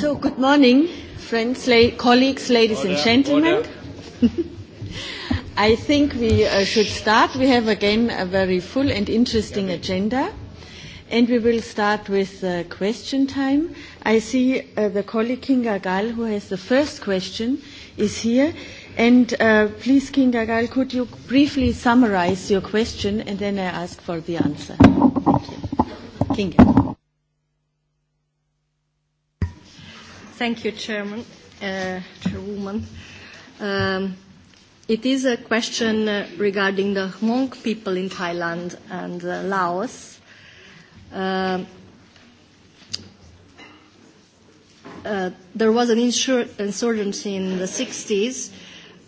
So, good morning, friends, colleagues, ladies and gentlemen. I think we uh, should start. We have again a very full and interesting agenda. And we will start with uh, question time. I see uh, the colleague Kinga Gal, who has the first question, is here. And uh, please, Kinga Gal, could you briefly summarize your question and then I ask for the answer? Kinga. Thank you, Chairman, uh, Chairwoman. Um, it is a question uh, regarding the Hmong people in Thailand and uh, Laos. Uh, uh, there was an insur insurgency in the 60s,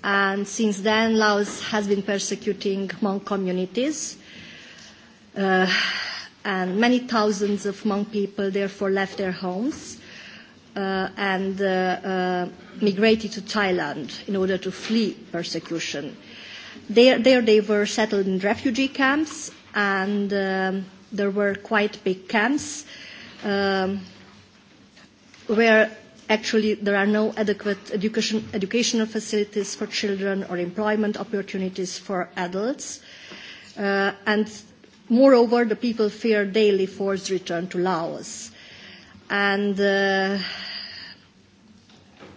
and since then Laos has been persecuting Hmong communities. Uh, and many thousands of Hmong people therefore left their homes uh, and uh, uh, migrated to Thailand in order to flee persecution. There, there they were settled in refugee camps, and um, there were quite big camps um, where actually there are no adequate education, educational facilities for children or employment opportunities for adults. Uh, and moreover, the people fear daily forced return to Laos And uh,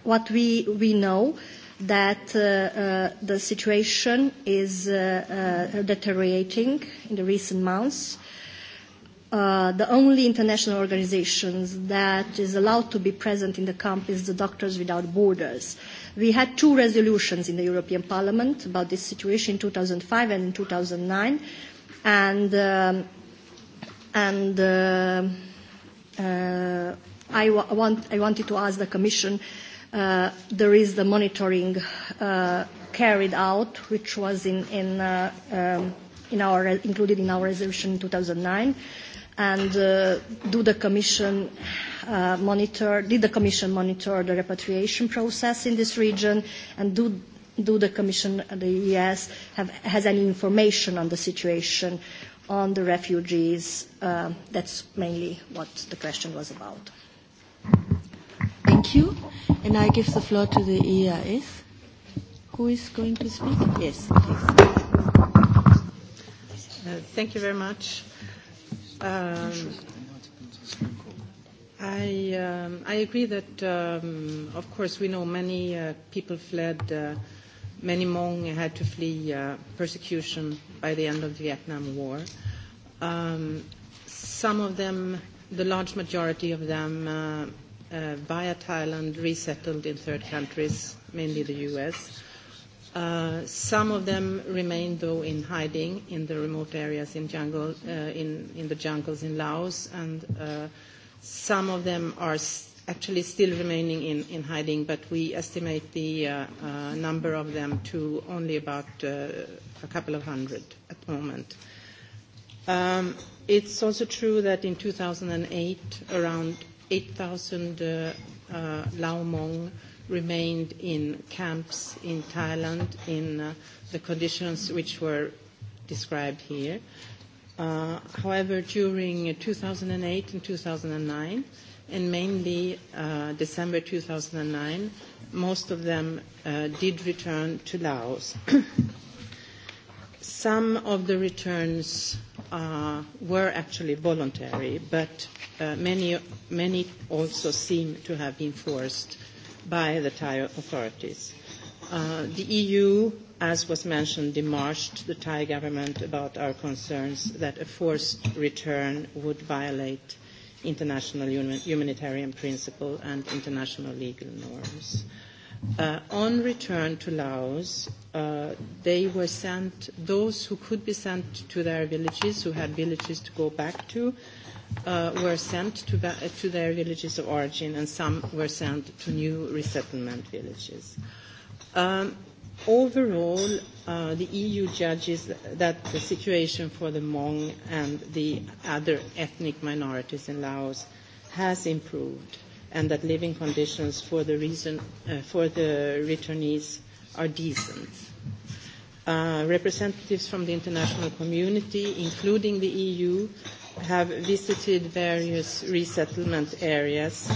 what we, we know that uh, uh, the situation is uh, uh, deteriorating in the recent months. Uh, the only international organizations that is allowed to be present in the camp is the Doctors Without Borders. We had two resolutions in the European Parliament about this situation in 2005 and in 2009, and um, and. Uh, uh, I, wa- want, I wanted to ask the Commission, uh, there is the monitoring uh, carried out, which was in, in, uh, um, in our, included in our resolution in 2009, and uh, do the Commission uh, monitor, did the Commission monitor the repatriation process in this region, and do do the Commission, the ES, have, has any information on the situation on the refugees. Uh, that's mainly what the question was about. Thank you. And I give the floor to the EIS. Who is going to speak? Yes, please. Uh, thank you very much. Um, I, um, I agree that, um, of course, we know many uh, people fled uh, Many Hmong had to flee uh, persecution by the end of the Vietnam War. Um, some of them, the large majority of them, uh, uh, via Thailand, resettled in third countries, mainly the U.S. Uh, some of them remained, though, in hiding in the remote areas in, jungle, uh, in, in the jungles in Laos, and uh, some of them are actually still remaining in, in hiding, but we estimate the uh, uh, number of them to only about uh, a couple of hundred at the moment. Um, it's also true that in 2008, around 8,000 uh, uh, Lao Hmong remained in camps in Thailand in uh, the conditions which were described here. Uh, however, during 2008 and 2009, and mainly uh, December 2009, most of them uh, did return to Laos. Some of the returns uh, were actually voluntary, but uh, many, many also seem to have been forced by the Thai authorities. Uh, the EU, as was mentioned, demarched the Thai government about our concerns that a forced return would violate international humanitarian principle and international legal norms. Uh, on return to Laos, uh, they were sent, those who could be sent to their villages, who had villages to go back to, uh, were sent to, ba- to their villages of origin, and some were sent to new resettlement villages. Um, overall, uh, the EU judges that the situation for the Hmong and the other ethnic minorities in Laos has improved and that living conditions for the, reason, uh, for the returnees are decent. Uh, representatives from the international community, including the EU, have visited various resettlement areas,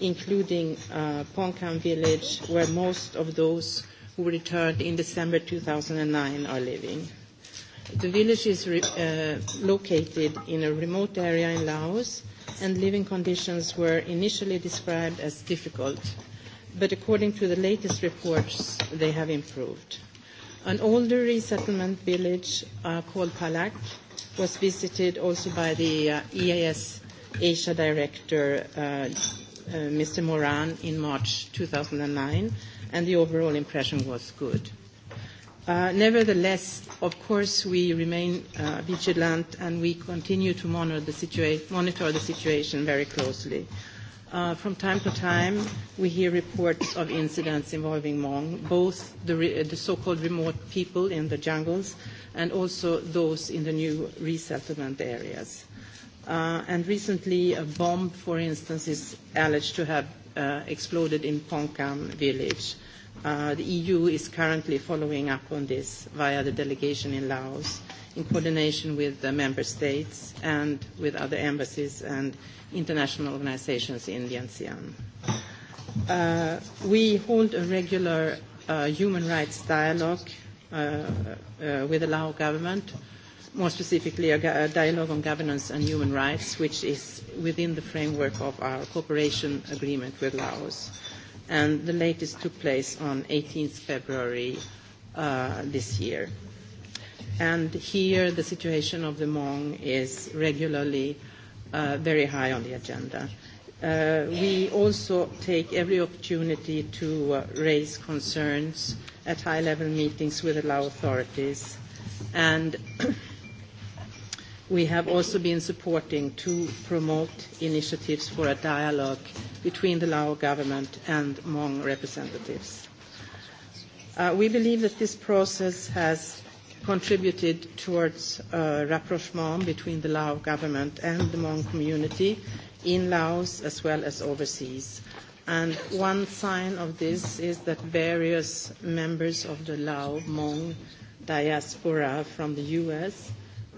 including uh, Pongkang village, where most of those who returned in December 2009 are living. The village is re- uh, located in a remote area in Laos, and living conditions were initially described as difficult, but according to the latest reports, they have improved. An older resettlement village uh, called Palak was visited also by the uh, EAS Asia Director, uh, uh, Mr. Moran, in March 2009 and the overall impression was good. Uh, nevertheless, of course, we remain uh, vigilant and we continue to monitor the, situa- monitor the situation very closely. Uh, from time to time, we hear reports of incidents involving Hmong, both the, the so-called remote people in the jungles and also those in the new resettlement areas. Uh, and recently, a bomb, for instance, is alleged to have uh, exploded in Pongkam village the EU is currently following up on this via the delegation in Laos in coordination with the member states and with other embassies and international organizations in the Uh, we hold a regular uh, human rights dialogue uh, uh, with the Lao government, more specifically a, a dialogue on governance and human rights, which is within the framework of our cooperation agreement with Laos and the latest took place on 18th February uh, this year. And here the situation of the Hmong is regularly uh, very high on the agenda. Uh, we also take every opportunity to uh, raise concerns at high-level meetings with the Lao authorities and we have also been supporting to promote initiatives for a dialogue between the Lao government and Hmong representatives. Uh, we believe that this process has contributed towards a rapprochement between the Lao government and the Hmong community in Laos as well as overseas. And one sign of this is that various members of the Lao Hmong diaspora from the US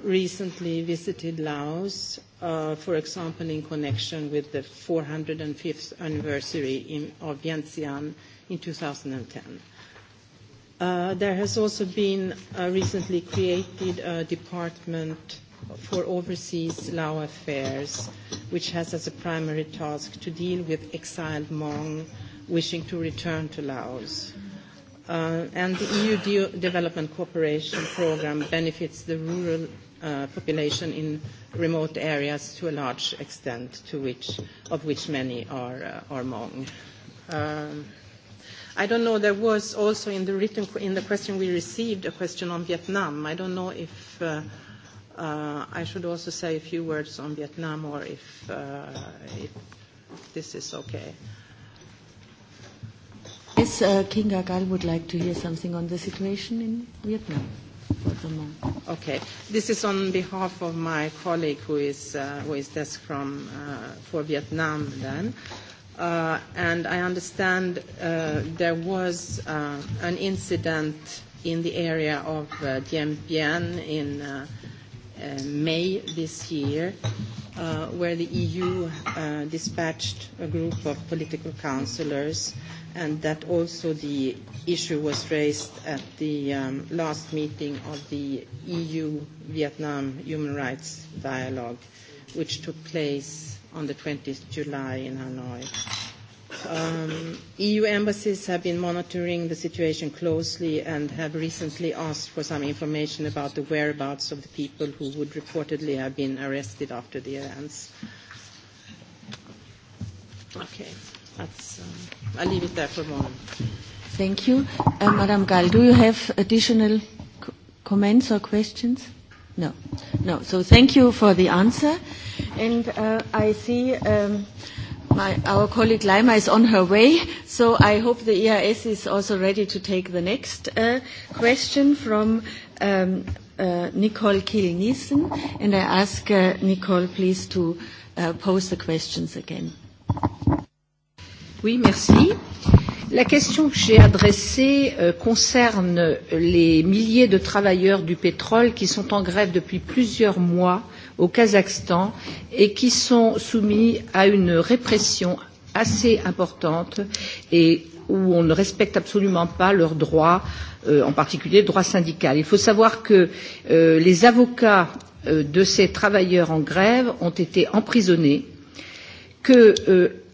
recently visited Laos, uh, for example, in connection with the 405th anniversary in, of Vientiane in 2010. Uh, there has also been a recently created a department for overseas Lao affairs, which has as a primary task to deal with exiled Hmong wishing to return to Laos. Uh, and the EU de- development cooperation program benefits the rural uh, population in remote areas to a large extent, to which, of which many are, uh, are Hmong. Um, I don't know, there was also in the written, in the question we received a question on Vietnam. I don't know if uh, uh, I should also say a few words on Vietnam or if, uh, if this is okay. Yes, uh, Kinga Gal would like to hear something on the situation in Vietnam. Okay. This is on behalf of my colleague who is uh, who is desk from uh, for Vietnam then. Uh, and I understand uh, there was uh, an incident in the area of uh, Dien Bien in uh, May this year, where the EU dispatched a group of political councillors, and that also the issue was raised at the last meeting of the EU-Vietnam Human Rights Dialogue, which took place on the 20th July in Hanoi Um, EU embassies have been monitoring the situation closely and have recently asked for some information about the whereabouts of the people who would reportedly have been arrested after the events. Okay, that's, um, I'll leave it there for a moment. Thank you. Uh, Madam Gall, do you have additional co- comments or questions? No, no. So thank you for the answer. And uh, I see. Um, My, our colleague Lima is on her way, so I hope the EIS is also ready to take the next question from Nicole Kiel-Nielsen. And I ask Nicole, please, to pose the questions again. Oui, merci. La question que j'ai adressée concerne les milliers de travailleurs du pétrole qui sont en grève depuis plusieurs mois au Kazakhstan et qui sont soumis à une répression assez importante et où on ne respecte absolument pas leurs droits, en particulier le droit syndical. Il faut savoir que les avocats de ces travailleurs en grève ont été emprisonnés, que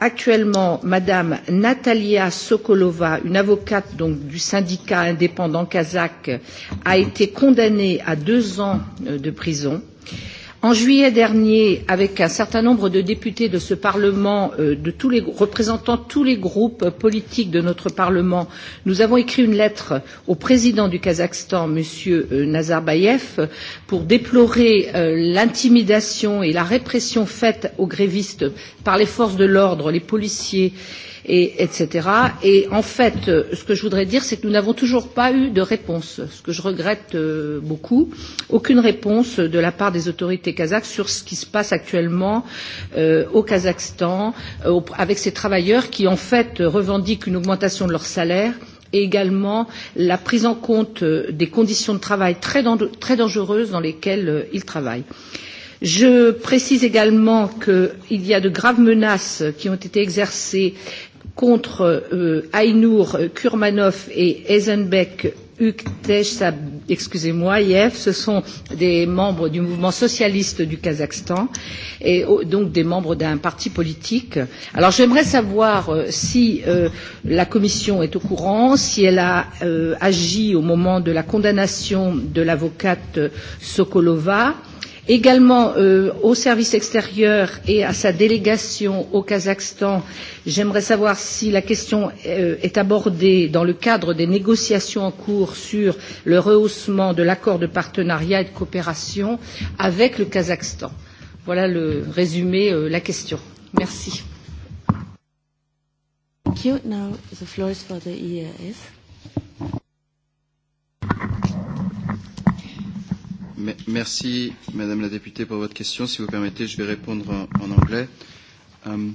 actuellement Madame Natalia Sokolova, une avocate du syndicat indépendant kazakh, a été condamnée à deux ans de prison. Euh, En juillet dernier, avec un certain nombre de députés de ce Parlement, représentant tous les groupes politiques de notre Parlement, nous avons écrit une lettre au président du Kazakhstan, M. Nazarbayev, pour déplorer l'intimidation et la répression faites aux grévistes par les forces de l'ordre, les policiers, euh, et, etc. Et en fait, ce que je voudrais dire, c'est que nous n'avons toujours pas eu de réponse, ce que je regrette beaucoup, aucune réponse de la part des autorités kazakhs sur ce qui se passe actuellement euh, au Kazakhstan euh, avec ces travailleurs qui, en fait, revendiquent une augmentation de leur salaire et également la prise en compte des conditions de travail très, très dangereuses dans lesquelles ils travaillent. Je précise également qu'il y a de graves menaces qui ont été exercées contre euh, Aynour Kurmanov et Eisenbeck excusez-moi, IEF, ce sont des membres du mouvement socialiste du Kazakhstan et donc des membres d'un parti politique. Alors j'aimerais savoir si la Commission est au courant, si elle a agi au moment de la condamnation de l'avocate Sokolova Également, euh, au service extérieur et à sa délégation au Kazakhstan, j'aimerais savoir si la question euh, est abordée dans le cadre des négociations en cours sur le rehaussement de l'accord de partenariat et de coopération avec le Kazakhstan. Voilà le résumé, euh, la question. Merci. Thank you. Now the floor is for the Merci, Madame la députée, pour votre question. Si vous permettez, je vais répondre en anglais. Um,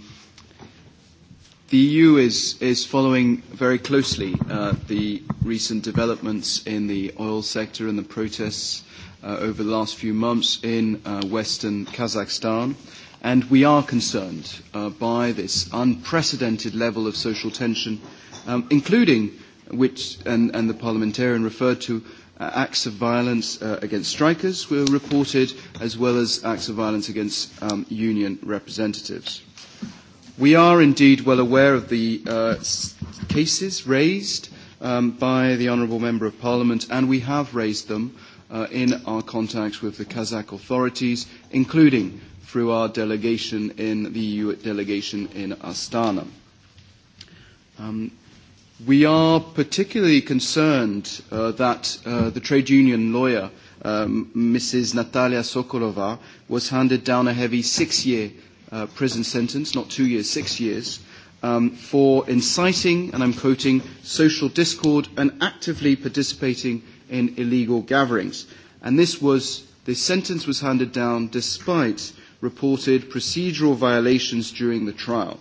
the EU is, is following very closely uh, the recent developments in the oil sector and the protests uh, over the last few months in uh, western Kazakhstan. And we are concerned uh, by this unprecedented level of social tension, um, including which, and, and the parliamentarian referred to, acts of violence against strikers were reported, as well as acts of violence against union representatives. We are indeed well aware of the cases raised by the Honourable Member of Parliament, and we have raised them in our contacts with the Kazakh authorities, including through our delegation in the EU delegation in Astana. Um, We are particularly concerned uh, that uh, the trade union lawyer, um, Mrs. Natalia Sokolova, was handed down a heavy six-year uh, prison sentence, not two years, six years, um, for inciting, and I'm quoting, social discord and actively participating in illegal gatherings. And this was, this sentence was handed down despite reported procedural violations during the trial.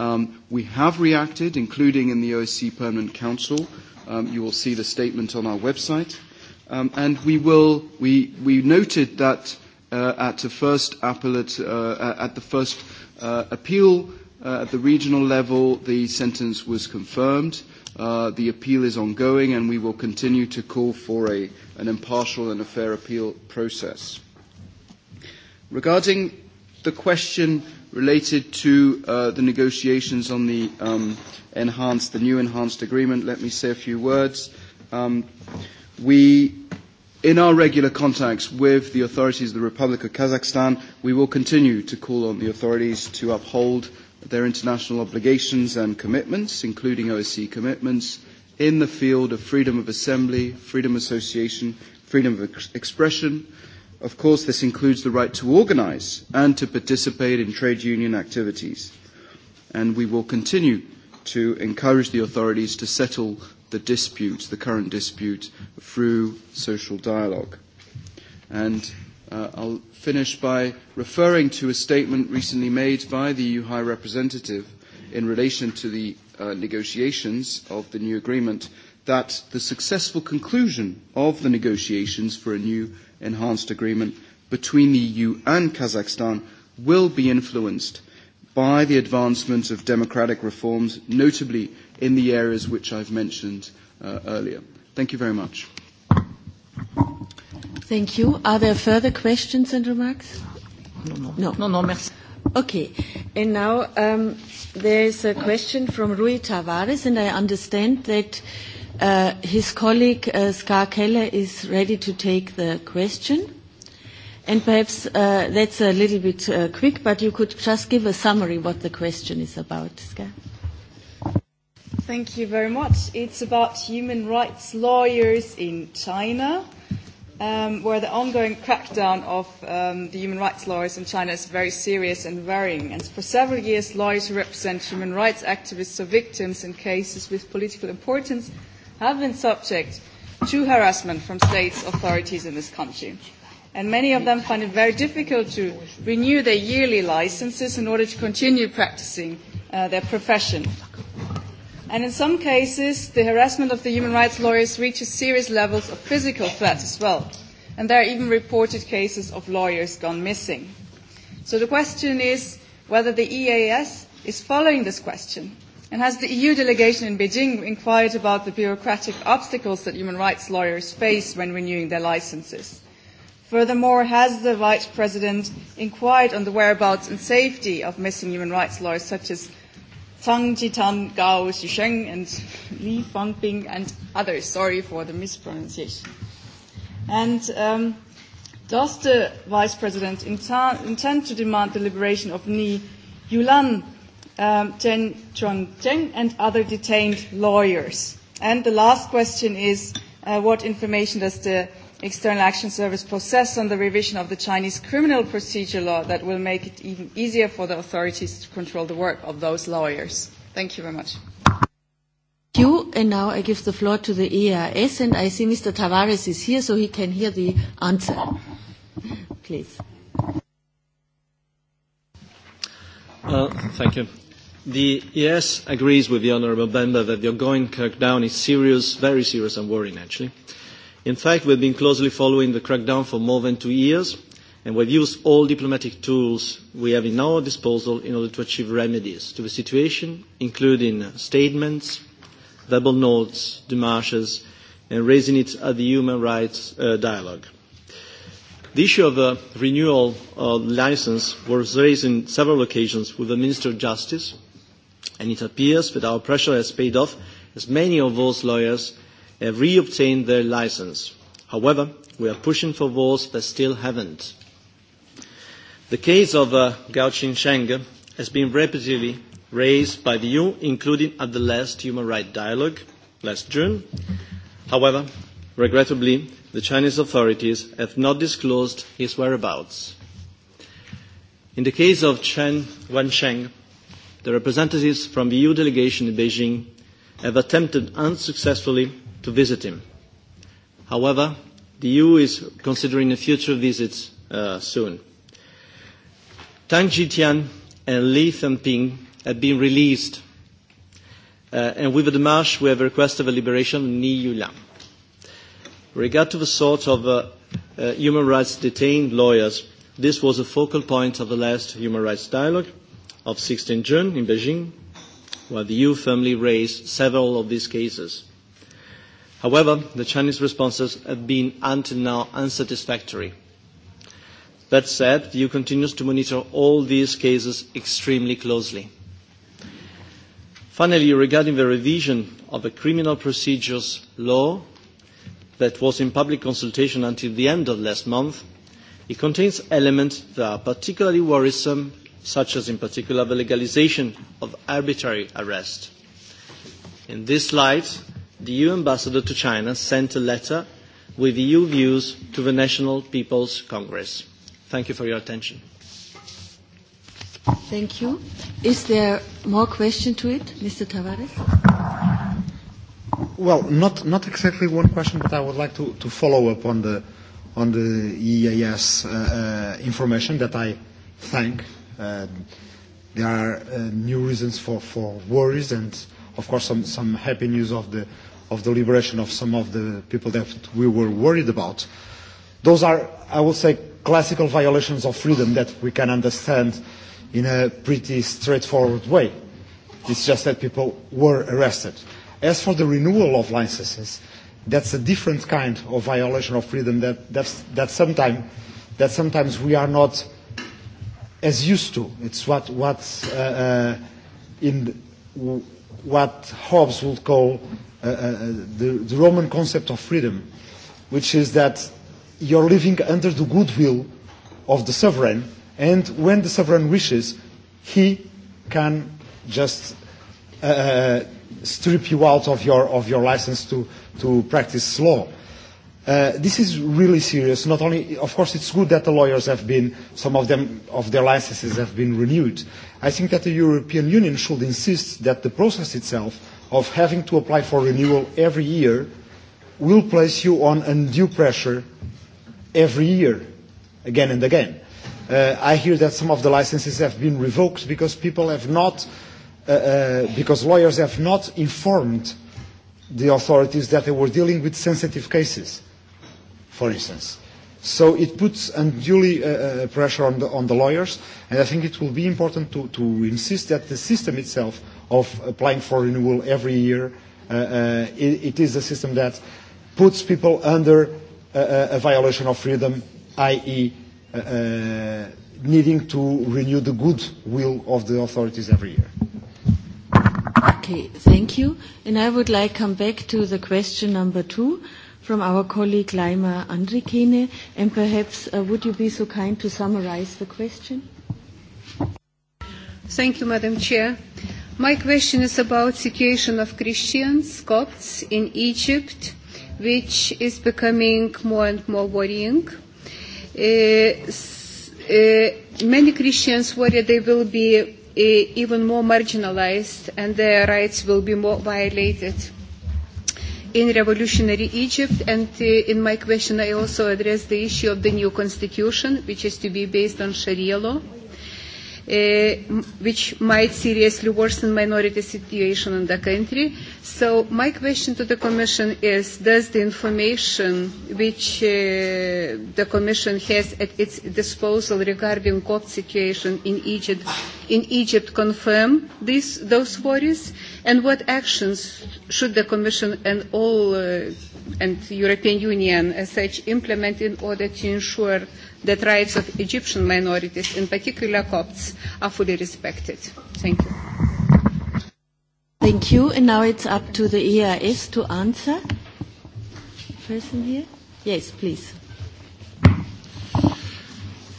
Um, we have reacted, including in the OSC Permanent Council. Um, you will see the statement on our website. Um, and we, will, we, we noted that uh, at the first appellate, uh, at the first uh, appeal uh, at the regional level, the sentence was confirmed. Uh, the appeal is ongoing, and we will continue to call for a, an impartial and a fair appeal process. Regarding the question related to uh, the negotiations on the um, enhanced, the new enhanced agreement, let me say a few words. Um, we, in our regular contacts with the authorities of the Republic of Kazakhstan, we will continue to call on the authorities to uphold their international obligations and commitments, including OSCE commitments, in the field of freedom of assembly, freedom of association, freedom of expression, Of course, this includes the right to organise and to participate in trade union activities. And we will continue to encourage the authorities to settle the dispute, the current dispute, through social dialogue. And uh, I'll finish by referring to a statement recently made by the EU High Representative in relation to the uh, negotiations of the new agreement that the successful conclusion of the negotiations for a new enhanced agreement between the EU and Kazakhstan will be influenced by the advancement of democratic reforms, notably in the areas which I've mentioned uh, earlier. Thank you very much. Thank you. Are there further questions and remarks? No, no, no, no merci. Okay. And now um, there is a question from Rui Tavares, and I understand that uh, his colleague uh, Ska Keller is ready to take the question. And perhaps uh, that's a little bit uh, quick, but you could just give a summary what the question is about, Ska. Thank you very much. It's about human rights lawyers in China um, where the ongoing crackdown of um, the human rights lawyers in China is very serious and worrying. And for several years, lawyers who represent human rights activists or victims in cases with political importance have been subject to harassment from state authorities in this country. And many of them find it very difficult to renew their yearly licenses in order to continue practicing uh, their profession. And in some cases, the harassment of the human rights lawyers reaches serious levels of physical threat as well. And there are even reported cases of lawyers gone missing. So the question is whether the EAS is following this question. And has the EU delegation in Beijing inquired about the bureaucratic obstacles that human rights lawyers face when renewing their licenses? Furthermore, has the Vice President inquired on the whereabouts and safety of missing human rights lawyers such as Zhang Jitan, Gao Xusheng, and Li Fangping, and others. Sorry for the mispronunciation. And um, does the Vice President intend to demand the liberation of Ni Yulan, um, Chen Cheng and other detained lawyers? And the last question is, uh, what information does the External Action Service process on the revision of the Chinese criminal procedure law that will make it even easier for the authorities to control the work of those lawyers. Thank you very much. Thank you. And now I give the floor to the EAS, and I see Mr. Tavares is here, so he can hear the answer. Please. Uh, thank you. The EAS agrees with the Honourable Member that the ongoing crackdown is serious, very serious and worrying, actually. In fact, we've been closely following the crackdown for more than two years, and we've used all diplomatic tools we have in our disposal in order to achieve remedies to the situation, including statements, verbal notes, demarches, and raising it at the human rights uh, dialogue. The issue of the renewal of license was raised on several occasions with the Minister of Justice, and it appears that our pressure has paid off as many of those lawyers have re obtained their license. However, we are pushing for those that still haven't. The case of uh, Gao has been repeatedly raised by the EU, including at the last Human Rights Dialogue last June. However, regrettably, the Chinese authorities have not disclosed his whereabouts. In the case of Chen Wansheng, the representatives from the EU delegation in Beijing have attempted unsuccessfully to visit him. However, the EU is considering a future visit uh, soon. Tang Jitian and Li Themping have been released, uh, and with the march we have requested the liberation of Ni Yulang. Regard to the sort of uh, uh, human rights detained lawyers, this was a focal point of the last human rights dialogue of 16 June in Beijing, where the EU firmly raised several of these cases. However, the Chinese responses have been until now unsatisfactory. That said, the EU continues to monitor all these cases extremely closely. Finally, regarding the revision of the criminal procedures law that was in public consultation until the end of last month, it contains elements that are particularly worrisome, such as in particular the legalisation of arbitrary arrest. In this light, the EU ambassador to China sent a letter with EU views to the National People's Congress. Thank you for your attention. Thank you. Is there more question to it, Mr. Tavares? Well, not, not exactly one question, but I would like to, to follow up on the, on the EAS uh, uh, information that I thank. Uh, there are uh, new reasons for, for worries and, of course, some, some happy news of the of the liberation of some of the people that we were worried about. Those are, I would say, classical violations of freedom that we can understand in a pretty straightforward way. It's just that people were arrested. As for the renewal of licenses, that's a different kind of violation of freedom that, that's, that, sometime, that sometimes we are not as used to. It's what, what, uh, uh, in, what Hobbes would call uh, the, the Roman concept of freedom, which is that you're living under the goodwill of the sovereign, and when the sovereign wishes, he can just uh, strip you out of your, of your license to, to practice law. Uh, this is really serious. Not only, of course, it's good that the lawyers have been, some of them, of their licenses have been renewed. I think that the European Union should insist that the process itself of having to apply for renewal every year will place you on undue pressure every year, again and again. Uh, I hear that some of the licenses have been revoked because people have not, uh, uh, because lawyers have not informed the authorities that they were dealing with sensitive cases, for instance So it puts unduly uh, pressure on the, on the lawyers, and I think it will be important to, to insist that the system itself of applying for renewal every year, uh, uh, it, it is a system that puts people under uh, a violation of freedom, i.e., uh, needing to renew the good will of the authorities every year. Okay, thank you. And I would like to come back to the question number two from our colleague Laima Andrikene, and perhaps uh, would you be so kind to summarize the question? Thank you, Madam Chair. My question is about situation of Christians, Copts in Egypt, which is becoming more and more worrying. Uh, uh, many Christians worry they will be uh, even more marginalized and their rights will be more violated in revolutionary Egypt. And uh, in my question, I also addressed the issue of the new constitution, which is to be based on Sharia law which might seriously worsen minority situation in the country. So my question to the Commission is, does the information which the Commission has at its disposal regarding COP situation in Egypt, in Egypt confirm these, those worries? And what actions should the Commission and all and European Union as such implement in order to ensure that rights of Egyptian minorities, in particular Copts, are fully respected. Thank you. Thank you. And now it's up to the EIS to answer. Person here? Yes, please.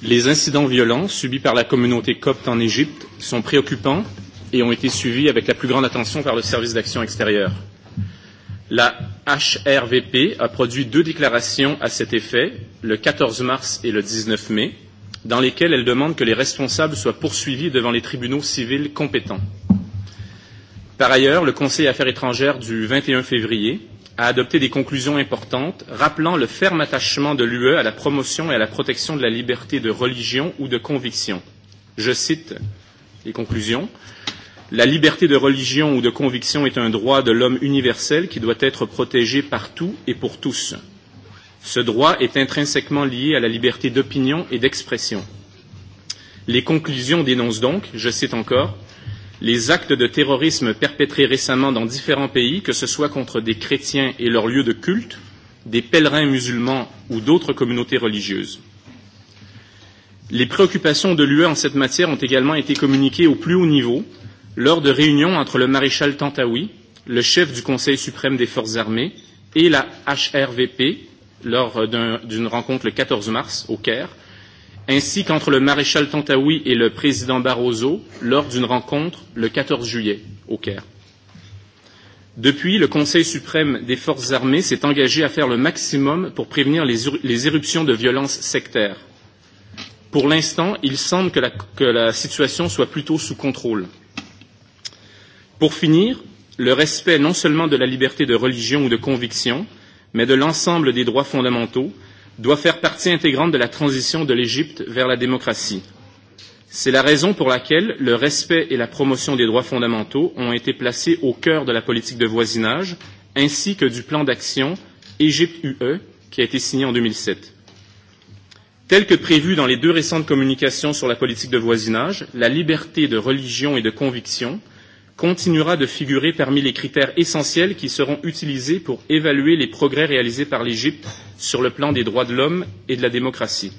Les incidents violents subis par la communauté copte en Égypte sont préoccupants et ont été suivis avec la plus grande attention par le service d'action extérieure. La HRVP a produit deux déclarations à cet effet, le 14 mars et le 19 mai, dans lesquelles elle demande que les responsables soient poursuivis devant les tribunaux civils compétents. Par ailleurs, le Conseil Affaires étrangères du 21 février a adopté des conclusions importantes rappelant le ferme attachement de l'UE à la promotion et à la protection de la liberté de religion ou de conviction. Je cite les conclusions. La liberté de religion ou de conviction est un droit de l'homme universel qui doit être protégé partout et pour tous. Ce droit est intrinsèquement lié à la liberté d'opinion et d'expression. Les conclusions dénoncent donc, je cite encore, les actes de terrorisme perpétrés récemment dans différents pays, que ce soit contre des chrétiens et leurs lieux de culte, des pèlerins musulmans ou d'autres communautés religieuses. Les préoccupations de l'UE en cette matière ont également été communiquées au plus haut niveau lors de réunions entre le maréchal Tantawi, le chef du Conseil suprême des forces armées, et la HRVP lors d'une rencontre le 14 mars au Caire, ainsi qu'entre le maréchal Tantawi et le président Barroso lors d'une rencontre le 14 juillet au Caire. Depuis, le Conseil suprême des forces armées s'est engagé à faire le maximum pour prévenir les, éruptions de violences sectaires. Pour l'instant, il semble que la, que la situation soit plutôt sous contrôle. Pour finir, le respect non seulement de la liberté de religion ou de conviction, mais de l'ensemble des droits fondamentaux, doit faire partie intégrante de la transition de l'Égypte vers la démocratie. C'est la raison pour laquelle le respect et la promotion des droits fondamentaux ont été placés au cœur de la politique de voisinage ainsi que du plan d'action Égypte-UE qui a été signé en 2007. Tel que prévu dans les deux récentes communications sur la politique de voisinage, la liberté de religion et de conviction continuera de figurer parmi les critères essentiels qui seront utilisés pour évaluer les progrès réalisés par l'Égypte sur le plan des droits de l'homme et de la démocratie.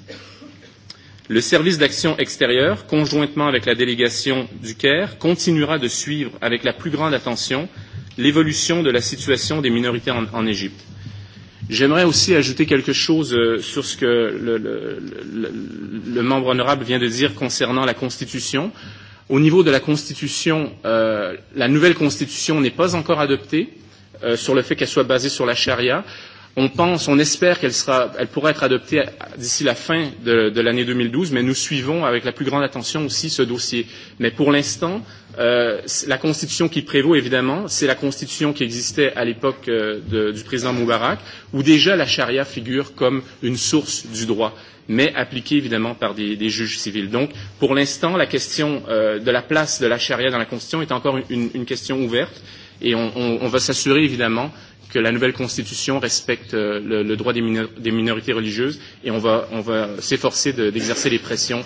Le service d'action extérieure, conjointement avec la délégation du Caire, continuera de suivre avec la plus grande attention l'évolution de la situation des minorités en, en Égypte. J'aimerais aussi ajouter quelque chose sur ce que le, le, le, le membre honorable vient de dire concernant la Constitution. Euh, Au niveau de la Constitution, euh, la nouvelle Constitution n'est pas encore adoptée euh, sur le fait qu'elle soit basée sur la charia. On pense, on espère qu'elle sera, elle pourra être adoptée d'ici la fin de, de l'année 2012, mais nous suivons avec la plus grande attention aussi ce dossier. Mais pour l'instant, euh, la constitution qui prévaut, évidemment, c'est la constitution qui existait à l'époque euh, du président Moubarak, où déjà la charia figure comme une source du droit mais appliquée évidemment par des, des juges civils. Donc, pour l'instant, la question euh, de la place de la charia dans la Constitution est encore une, une question ouverte et on, on, on va s'assurer évidemment que la nouvelle Constitution respecte euh, le, le droit des, minor des minorités religieuses et on va, on va s'efforcer d'exercer les pressions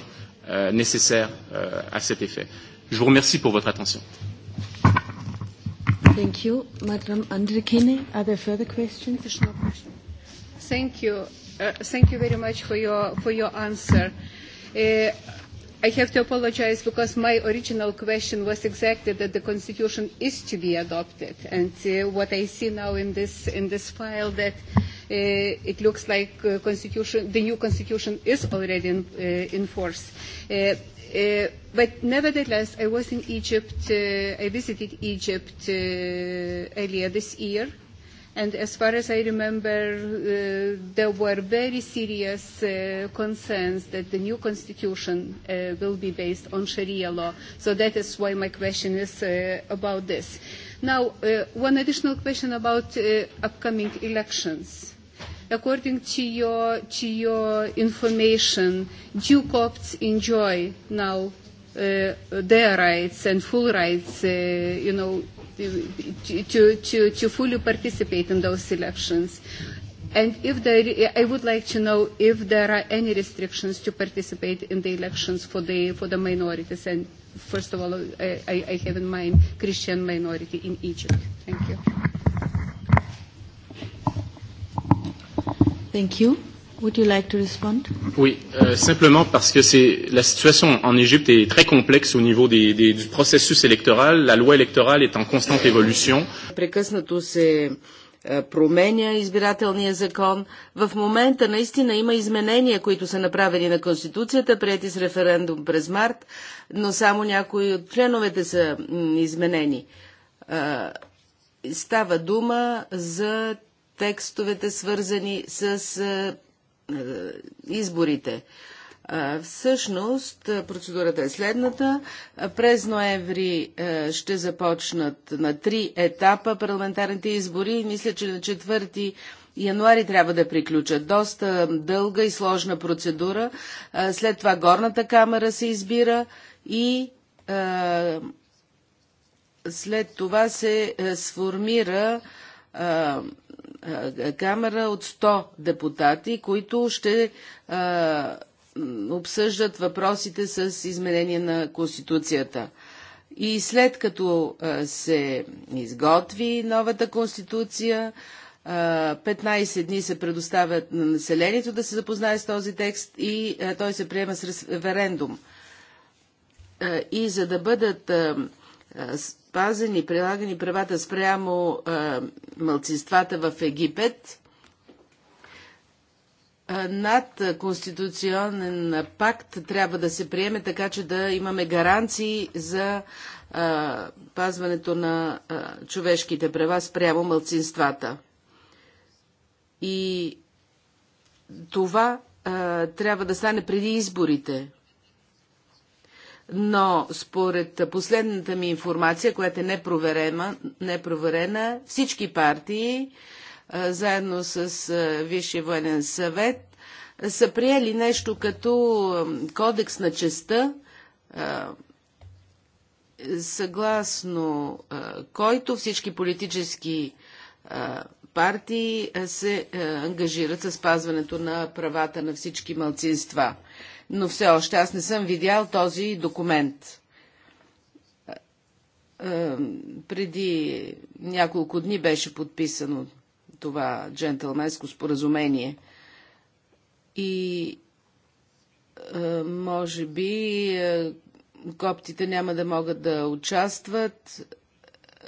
euh, nécessaires euh, à cet effet. Je vous remercie pour votre attention. Thank you. Madame Andrikine, are there further questions? questions? Thank you thank you very much for your, for your answer. Uh, I have to apologize because my original question was exactly that the constitution is to be adopted, and uh, what I see now in this in this file that uh, it looks like uh, constitution the new constitution is already in, uh, in force. Uh, uh, but nevertheless, I was in Egypt. Uh, I visited Egypt uh, earlier this year And as far as I remember, there were very serious uh, concerns that the new constitution uh, will be based on Sharia law. So that is why my question is uh, about this. Now, uh, one additional question about uh, upcoming elections. According to your, to your information, do Copts enjoy now uh, their rights and full rights, uh, you know, to, to, to fully participate in those elections. And if there, I would like to know if there are any restrictions to participate in the elections for the, for the minorities. And first of all, I, I have in mind Christian minority in Egypt. Thank you. Thank you. Would you like to respond? Oui, euh, simplement parce que c'est la situation en Égypte est très complexe au niveau des, des, du processus électoral. La loi électorale est en constante évolution. Прекъснато се е, променя избирателния закон. В момента наистина има изменения, които са направени на Конституцията, прияти с референдум през март, но само някои от членовете са изменени. Е, става дума за текстовете, свързани с е, е, изборите. Е, всъщност е, процедурата е следната. През ноември ще започнат на три етапа парламентарните избори. Мисля, че на 4 януари трябва да приключат. Доста дълга и сложна процедура. След това горната камера се избира и след това се сформира камера от 100 депутати, които ще а, обсъждат въпросите с изменение на Конституцията. И след като а, се изготви новата Конституция, а, 15 дни се предоставят на населението да се запознае с този текст и той се приема с референдум. И за да бъдат спазени, прилагани правата спрямо мълцинствата в Египет, над конституционен пакт трябва да се приеме, така че да имаме гаранции за пазването на човешките права спрямо мълцинствата. И това а, трябва да стане преди изборите но според последната ми информация, която е непроверена, всички партии, заедно с Висшия военен съвет, са приели нещо като кодекс на честа, съгласно който всички политически партии се ангажират с спазването на правата на всички мълцинства но все още аз не съм видял този документ. Е, преди няколко дни беше подписано това джентълменско споразумение. И е, може би е, коптите няма да могат да участват,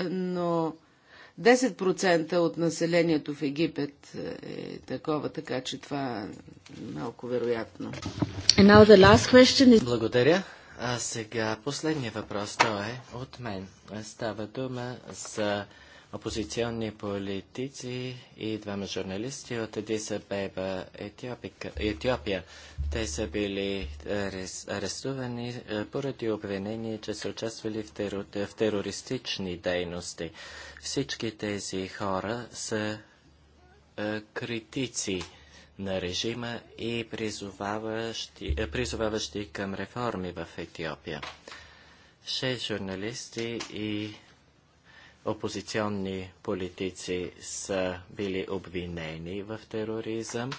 но 10% от населението в Египет е, е такова, така че това е малко вероятно. Is... Благодаря. А сега последният въпрос, той е от мен. Става дума за опозиционни политици и двама журналисти от Адис Абеба, Етиопия. Те са били е, арестувани е, поради обвинение, че са участвали в, терористични дейности. Всички тези хора са е, критици на режима и призоваващи, призоваващи към реформи в Етиопия. Шест журналисти и опозиционни политици са били обвинени в тероризъм,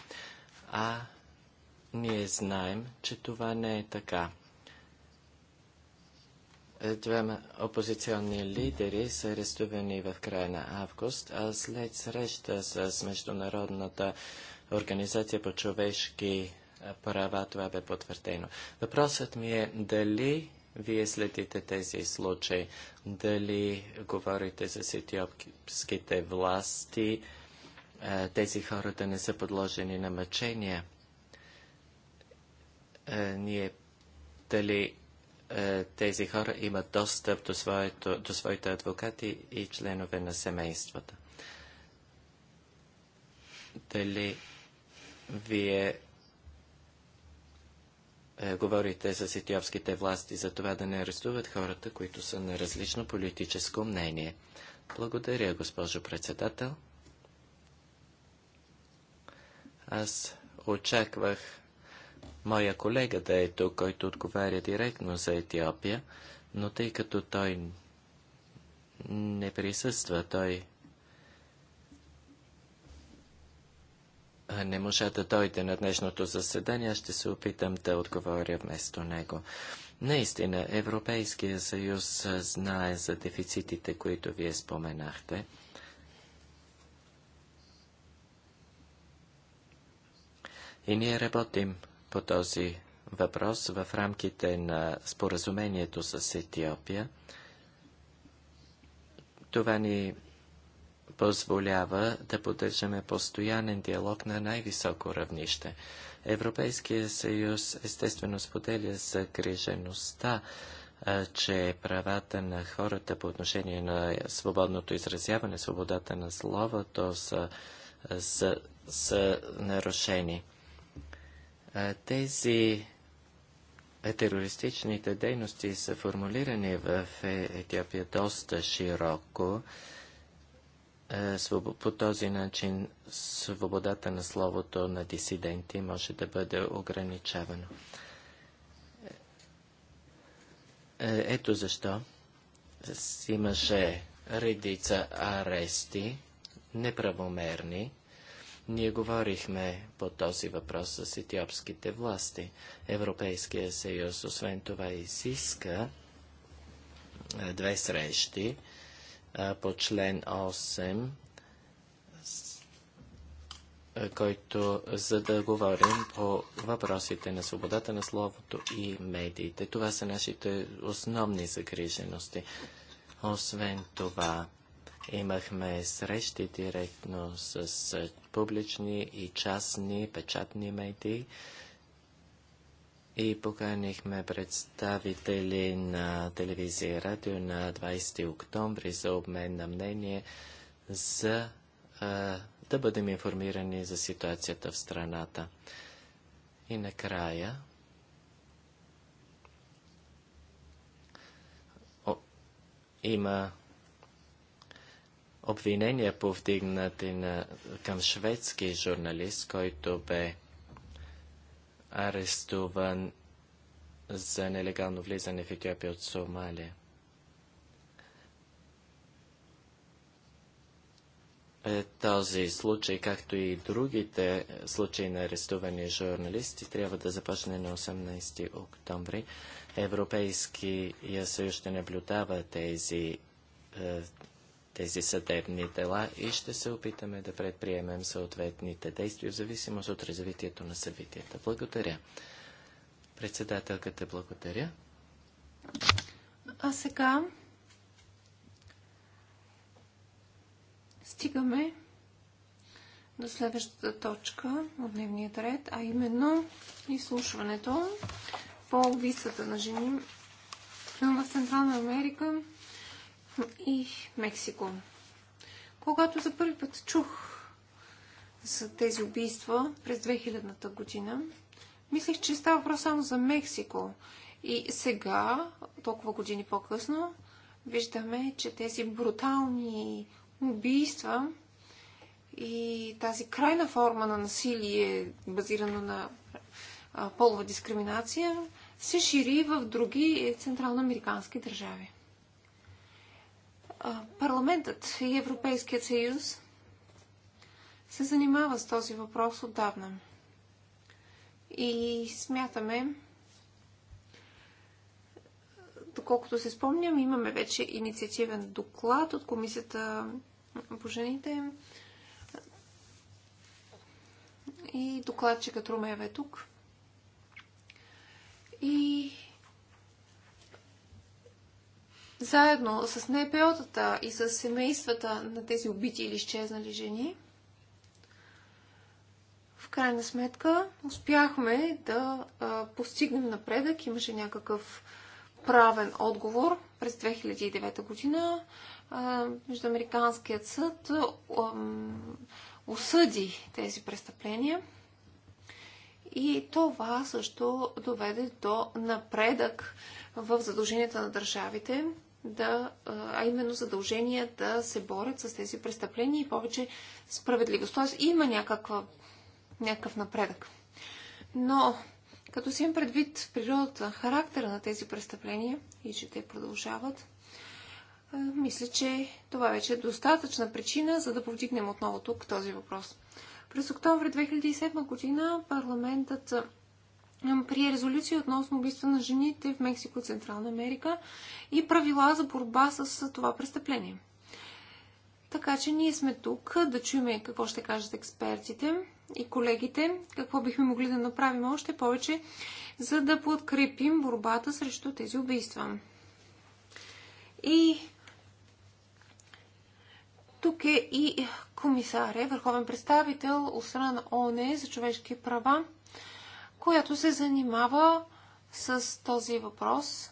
а ние знаем, че това не е така. Е, двама опозиционни лидери са арестувани в края на август, а след среща с Международната организация по човешки права това бе потвърдено. Въпросът ми е дали вие следите тези случаи. Дали говорите за етиопските власти, тези хора да не са подложени на мъчения? Ние дали тези хора имат достъп до, своето, до своите адвокати и членове на семействата? Дали вие е, говорите с етиопските власти за това да не арестуват хората, които са на различно политическо мнение. Благодаря, госпожо председател. Аз очаквах моя колега да е тук, който отговаря директно за Етиопия, но тъй като той не присъства, той не можа да дойде на днешното заседание, ще се опитам да отговоря вместо него. Наистина, Европейския съюз знае за дефицитите, които вие споменахте. И ние работим по този въпрос в рамките на споразумението с Етиопия. Това ни позволява да поддържаме постоянен диалог на най-високо равнище. Европейския съюз естествено споделя загрижеността, че правата на хората по отношение на свободното изразяване, свободата на словото са, са, са нарушени. Тези терористичните дейности са формулирани в е- Етиопия доста широко. Е, по този начин свободата на словото на дисиденти може да бъде ограничавано. Е, ето защо имаше редица арести, неправомерни. Ние говорихме по този въпрос с етиопските власти. Европейския съюз, освен това, изиска е, две срещи по член 8, който за да говорим по въпросите на свободата на словото и медиите. Това са нашите основни загрижености. Освен това, имахме срещи директно с публични и частни печатни медии и поканихме представители на телевизия и радио на 20 октомври за обмен на мнение за а, да бъдем информирани за ситуацията в страната. И накрая о, има обвинения повдигнати на, към шведски журналист, който бе арестуван за нелегално влизане в Етиопия от Сомалия. Е, този случай, както и другите случаи на арестувани журналисти, трябва да започне на 18 октомври. Европейския съюз ще наблюдава тези е, тези съдебни дела и ще се опитаме да предприемем съответните действия в зависимост от развитието на събитията. Благодаря. Председателката, благодаря. А сега стигаме до следващата точка от дневният ред, а именно изслушването по убийствата на жени в Централна Америка и Мексико. Когато за първи път чух за тези убийства през 2000-та година, мислех, че става въпрос само за Мексико. И сега, толкова години по-късно, виждаме, че тези брутални убийства и тази крайна форма на насилие, базирано на полова дискриминация, се шири в други централноамерикански държави. Парламентът и Европейският съюз се занимава с този въпрос отдавна. И смятаме, доколкото се спомням, имаме вече инициативен доклад от Комисията по жените. И докладчикът Румева е тук. И заедно с НПО-тата и с семействата на тези убити или изчезнали жени, в крайна сметка успяхме да а, постигнем напредък. Имаше някакъв правен отговор през 2009 година. А, Междуамериканският съд осъди тези престъпления. И това също доведе до напредък в задълженията на държавите да, а именно задължения да се борят с тези престъпления и повече справедливост. Тоест има някаква, някакъв напредък. Но, като си им предвид природата, характера на тези престъпления и че те продължават, мисля, че това вече е достатъчна причина, за да повдигнем отново тук този въпрос. През октомври 2007 година парламентът прие резолюция относно убийства на жените в Мексико и Централна Америка и правила за борба с това престъпление. Така че ние сме тук да чуем какво ще кажат експертите и колегите, какво бихме могли да направим още повече, за да подкрепим борбата срещу тези убийства. И тук е и комисаря, върховен представител от страна на ОНЕ за човешки права която се занимава с този въпрос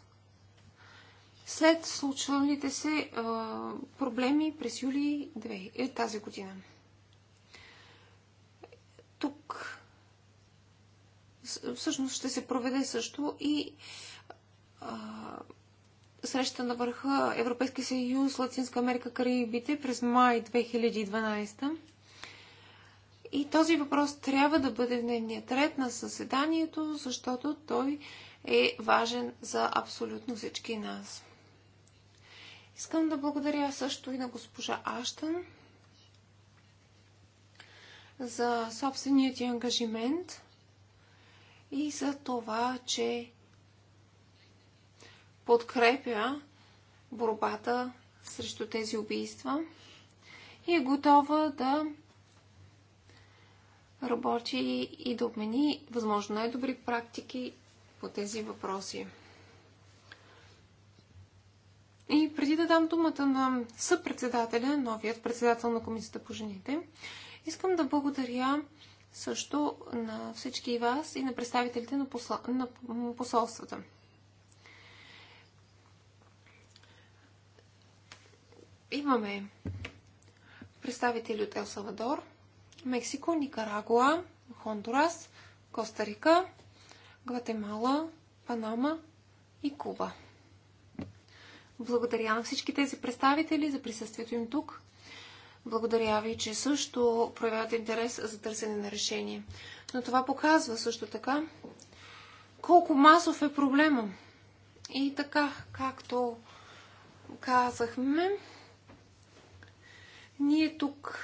след случвалите се а, проблеми през юли 2, е, тази година. Тук всъщност ще се проведе също и а, среща на върха Европейски съюз, Латинска Америка, Карибите през май 2012. И този въпрос трябва да бъде в дневния ред на съседанието, защото той е важен за абсолютно всички нас. Искам да благодаря също и на госпожа Аштън за собственият ти ангажимент и за това, че подкрепя борбата срещу тези убийства и е готова да работи и да обмени възможно най-добри практики по тези въпроси. И преди да дам думата на съпредседателя, новият председател на Комисията по жените, искам да благодаря също на всички вас и на представителите на, посла... на посолствата. Имаме представители от Ел Савадор, Мексико, Никарагуа, Хондурас, Коста Рика, Гватемала, Панама и Куба. Благодаря на всички тези представители за присъствието им тук. Благодаря ви, че също проявявате интерес за търсене на решение. Но това показва също така колко масов е проблема. И така, както казахме, ние тук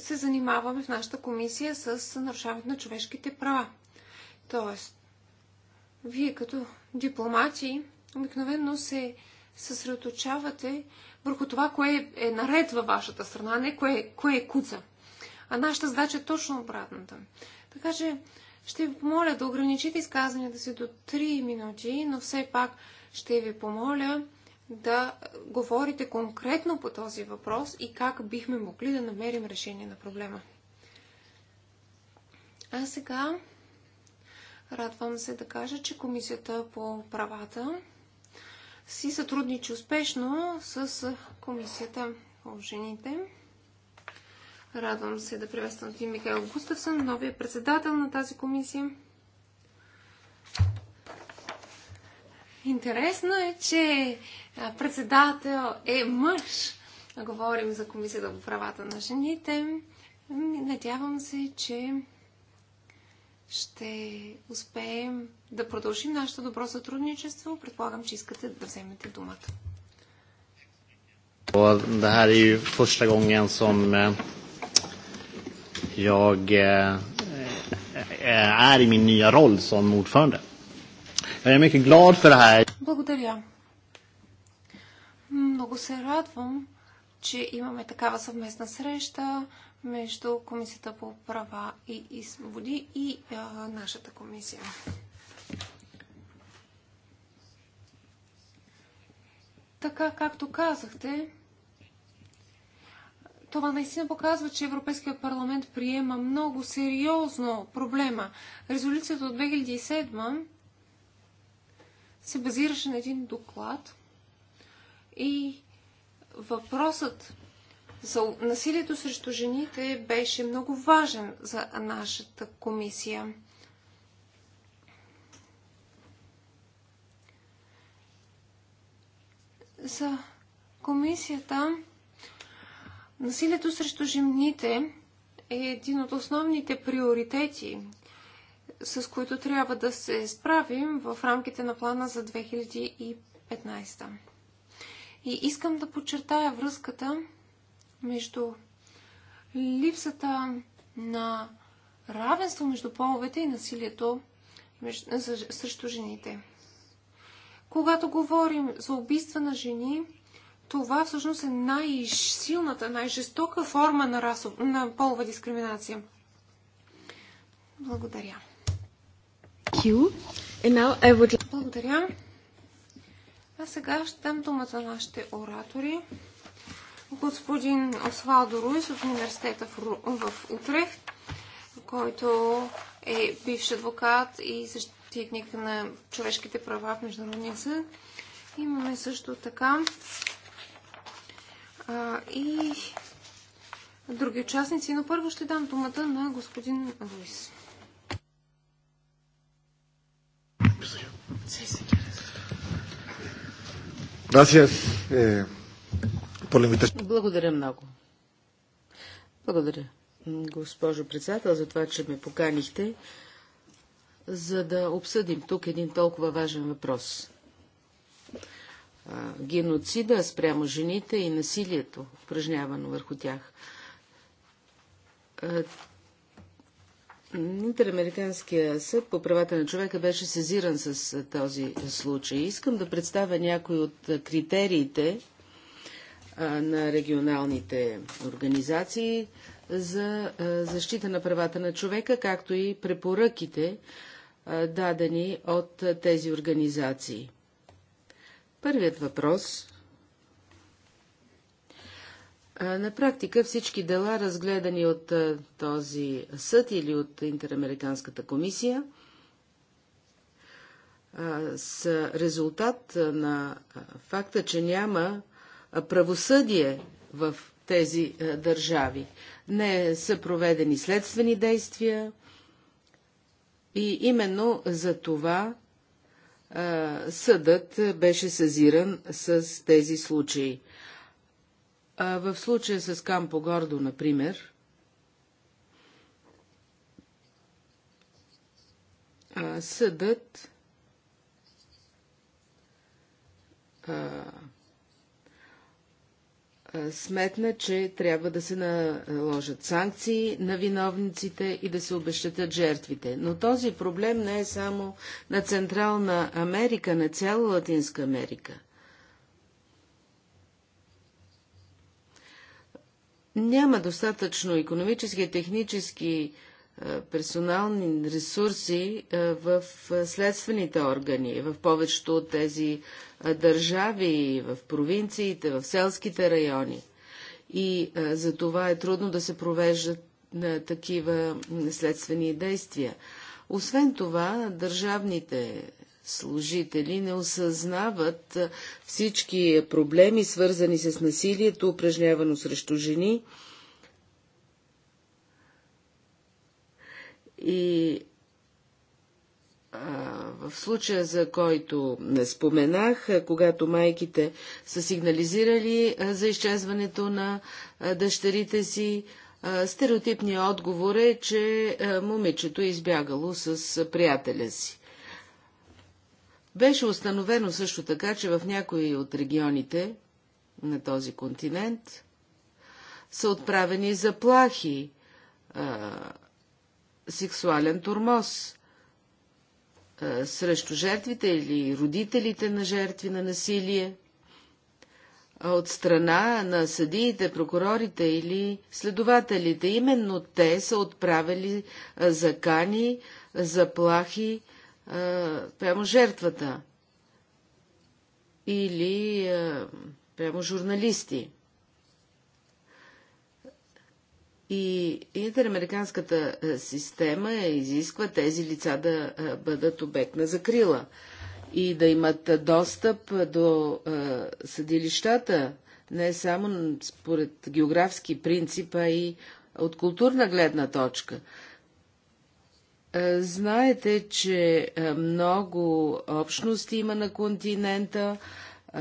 се занимаваме в нашата комисия с нарушаването на човешките права. Тоест, вие като дипломати обикновено се съсредоточавате върху това, кое е наред във вашата страна, не кое, кое е куца. А нашата задача е точно обратната. Така че ще ви помоля да ограничите изказванията си до 3 минути, но все пак ще ви помоля да говорите конкретно по този въпрос и как бихме могли да намерим решение на проблема. А сега радвам се да кажа, че Комисията по правата си сътрудничи успешно с Комисията по жените. Радвам се да приветствам ти Михаил Густавсън, новия председател на тази комисия. Интересно е, че председател е мъж. Говорим за Комисията по правата на жените. Ами, надявам се, че ще успеем да продължим нашето добро сътрудничество. Предполагам, че искате да вземете думата. Och det här är ju första gången som eh, jag eh, eh, är i min nya roll som ordförande. Jag är mycket glad för det här. Благодаря. Много се радвам, че имаме такава съвместна среща между Комисията по права и, и свободи и а, нашата комисия. Така, както казахте, това наистина показва, че Европейския парламент приема много сериозно проблема. Резолюцията от 2007 се базираше на един доклад и въпросът за насилието срещу жените беше много важен за нашата комисия. За комисията насилието срещу жените е един от основните приоритети с които трябва да се справим в рамките на плана за 2015. И искам да подчертая връзката между липсата на равенство между половете и насилието срещу жените. Когато говорим за убийства на жени, това всъщност е най-силната, най-жестока форма на, расов... на полова дискриминация. Благодаря. Would... Благодаря. А сега ще дам думата на нашите оратори. Господин Освалдо Руис от университета в, Утрех, който е бивш адвокат и защитник на човешките права в Международния съд. Имаме също така а, и други участници, но първо ще дам думата на господин Руис. Eh, Благодаря много. Благодаря, госпожо председател, за това, че ме поканихте, за да обсъдим тук един толкова важен въпрос. Геноцида спрямо жените и насилието, упражнявано върху тях Интерамериканския съд по правата на човека беше сезиран с този случай. Искам да представя някои от критериите на регионалните организации за защита на правата на човека, както и препоръките, дадени от тези организации. Първият въпрос на практика всички дела, разгледани от този съд или от Интерамериканската комисия, са резултат на факта, че няма правосъдие в тези държави. Не са проведени следствени действия и именно за това съдът беше сезиран с тези случаи. А в случая с Кампо Гордо, например, съдът сметна, че трябва да се наложат санкции на виновниците и да се обещатат жертвите. Но този проблем не е само на Централна Америка, на цяла Латинска Америка – няма достатъчно економически и технически е, персонални ресурси е, в е, следствените органи, в повечето от тези държави, в провинциите, в селските райони. И за това е трудно да се провеждат на такива следствени действия. Освен това, държавните служители не осъзнават всички проблеми, свързани с насилието, упражнявано срещу жени. И в случая, за който не споменах, когато майките са сигнализирали за изчезването на дъщерите си, стереотипният отговор е, че момичето е избягало с приятеля си. Беше установено също така, че в някои от регионите на този континент са отправени заплахи, а, сексуален турмоз а, срещу жертвите или родителите на жертви на насилие от страна на съдиите, прокурорите или следователите. Именно те са отправили закани, заплахи прямо жертвата или прямо журналисти. И интерамериканската система изисква тези лица да бъдат обект на закрила и да имат достъп до съдилищата, не само според географски принцип, а и от културна гледна точка. Е, знаете, че е, много общности има на континента, е,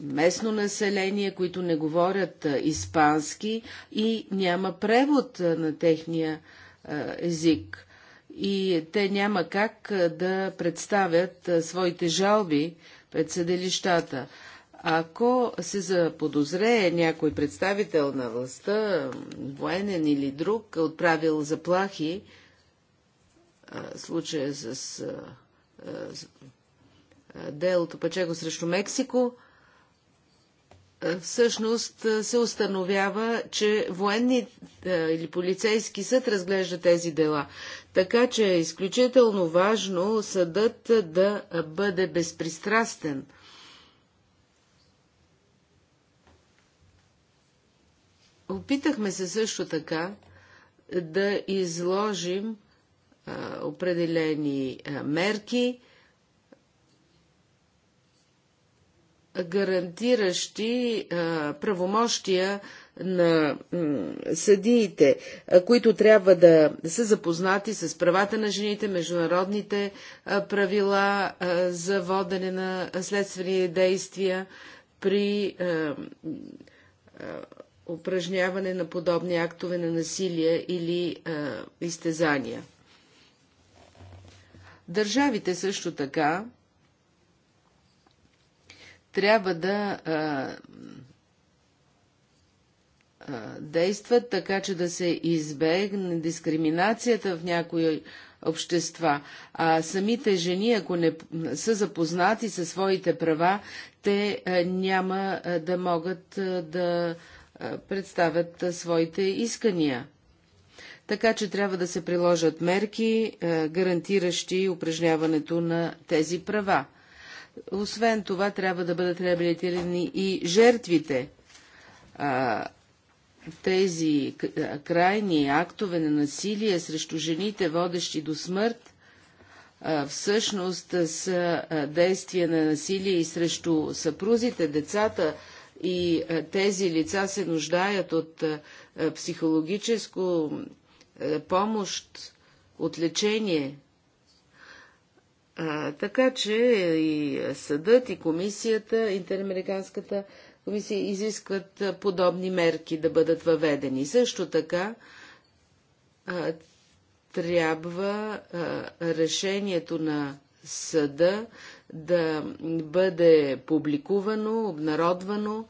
местно население, които не говорят испански и няма превод на техния език. И те няма как да представят своите жалби пред съдилищата. Ако се заподозрее някой представител на властта, военен или друг, отправил заплахи, случая с делото Пачего срещу Мексико, всъщност се установява, че военни или полицейски съд разглежда тези дела. Така че е изключително важно съдът да бъде безпристрастен Опитахме се също така да изложим а, определени а, мерки, гарантиращи а, правомощия на съдиите, които трябва да са запознати с правата на жените, международните правила за водене на следствени действия при упражняване на подобни актове на насилие или а, изтезания. Държавите също така трябва да а, а, действат така, че да се избегне дискриминацията в някои общества. А самите жени, ако не са запознати със своите права, те а, няма а, да могат а, да а, представят своите искания. Така че трябва да се приложат мерки, гарантиращи упражняването на тези права. Освен това, трябва да бъдат реабилитирани и жертвите. Тези крайни актове на насилие срещу жените, водещи до смърт, всъщност са действия на насилие и срещу съпрузите, децата, и е, тези лица се нуждаят от е, е, психологическо помощ, от лечение. Така че и съдът, и комисията, Интерамериканската комисия изискват подобни мерки да бъдат въведени. Също така трябва решението на съда да бъде публикувано, обнародвано,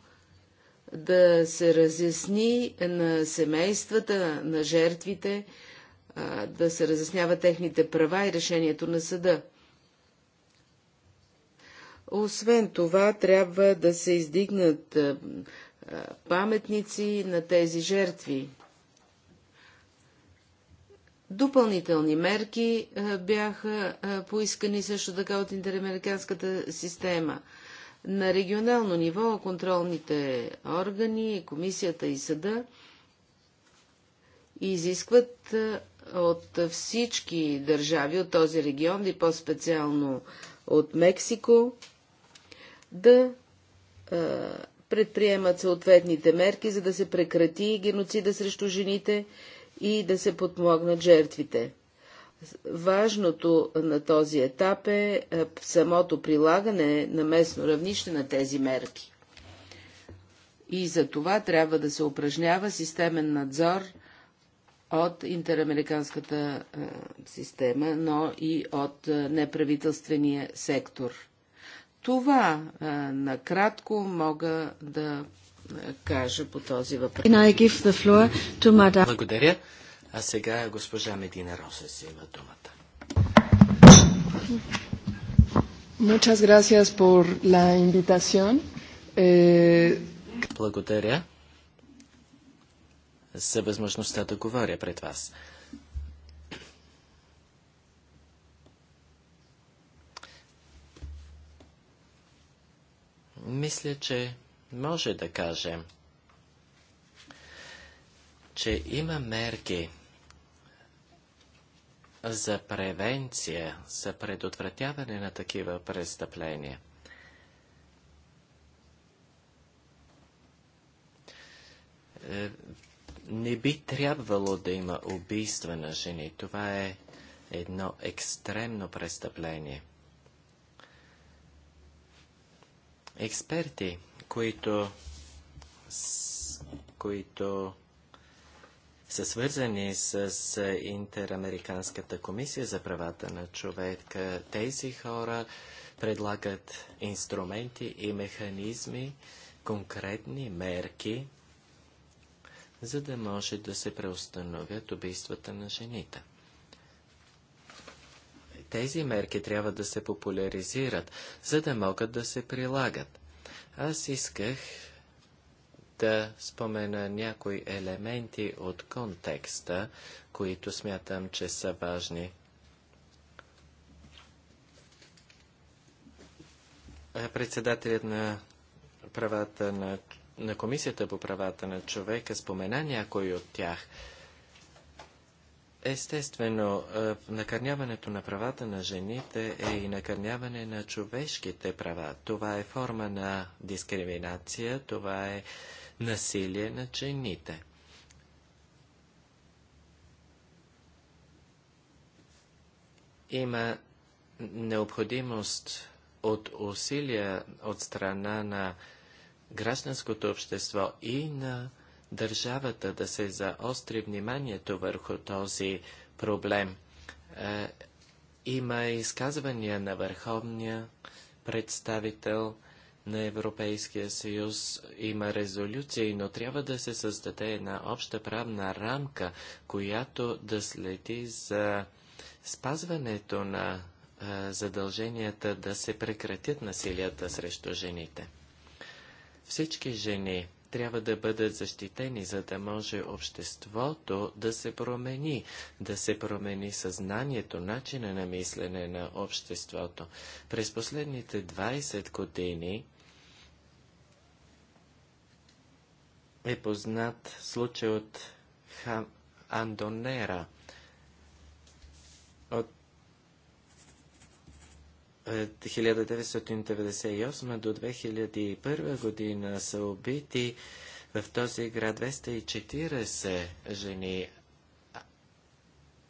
да се разясни на семействата, на жертвите, да се разяснява техните права и решението на съда. Освен това, трябва да се издигнат паметници на тези жертви. Допълнителни мерки бяха поискани също така от интерамериканската система. На регионално ниво контролните органи, комисията и съда изискват от всички държави от този регион и по-специално от Мексико да предприемат съответните мерки, за да се прекрати геноцида срещу жените и да се подмогнат жертвите. Важното на този етап е, е самото прилагане на местно равнище на тези мерки. И за това трябва да се упражнява системен надзор от интерамериканската е, система, но и от е, неправителствения сектор. Това накратко мога да каже по този въпрос. Благодаря. А сега госпожа Медина Роса си има думата. Muchas gracias por la invitación. Eh... Благодаря за възможността да говоря пред вас. Мисля, че може да кажем, че има мерки за превенция, за предотвратяване на такива престъпления. Е, не би трябвало да има убийства на жени. Това е едно екстремно престъпление. Експерти които, които са свързани с Интерамериканската комисия за правата на човека. Тези хора предлагат инструменти и механизми, конкретни мерки, за да може да се преустановят убийствата на жените. Тези мерки трябва да се популяризират, за да могат да се прилагат. Аз исках да спомена някои елементи от контекста, които смятам, че са важни. Председателят на правата на, на Комисията по правата на човека спомена някои от тях – Естествено, е, накърняването на правата на жените е и накърняване на човешките права. Това е форма на дискриминация, това е насилие на жените. Има необходимост от усилия от страна на гражданското общество и на държавата да се заостри вниманието върху този проблем. Е, има изказвания на върховния представител на Европейския съюз, има резолюции, но трябва да се създаде една обща правна рамка, която да следи за спазването на е, задълженията да се прекратят насилията срещу жените. Всички жени трябва да бъдат защитени, за да може обществото да се промени, да се промени съзнанието, начина на мислене на обществото. През последните 20 години е познат случай от Хам... Андонера – 1998 е, до 2001 година са убити в този град 240 жени,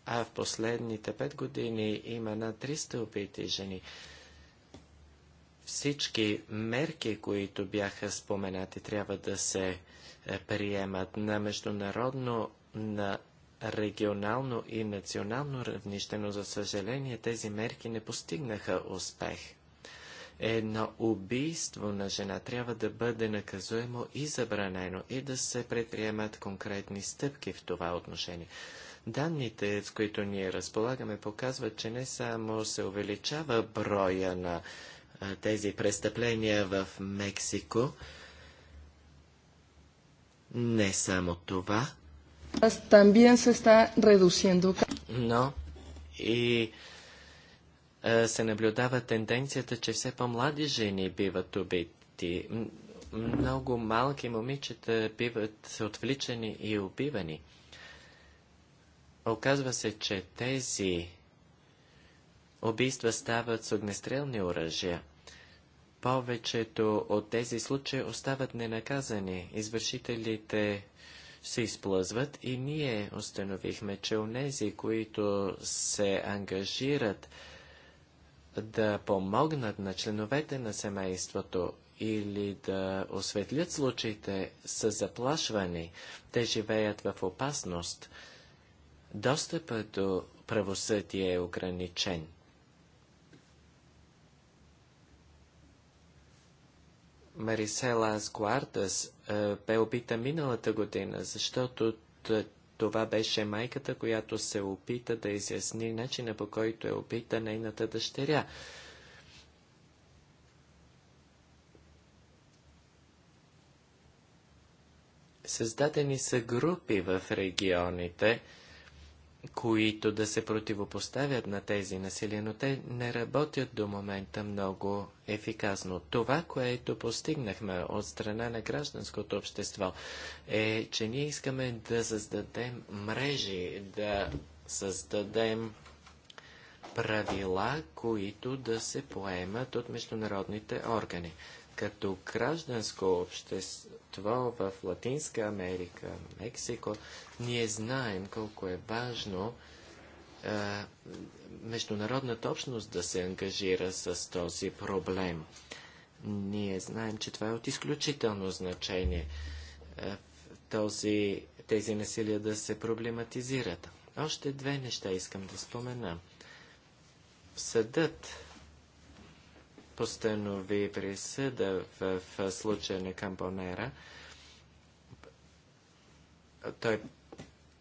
а в последните 5 години има над 300 убити жени. Всички мерки, които бяха споменати, трябва да се е, приемат на международно, на регионално и национално равнище, но за съжаление тези мерки не постигнаха успех. Едно убийство на жена трябва да бъде наказуемо и забранено и да се предприемат конкретни стъпки в това отношение. Данните, с които ние разполагаме, показват, че не само се увеличава броя на а, тези престъпления в Мексико, не само това, También se está reduciendo. Но и се наблюдава тенденцията, че все по-млади жени биват убити. Много малки момичета биват отвличани и убивани. Оказва се, че тези убийства стават с огнестрелни оръжия. Повечето от тези случаи остават ненаказани. Извършителите се изплъзват и ние установихме, че унези, които се ангажират да помогнат на членовете на семейството или да осветлят случаите, са заплашвани. Те живеят в опасност. Достъпът до правосъдие е ограничен. Марисела Асгуардас бе убита миналата година, защото това беше майката, която се опита да изясни начина по който е опита нейната дъщеря. Създадени са групи в регионите, които да се противопоставят на тези насилия, но те не работят до момента много ефикасно. Това, което постигнахме от страна на гражданското общество, е, че ние искаме да създадем мрежи, да създадем правила, които да се поемат от международните органи като гражданско общество в Латинска Америка, Мексико, ние знаем колко е важно е, международната общност да се ангажира с този проблем. Ние знаем, че това е от изключително значение. Е, този, тези насилия да се проблематизират. Още две неща искам да спомена. Съдът постанови присъда в, в случая на Камбонера, Той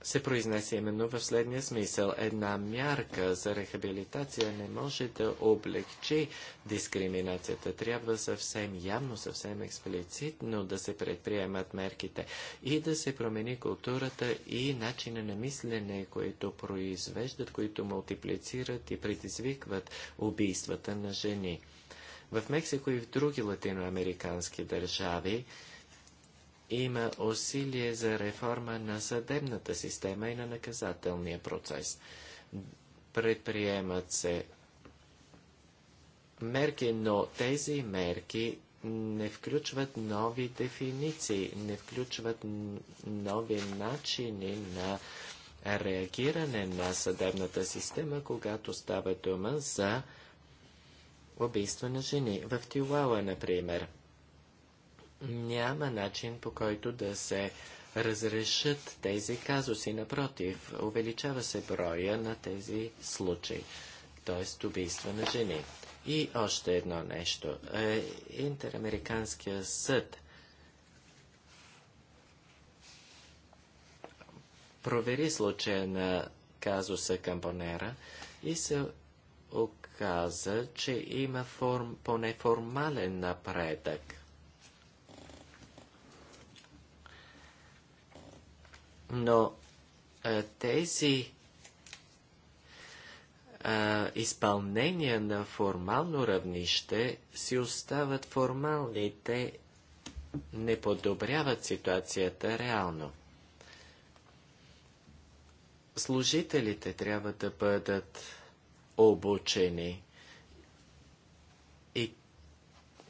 се произнесе именно в следния смисъл. Една мярка за рехабилитация не може да облегчи дискриминацията. Трябва съвсем явно, съвсем експлицитно да се предприемат мерките и да се промени културата и начина на мислене, които произвеждат, които мултиплицират и предизвикват убийствата на жени. В Мексико и в други латиноамерикански държави има усилие за реформа на съдебната система и на наказателния процес. Предприемат се мерки, но тези мерки не включват нови дефиниции, не включват нови начини на реагиране на съдебната система, когато става дума за убийства на жени. В Тилала, например, няма начин по който да се разрешат тези казуси. Напротив, увеличава се броя на тези случаи, т.е. убийства на жени. И още едно нещо. Е, интерамериканския съд провери случая на казуса Камбонера и се оказа, че има форм, по-неформален напредък. Но а, тези а, изпълнения на формално равнище си остават формални, те не подобряват ситуацията реално. Служителите трябва да бъдат обучени. И,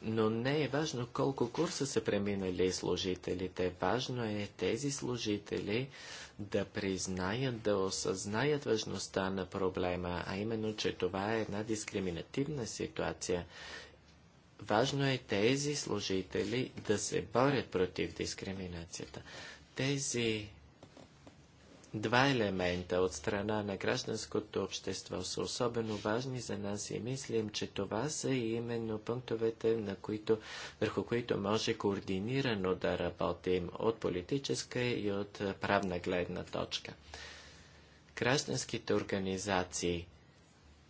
но не е важно колко курса са преминали служителите. Важно е тези служители да признаят, да осъзнаят важността на проблема, а именно, че това е една дискриминативна ситуация. Важно е тези служители да се борят против дискриминацията. Тези Два елемента от страна на гражданското общество са особено важни за нас и мислим, че това са именно пунктовете, на които, върху които може координирано да работим от политическа и от правна гледна точка. Гражданските организации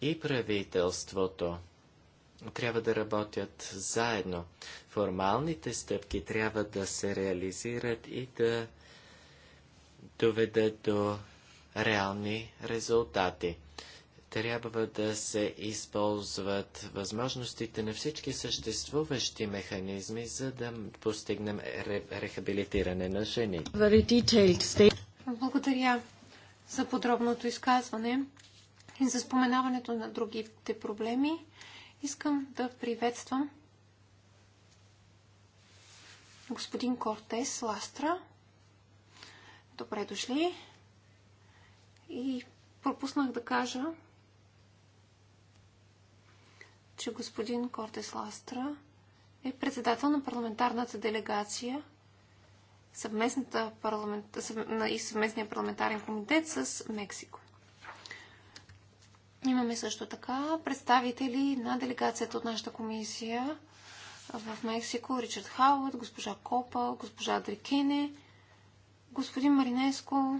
и правителството трябва да работят заедно. Формалните стъпки трябва да се реализират и да доведе до реални резултати. Трябва да се използват възможностите на всички съществуващи механизми, за да постигнем ре рехабилитиране на жени. Благодаря за подробното изказване и за споменаването на другите проблеми. Искам да приветствам господин Кортес Ластра, Добре дошли. И пропуснах да кажа, че господин Кортес Ластра е председател на парламентарната делегация съвместната парламент... и съвместния парламентарен комитет с Мексико. Имаме също така представители на делегацията от нашата комисия в Мексико, Ричард Хауът, госпожа Копа, госпожа Дрикене – Господин Маринеско,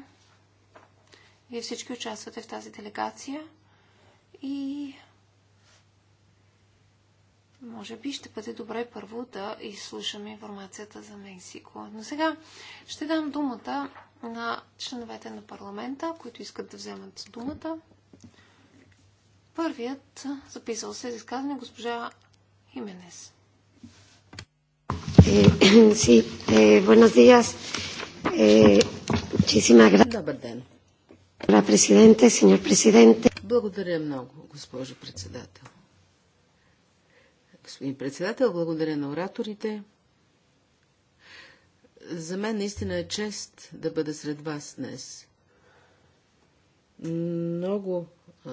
вие всички участвате в тази делегация и може би ще бъде добре първо да изслушаме информацията за Мексико. Но сега ще дам думата на членовете на парламента, които искат да вземат думата. Първият записал се за изказване е госпожа Хименес. Е, sí, е, eh, buenos días. Eh, Добър ден. Президенте, сеньор президенте. Благодаря много, госпожо председател. Господин председател, благодаря на ораторите. За мен наистина е чест да бъда сред вас днес. Много а,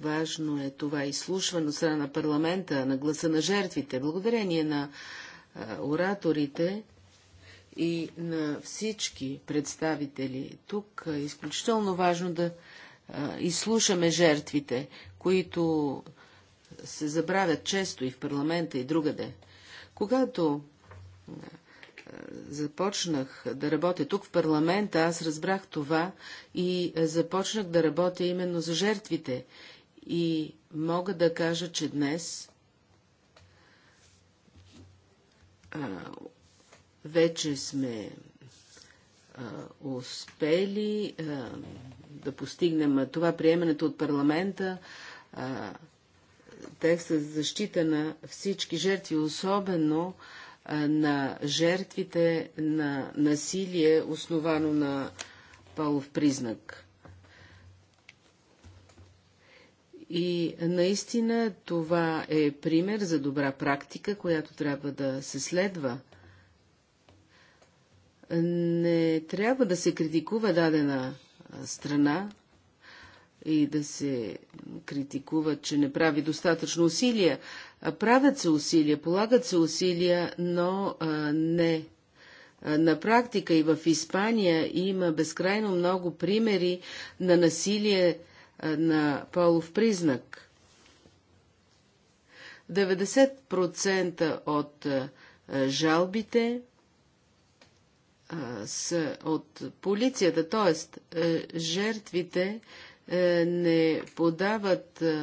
важно е това изслушване от страна на парламента, на гласа на жертвите. Благодарение на а, ораторите и на всички представители. Тук е изключително важно да изслушаме жертвите, които се забравят често и в парламента и другаде. Когато започнах да работя тук в парламента, аз разбрах това и започнах да работя именно за жертвите. И мога да кажа, че днес вече сме а, успели а, да постигнем това приемането от парламента, а, текста за защита на всички жертви, особено а, на жертвите на насилие, основано на полов признак. И наистина това е пример за добра практика, която трябва да се следва – не трябва да се критикува дадена страна и да се критикува, че не прави достатъчно усилия. Правят се усилия, полагат се усилия, но не на практика и в Испания има безкрайно много примери на насилие на полов признак. 90% от жалбите с, от полицията, т.е. Е, жертвите е, не подават е,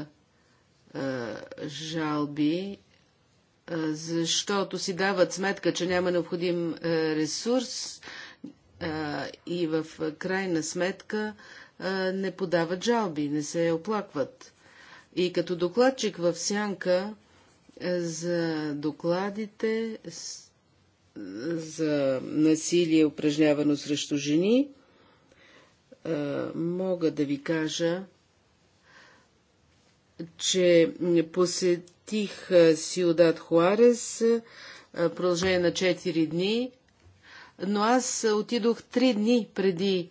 жалби, защото си дават сметка, че няма необходим ресурс и в крайна сметка не подават жалби, не се оплакват. И като докладчик в сянка за докладите за насилие, упражнявано срещу жени, е, мога да ви кажа, че посетих е, Сиодат Хуарес е, продължение на 4 дни, но аз отидох 3 дни преди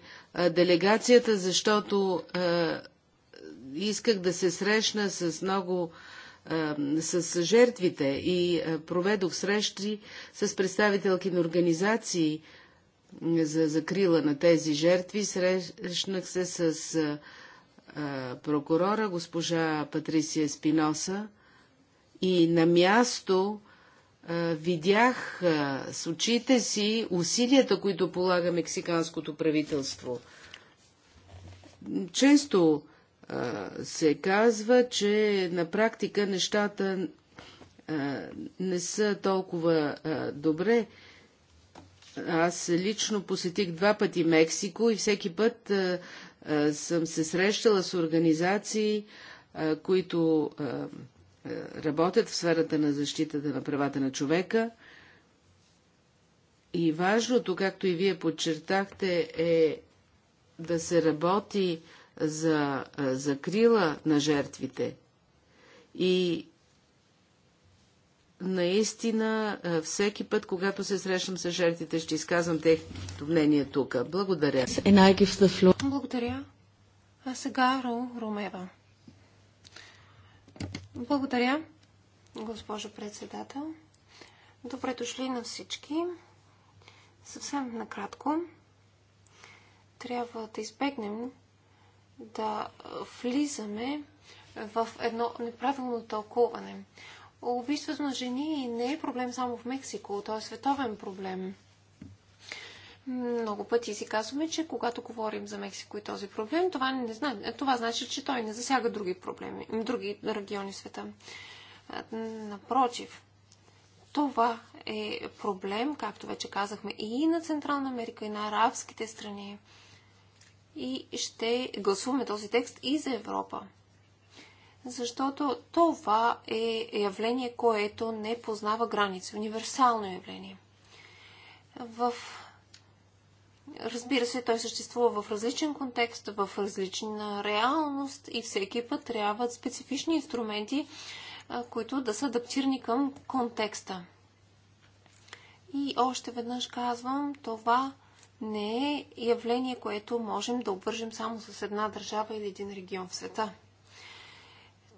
делегацията, защото исках да се срещна с много с жертвите и проведох срещи с представителки на организации за закрила на тези жертви. Срещнах се с прокурора госпожа Патрисия Спиноса и на място видях с очите си усилията, които полага мексиканското правителство. Често се казва, че на практика нещата не са толкова добре. Аз лично посетих два пъти Мексико и всеки път съм се срещала с организации, които работят в сферата на защитата на правата на човека. И важното, както и вие подчертахте, е да се работи за закрила на жертвите. И наистина всеки път, когато се срещам с жертвите, ще изказвам техното мнение тук. Благодаря. Благодаря. А сега Ро Ромева. Благодаря, госпожо председател. Добре дошли на всички. Съвсем накратко. Трябва да избегнем да влизаме в едно неправилно тълкуване. Убийството на жени не е проблем само в Мексико, то е световен проблем. Много пъти си казваме, че когато говорим за Мексико и този проблем, това, не зна... това значи, че той не засяга други проблеми, други региони в света. Напротив, това е проблем, както вече казахме, и на Централна Америка, и на арабските страни и ще гласуваме този текст и за Европа. Защото това е явление, което не познава граници. Универсално явление. В... Разбира се, той съществува в различен контекст, в различна реалност и всеки път трябват специфични инструменти, които да са адаптирани към контекста. И още веднъж казвам, това не е явление, което можем да обвържем само с една държава или един регион в света.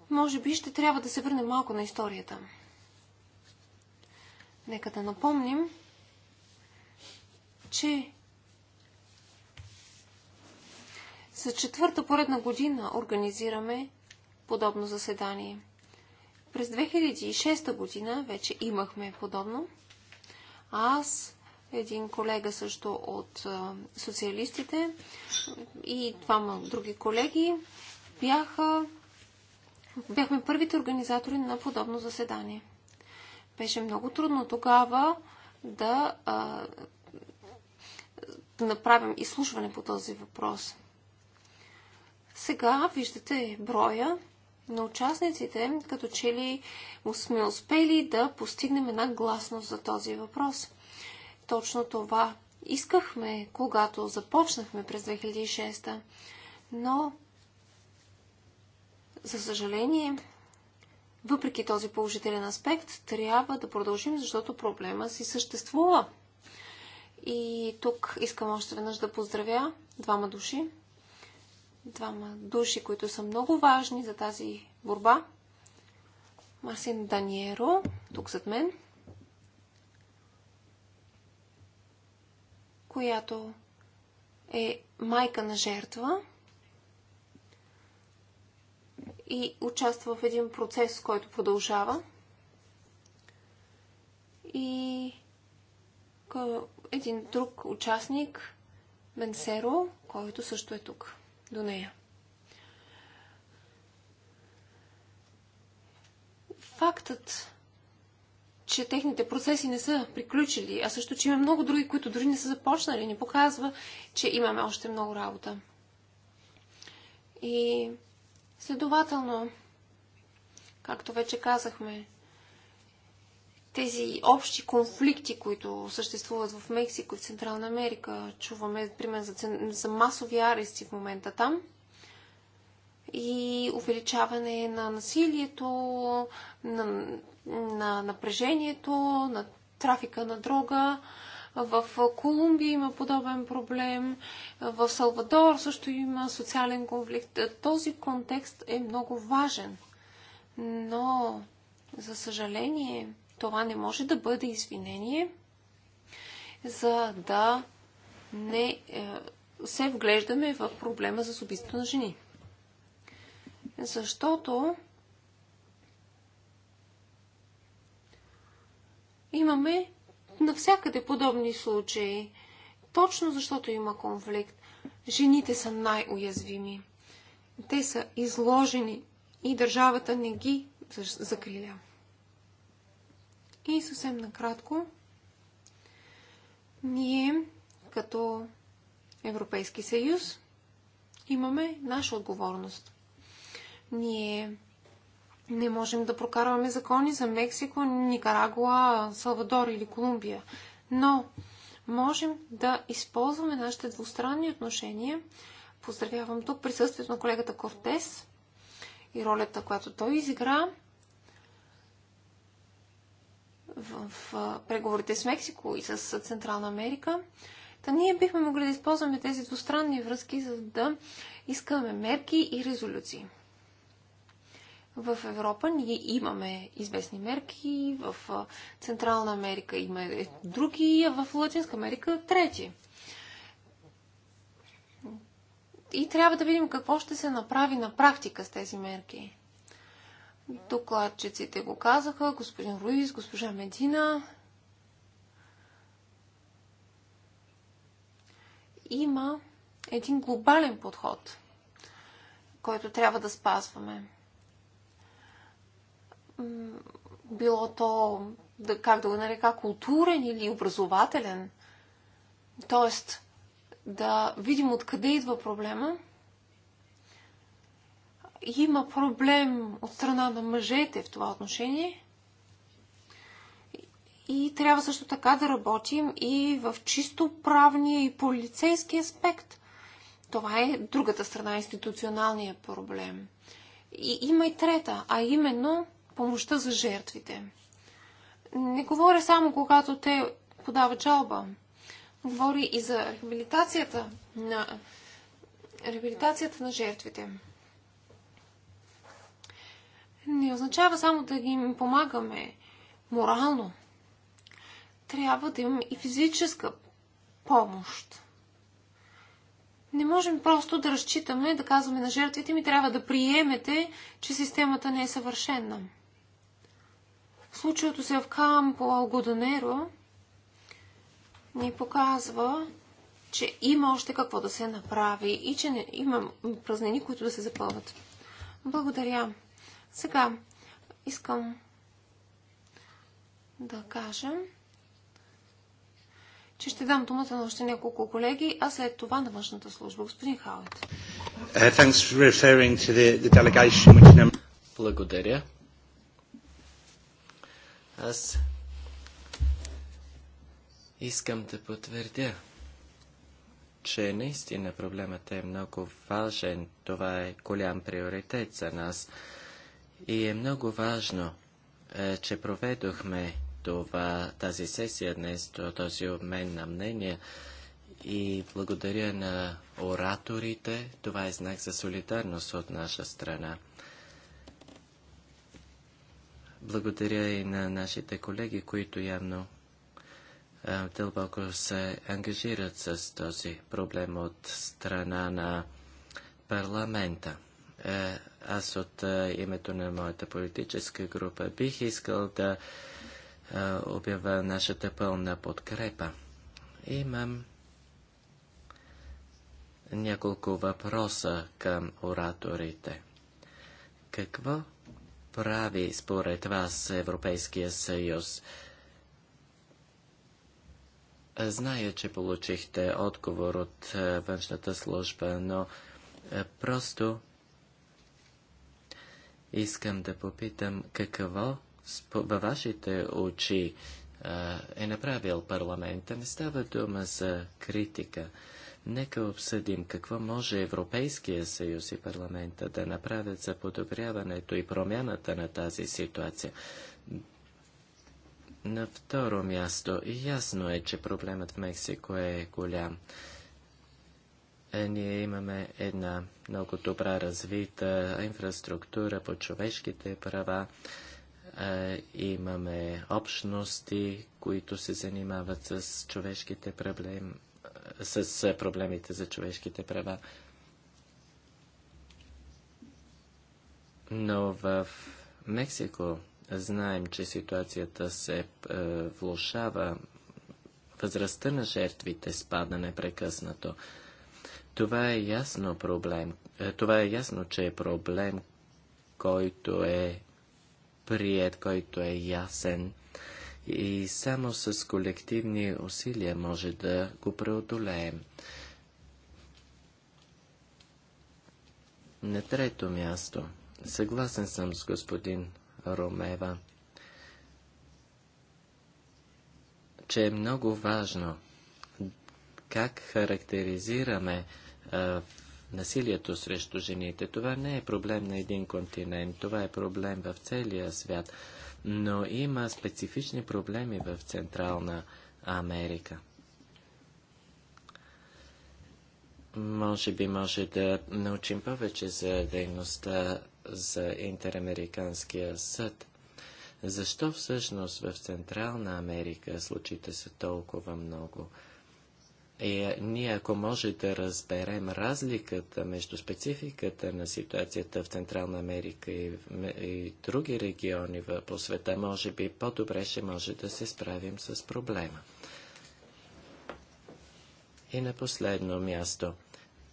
Може би ще трябва да се върнем малко на историята. Нека да напомним, че за четвърта поредна година организираме подобно заседание. През 2006 година вече имахме подобно. Аз един колега също от социалистите и двама други колеги бяха, бяхме първите организатори на подобно заседание. Беше много трудно тогава да, а, направим изслушване по този въпрос. Сега виждате броя на участниците, като че ли сме успели да постигнем една гласност за този въпрос. Точно това искахме, когато започнахме през 2006, но за съжаление, въпреки този положителен аспект, трябва да продължим, защото проблема си съществува. И тук искам още веднъж да поздравя двама души. Двама души, които са много важни за тази борба. Марсин Даниеро, тук зад мен, която е майка на жертва и участва в един процес, който продължава. И един друг участник, Менсеро, който също е тук, до нея. Фактът, че техните процеси не са приключили, а също, че има много други, които дори не са започнали, ни показва, че имаме още много работа. И следователно, както вече казахме, тези общи конфликти, които съществуват в Мексико и в Централна Америка, чуваме пример за, за масови арести в момента там – и увеличаване на насилието, на, на напрежението, на трафика на дрога. В Колумбия има подобен проблем, в Салвадор също има социален конфликт. Този контекст е много важен, но за съжаление това не може да бъде извинение, за да не е, се вглеждаме в проблема за убийството на жени защото имаме навсякъде подобни случаи. Точно защото има конфликт. Жените са най-уязвими. Те са изложени и държавата не ги закриля. И съвсем накратко, ние като Европейски съюз имаме наша отговорност. Ние не можем да прокарваме закони за Мексико, Никарагуа, Салвадор или Колумбия. Но можем да използваме нашите двустранни отношения. Поздравявам тук присъствието на колегата Кортес и ролята, която той изигра в преговорите с Мексико и с Централна Америка. Та ние бихме могли да използваме тези двустранни връзки, за да искаме мерки и резолюции в Европа ние имаме известни мерки, в Централна Америка има е други, а в Латинска Америка трети. И трябва да видим какво ще се направи на практика с тези мерки. Докладчиците го казаха, господин Руис, госпожа Медина. Има един глобален подход, който трябва да спазваме било то, да, как да го нарека, културен или образователен. Тоест, да видим откъде идва проблема. Има проблем от страна на мъжете в това отношение. И трябва също така да работим и в чисто правния и полицейски аспект. Това е другата страна, институционалния проблем. И има и трета, а именно помощта за жертвите. Не говоря само когато те подават жалба. Говори и за рехабилитацията на, рехабилитацията на жертвите. Не означава само да им помагаме морално. Трябва да имаме и физическа помощ. Не можем просто да разчитаме, да казваме на жертвите ми, трябва да приемете, че системата не е съвършена. Случилото се в Кампо Алгоданеро ни показва, че има още какво да се направи и че не, има празнени, които да се запълват. Благодаря. Сега искам да кажа, че ще дам думата на още няколко колеги, а след това на външната служба. Господин Хаует. Uh, Благодаря. Аз искам да потвърдя, че наистина проблемът е много важен. Това е голям приоритет за нас. И е много важно, е, че проведохме това, тази сесия днес, този обмен на мнения и благодаря на ораторите. Това е знак за солидарност от наша страна. Благодаря и на нашите колеги, които явно дълбоко се ангажират с този проблем от страна на парламента. Е, аз от името на моята политическа група бих искал да обява нашата пълна подкрепа. Имам няколко въпроса към ораторите. Какво прави според вас Европейския съюз? Зная, че получихте отговор от е, външната служба, но е, просто искам да попитам какво във вашите очи е, е направил парламента. Не става дума за критика. Нека обсъдим какво може Европейския съюз и парламента да направят за подобряването и промяната на тази ситуация. На второ място, ясно е, че проблемът в Мексико е голям. Е, ние имаме една много добра развита инфраструктура по човешките права. Е, имаме общности, които се занимават с човешките проблеми с проблемите за човешките права. Но в Мексико знаем, че ситуацията се е, влушава. Възрастта на жертвите спада непрекъснато. Това е ясно проблем. Е, това е ясно, че е проблем, който е прият, който е ясен и само с колективни усилия може да го преодолеем. На трето място. Съгласен съм с господин Ромева, че е много важно как характеризираме а, насилието срещу жените. Това не е проблем на един континент, това е проблем в целия свят но има специфични проблеми в Централна Америка. Може би може да научим повече за дейността за Интерамериканския съд. Защо всъщност в Централна Америка случаите са толкова много? е, ние ако може да разберем разликата между спецификата на ситуацията в Централна Америка и, и други региони по света, може би по-добре ще може да се справим с проблема. И на последно място –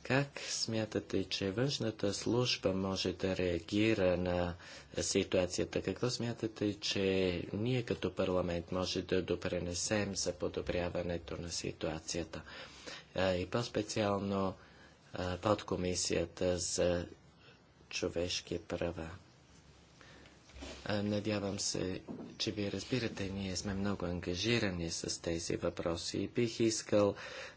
как смятате, че външната служба може да реагира на ситуацията? Какво смятате, че ние като парламент може да допренесем за подобряването на ситуацията? И по-специално подкомисията за човешки права. Надявам се, че ви разбирате, ние сме много ангажирани с тези въпроси и бих искал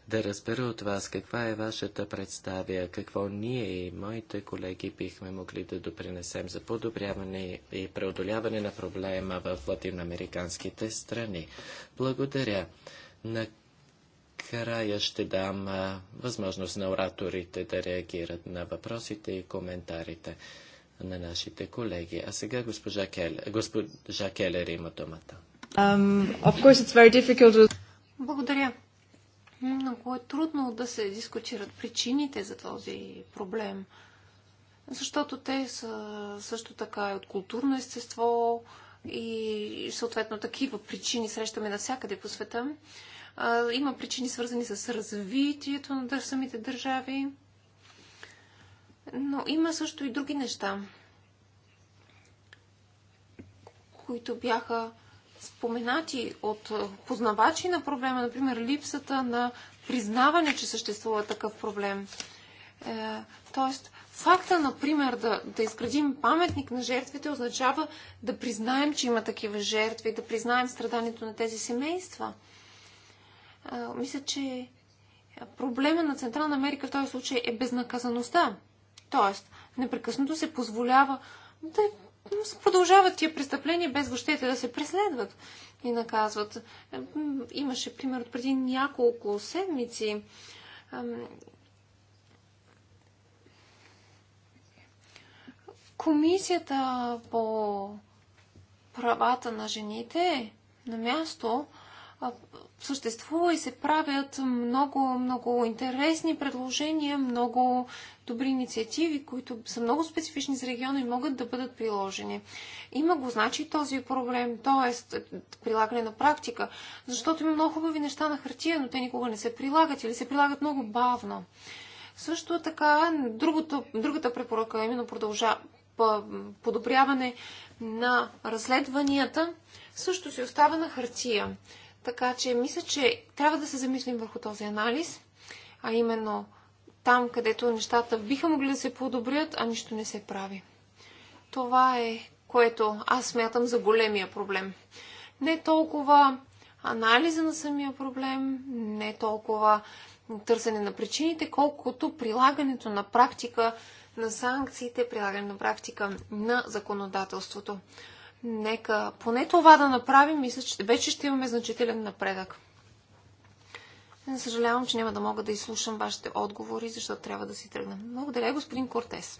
да разбера от вас каква е вашата представя, какво ние и моите колеги бихме могли да допринесем за подобряване и преодоляване на проблема в латиноамериканските страни. Благодаря. Накрая ще дам възможност на ораторите да реагират на въпросите и коментарите на нашите колеги. А сега госпожа, Кел... госпожа Келер има думата. Um, to... Благодаря. Много е трудно да се дискутират причините за този проблем, защото те са също така и от културно естество и съответно такива причини срещаме навсякъде по света. Има причини свързани с развитието на самите държави но има също и други неща, които бяха споменати от познавачи на проблема, например липсата на признаване, че съществува такъв проблем. Е, тоест, факта, например, да, да изградим паметник на жертвите означава да признаем, че има такива жертви, да признаем страданието на тези семейства. Е, мисля, че проблема на Централна Америка в този случай е безнаказаността. Тоест, непрекъснато се позволява да продължават тия престъпления без въобще да се преследват и наказват. Имаше пример от преди няколко седмици. Комисията по правата на жените на място съществува и се правят много, много интересни предложения, много добри инициативи, които са много специфични за региона и могат да бъдат приложени. Има го, значи, този проблем, т.е. прилагане на практика, защото има много хубави неща на хартия, но те никога не се прилагат или се прилагат много бавно. Също така, другото, другата препоръка, именно продължа, подобряване на разследванията, също се остава на хартия. Така че мисля, че трябва да се замислим върху този анализ, а именно там, където нещата биха могли да се подобрят, а нищо не се прави. Това е което аз смятам за големия проблем. Не толкова анализа на самия проблем, не толкова търсене на причините, колкото прилагането на практика на санкциите, прилагане на практика на законодателството. Нека поне това да направим, мисля, че вече ще имаме значителен напредък. Не съжалявам, че няма да мога да изслушам вашите отговори, защото трябва да си тръгна. Благодаря, господин Кортес.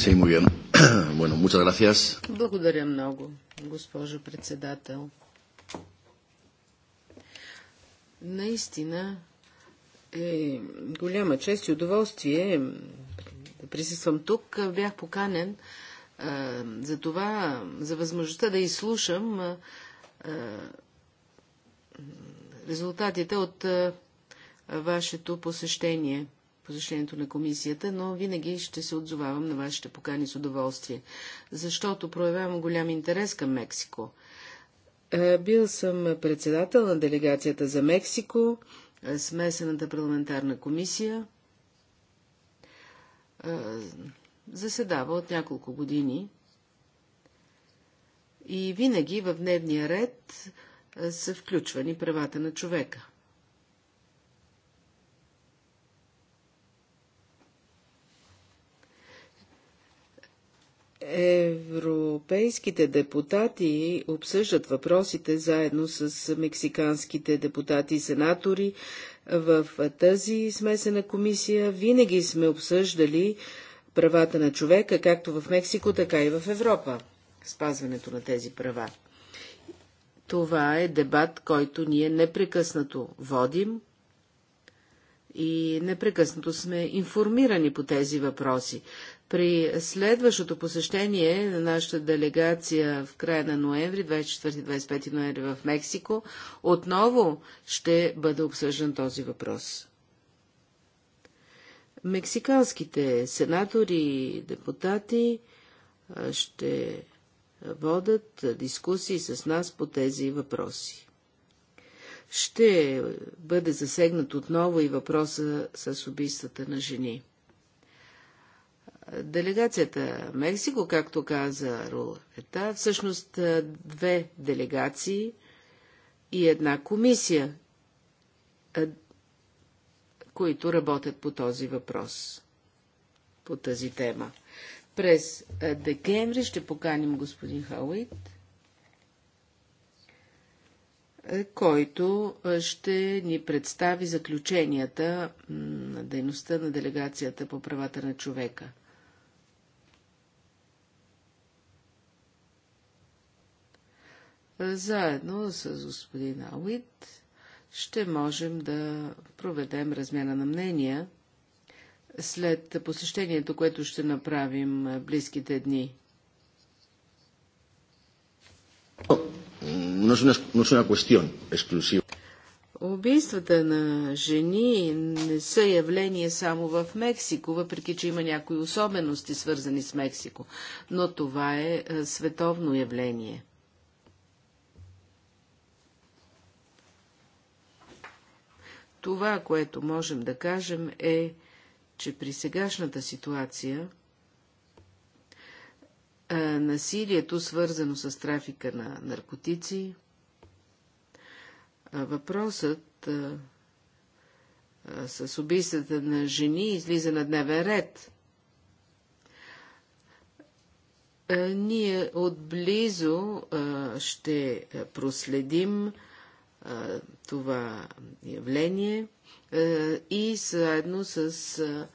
Sí, muy bien. Bueno, muchas gracias. Благодаря много, госпожо председател. Наистина е голяма чест и удоволствие да присъствам тук. Бях поканен а, за това, за възможността да изслушам а, а, резултатите от вашето посещение, посещението на комисията, но винаги ще се отзовавам на вашите покани с удоволствие, защото проявявам голям интерес към Мексико. Бил съм председател на делегацията за Мексико, смесената парламентарна комисия. Заседава от няколко години. И винаги в дневния ред са включвани правата на човека. Европейските депутати обсъждат въпросите заедно с мексиканските депутати и сенатори. В тази смесена комисия винаги сме обсъждали правата на човека, както в Мексико, така и в Европа, спазването на тези права. Това е дебат, който ние непрекъснато водим и непрекъснато сме информирани по тези въпроси. При следващото посещение на нашата делегация в края на ноември, 24-25 ноември в Мексико, отново ще бъде обсъждан този въпрос. Мексиканските сенатори и депутати ще водят дискусии с нас по тези въпроси. Ще бъде засегнат отново и въпроса с убийствата на жени. Делегацията Мексико, както каза Рулета, всъщност две делегации и една комисия, които работят по този въпрос, по тази тема. През декември ще поканим господин Хауит, който ще ни представи заключенията на дейността на делегацията по правата на човека. Заедно с господин Ауит ще можем да проведем размяна на мнения след посещението, което ще направим е, близките дни? Убийствата на жени не са явление само в Мексико, въпреки че има някои особености, свързани с Мексико, но това е, е световно явление. Това, което можем да кажем е, че при сегашната ситуация а, насилието, свързано с трафика на наркотици, а, въпросът а, а, с убийствата на жени излиза на дневен ред. А, ние отблизо а, ще проследим а, това явление и заедно с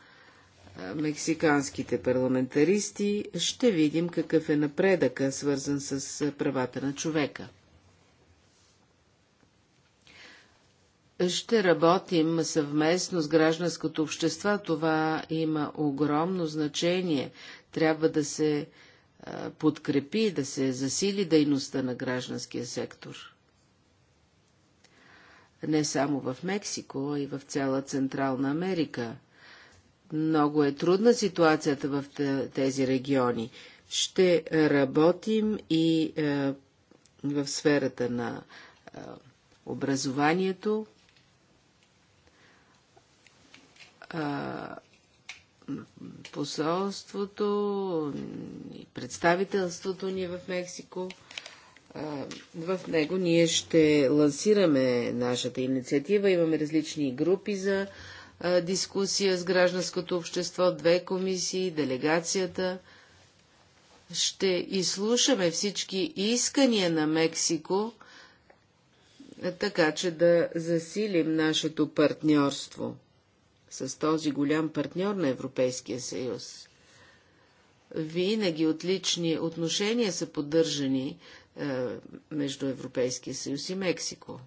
мексиканските парламентаристи ще видим какъв е напредъка, свързан с правата на човека. Ще работим съвместно с гражданското общество. Това има огромно значение. Трябва да се подкрепи, да се засили дейността на гражданския сектор не само в Мексико, а и в цяла Централна Америка. Много е трудна ситуацията в тези региони. Ще работим и е, в сферата на е, образованието. Е, посолството, представителството ни е в Мексико в него ние ще лансираме нашата инициатива. Имаме различни групи за дискусия с гражданското общество, две комисии, делегацията. Ще изслушаме всички искания на Мексико, така че да засилим нашето партньорство с този голям партньор на Европейския съюз. Винаги отлични отношения са поддържани е, между Европейския съюз и Мексико.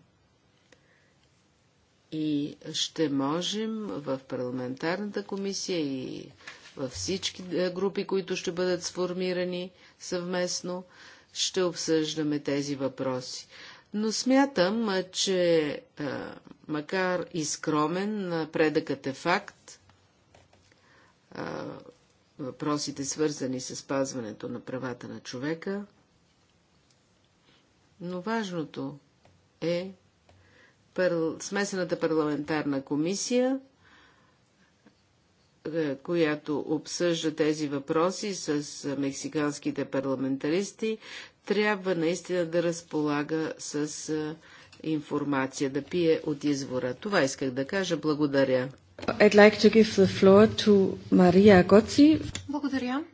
И ще можем в парламентарната комисия и във всички е, групи, които ще бъдат сформирани съвместно, ще обсъждаме тези въпроси. Но смятам, е, че макар и скромен, предъкът е факт. Въпросите, свързани с пазването на правата на човека, но важното е смесената парламентарна комисия, е, която обсъжда тези въпроси с мексиканските парламентаристи, трябва наистина да разполага с е, информация, да пие от извора. Това исках да кажа. Благодаря. I'd like to give the floor to Maria Gozzi. Благодаря.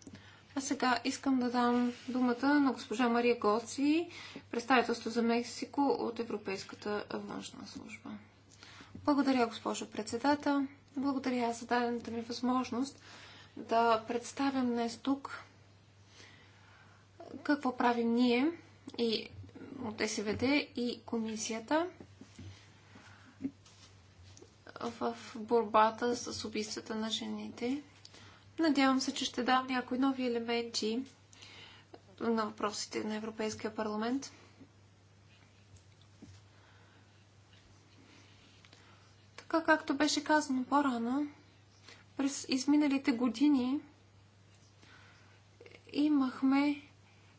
А сега искам да дам думата на госпожа Мария Гоци, представителство за Мексико от Европейската външна служба. Благодаря, госпожо председател. Благодаря за дадената ми възможност да представям днес тук какво правим ние и от СВД и комисията в борбата с убийствата на жените Надявам се, че ще дам някои нови елементи на въпросите на Европейския парламент. Така както беше казано по-рано, през изминалите години имахме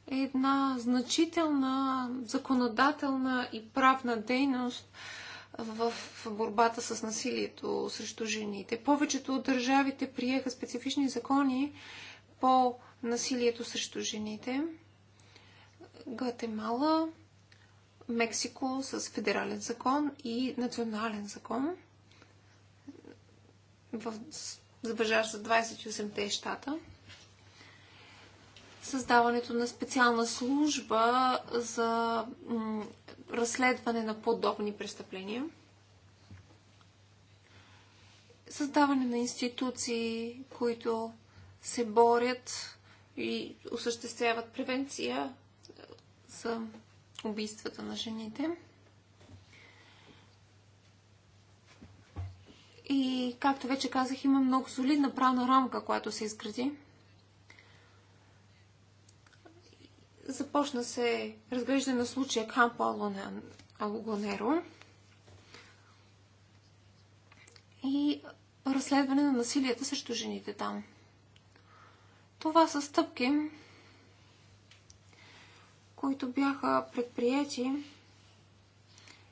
една значителна законодателна и правна дейност в борбата с насилието срещу жените. Повечето от държавите приеха специфични закони по насилието срещу жените. Гватемала, Мексико с федерален закон и национален закон в, въжащ за 28-те щата. Създаването на специална служба за разследване на подобни престъпления, създаване на институции, които се борят и осъществяват превенция за убийствата на жените. И, както вече казах, има много солидна правна рамка, която се изгради. Започна се разглеждане на случая Кампо Алогонеро и разследване на насилията срещу жените там. Това са стъпки, които бяха предприяти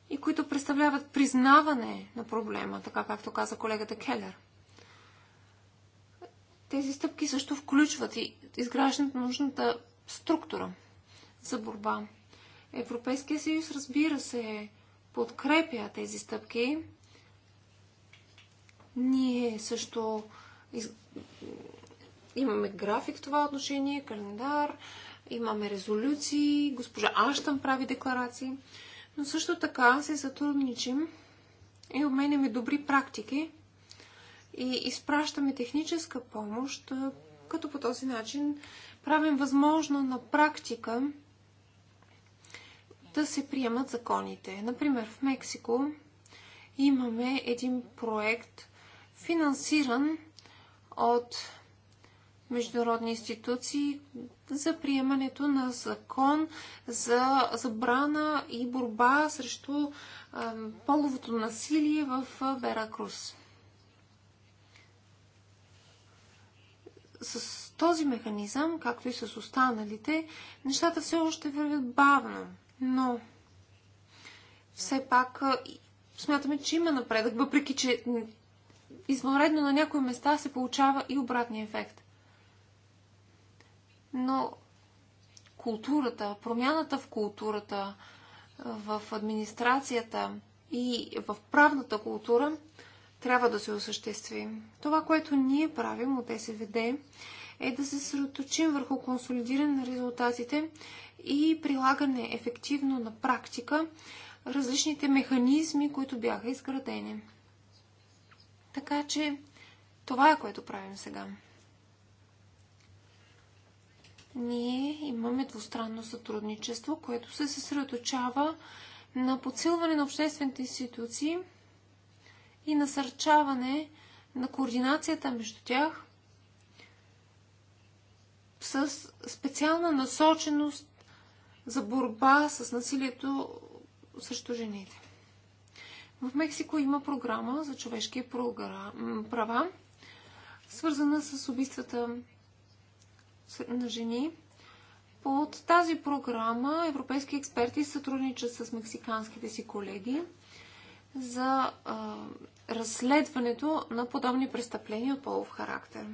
и които представляват признаване на проблема, така както каза колегата Келер. Тези стъпки също включват и изграждането на нужната структура – за борба. Европейския съюз, разбира се, подкрепя тези стъпки. Ние също из... имаме график в това отношение, календар, имаме резолюции, госпожа Аштан прави декларации, но също така се сътрудничим и обменяме добри практики и изпращаме техническа помощ, като по този начин правим възможно на практика да се приемат законите. Например, в Мексико имаме един проект, финансиран от международни институции за приемането на закон за забрана и борба срещу а, половото насилие в Веракрус. С този механизъм, както и с останалите, нещата все още вървят бавно – но все пак смятаме, че има напредък, въпреки че извънредно на някои места се получава и обратния ефект. Но културата, промяната в културата, в администрацията и в правната култура трябва да се осъществи. Това, което ние правим от СВД е да се съсредоточим върху консолидиране на резултатите и прилагане ефективно на практика различните механизми, които бяха изградени. Така че това е което правим сега. Ние имаме двустранно сътрудничество, което се съсредоточава на подсилване на обществените институции и насърчаване на координацията между тях с специална насоченост за борба с насилието срещу жените. В Мексико има програма за човешки права, свързана с убийствата на жени. Под тази програма европейски експерти сътрудничат с мексиканските си колеги за а, разследването на подобни престъпления от полов характер.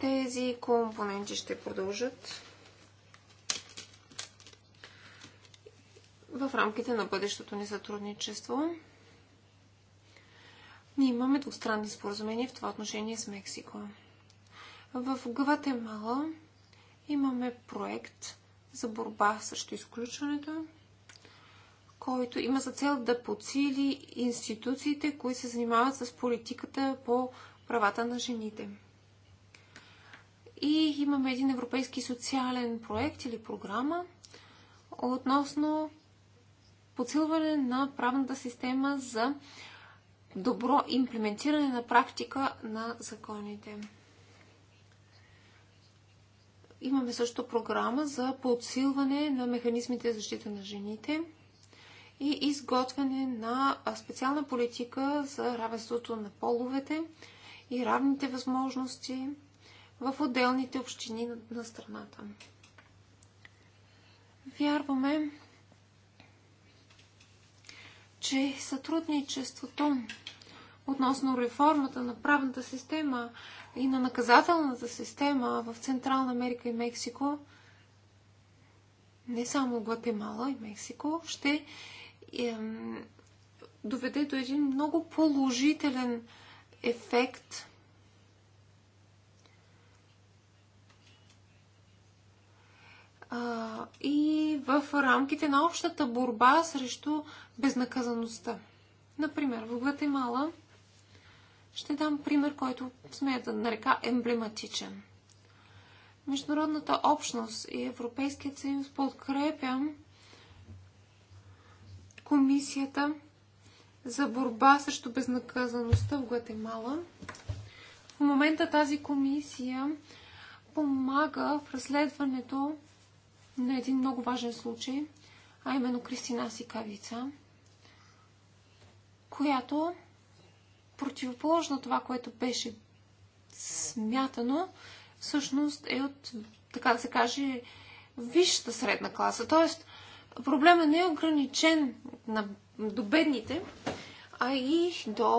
Тези компоненти ще продължат в рамките на бъдещото ни сътрудничество. Ние имаме двустранни споразумения в това отношение с Мексико. В Гватемала имаме проект за борба срещу изключването, който има за цел да подсили институциите, които се занимават с политиката по правата на жените. И имаме един европейски социален проект или програма относно подсилване на правната система за добро имплементиране на практика на законите. Имаме също програма за подсилване на механизмите за защита на жените и изготвяне на специална политика за равенството на половете и равните възможности в отделните общини на страната. Вярваме, че сътрудничеството относно реформата на правната система и на наказателната система в Централна Америка и Мексико, не само Гватемала и Мексико, ще е, доведе до един много положителен ефект и в рамките на общата борба срещу безнаказаността. Например, в Гватемала ще дам пример, който смея да нарека емблематичен. Международната общност и Европейският съюз подкрепя комисията за борба срещу безнаказаността в Гватемала. В момента тази комисия помага в разследването на един много важен случай, а именно Кристина Сикавица, която противоположно това, което беше смятано, всъщност е от, така да се каже, висшата средна класа. Тоест, проблема не е ограничен на, до бедните, а и до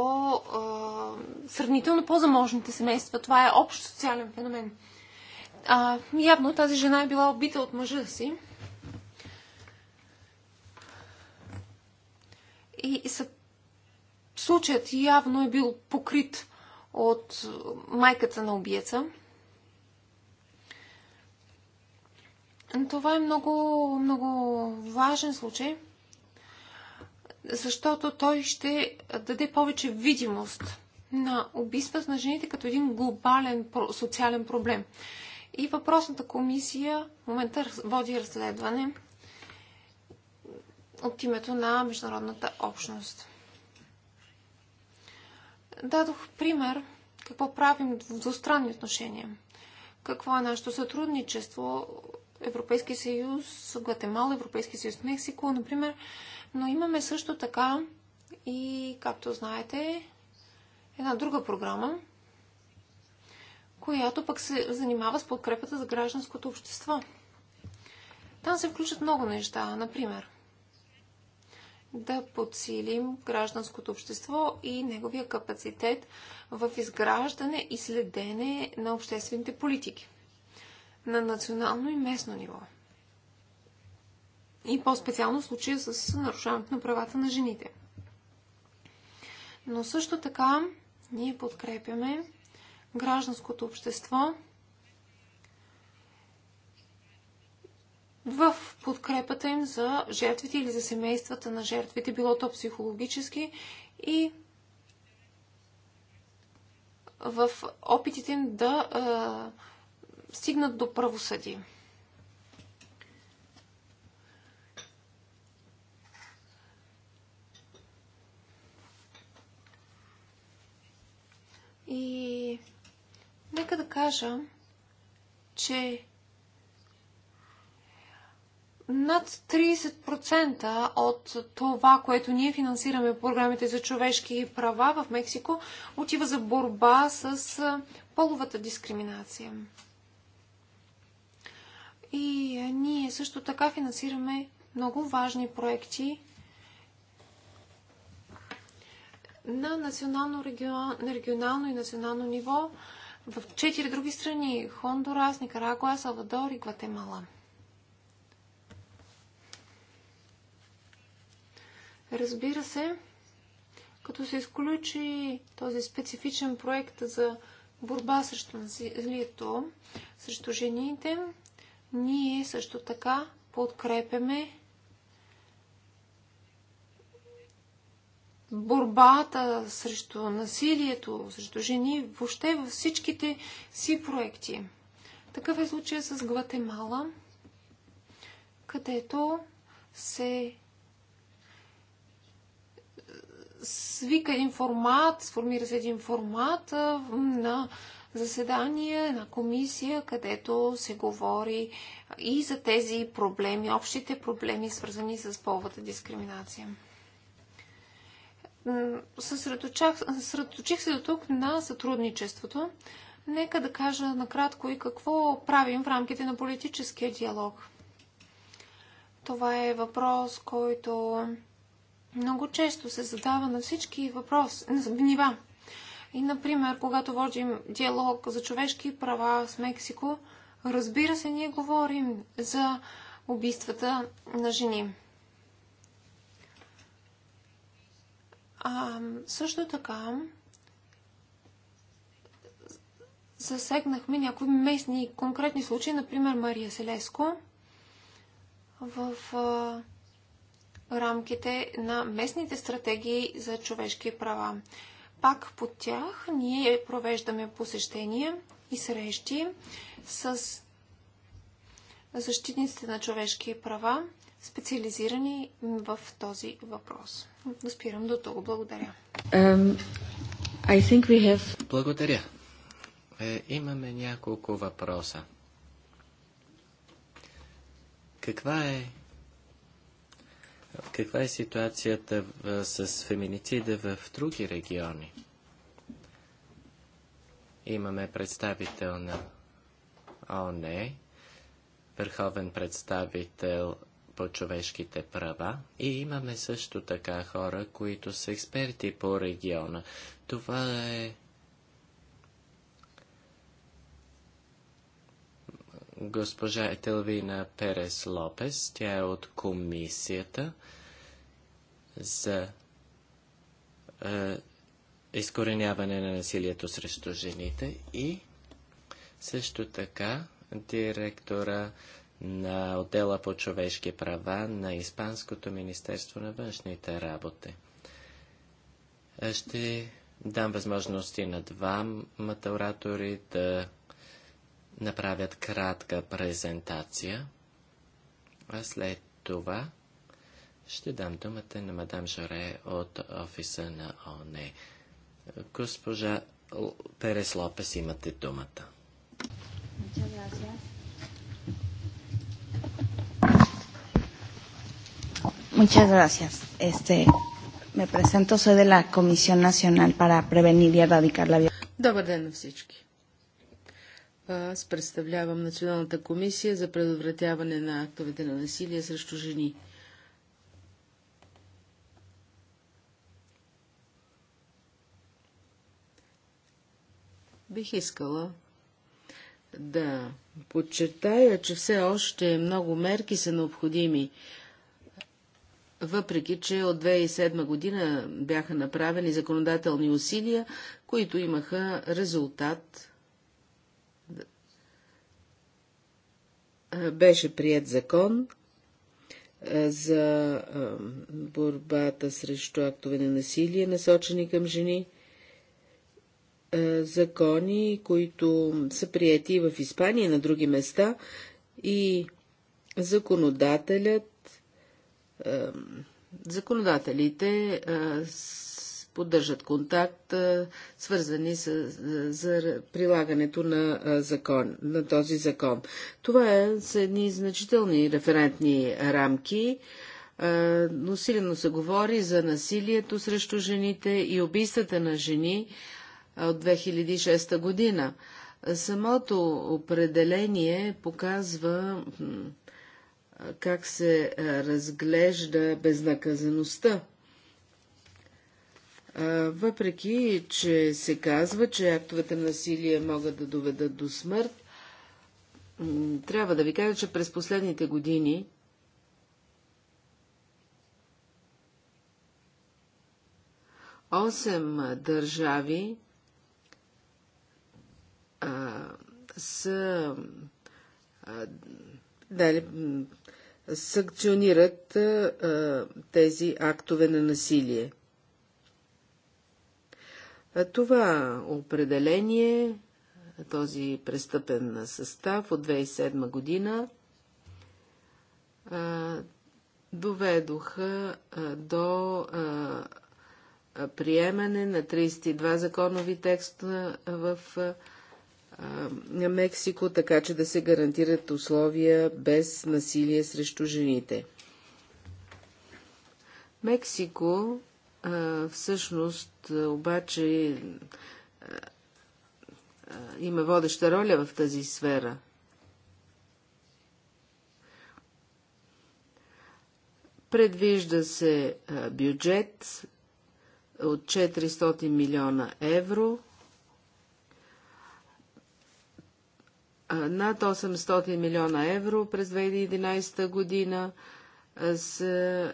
а, сравнително по-заможните семейства. Това е общ социален феномен. А, явно тази жена е била убита от мъжа си. И, и са... случаят явно е бил покрит от майката на убиеца. Това е много, много важен случай, защото той ще даде повече видимост на убийствата на жените като един глобален социален проблем. И въпросната комисия в момента води разследване от името на международната общност. Дадох пример какво правим в двустранни отношения. Какво е нашето сътрудничество Европейски съюз, Гватемала, Европейски съюз, Мексико, например. Но имаме също така и, както знаете, една друга програма, която пък се занимава с подкрепата за гражданското общество. Там се включат много неща. Например, да подсилим гражданското общество и неговия капацитет в изграждане и следене на обществените политики на национално и местно ниво. И по-специално в случая с нарушаването на правата на жените. Но също така ние подкрепяме гражданското общество в подкрепата им за жертвите или за семействата на жертвите, било то психологически и в опитите им да е, стигнат до правосъдие. И нека да кажа, че над 30% от това, което ние финансираме по програмите за човешки права в Мексико, отива за борба с половата дискриминация. И ние също така финансираме много важни проекти на национално, на регионално и национално ниво в четири други страни Хондурас, Никарагуа, Салвадор и Гватемала. Разбира се, като се изключи този специфичен проект за борба срещу насилието, срещу жените, ние също така подкрепяме борбата срещу насилието, срещу жени, въобще във всичките си проекти. Такъв е случай с Гватемала, където се е, свика един формат, сформира се един формат е, на заседание на комисия, където се говори и за тези проблеми, общите проблеми, свързани с половата дискриминация съсредоточих се до тук на сътрудничеството. Нека да кажа накратко и какво правим в рамките на политическия диалог. Това е въпрос, който много често се задава на всички въпрос, нива. И, например, когато водим диалог за човешки права с Мексико, разбира се, ние говорим за убийствата на жени. А, също така засегнахме някои местни конкретни случаи, например Мария Селеско в а, рамките на местните стратегии за човешки права. Пак по тях ние провеждаме посещения и срещи с защитниците на човешки права, специализирани в този въпрос да спирам до тук. Благодаря. Um, I think we have... Благодаря. Е, имаме няколко въпроса. Каква е каква е ситуацията в, с феминицида в други региони? Имаме представител на ОНЕ, върховен представител по човешките права и имаме също така хора, които са експерти по региона. Това е госпожа Етелвина Перес Лопес. Тя е от комисията за е, изкореняване на насилието срещу жените и също така директора на отдела по човешки права на Испанското Министерство на външните работи. Ще дам възможности на двамата оратори да направят кратка презентация, а след това ще дам думата на мадам Жоре от офиса на ОНЕ. Госпожа Перес Лопес, имате думата. Muchas gracias. Muchas gracias. Este, me presento, soy de la Comisión Национал para prevenir и erradicar la Добър ден на всички. Аз представлявам Националната комисия за предотвратяване на актовете на насилие срещу жени. Бих искала да подчертая, че все още много мерки са необходими въпреки че от 2007 година бяха направени законодателни усилия, които имаха резултат. Е, беше прият закон е, за е, борбата срещу актове на насилие, насочени към жени. Закони, които са прияти в Испания и на други места. И законодателят Законодателите е, поддържат контакт, е, свързани с, е, за прилагането на, закон, на този закон. Това е, са едни значителни референтни рамки. Но се говори за насилието срещу жените и убийствата на жени от 2006 година. Самото определение показва как се разглежда безнаказаността. Въпреки, че се казва, че актовете на насилие могат да доведат до смърт, трябва да ви кажа, че през последните години осем държави а, са а, дали, санкционират а, тези актове на насилие. А това определение, този престъпен състав от 2007 година, а, доведоха а, до а, приемане на 32 законови текста в а, на Мексико, така че да се гарантират условия без насилие срещу жените. Мексико всъщност обаче има водеща роля в тази сфера. Предвижда се бюджет от 400 милиона евро Над 800 милиона евро през 2011 година са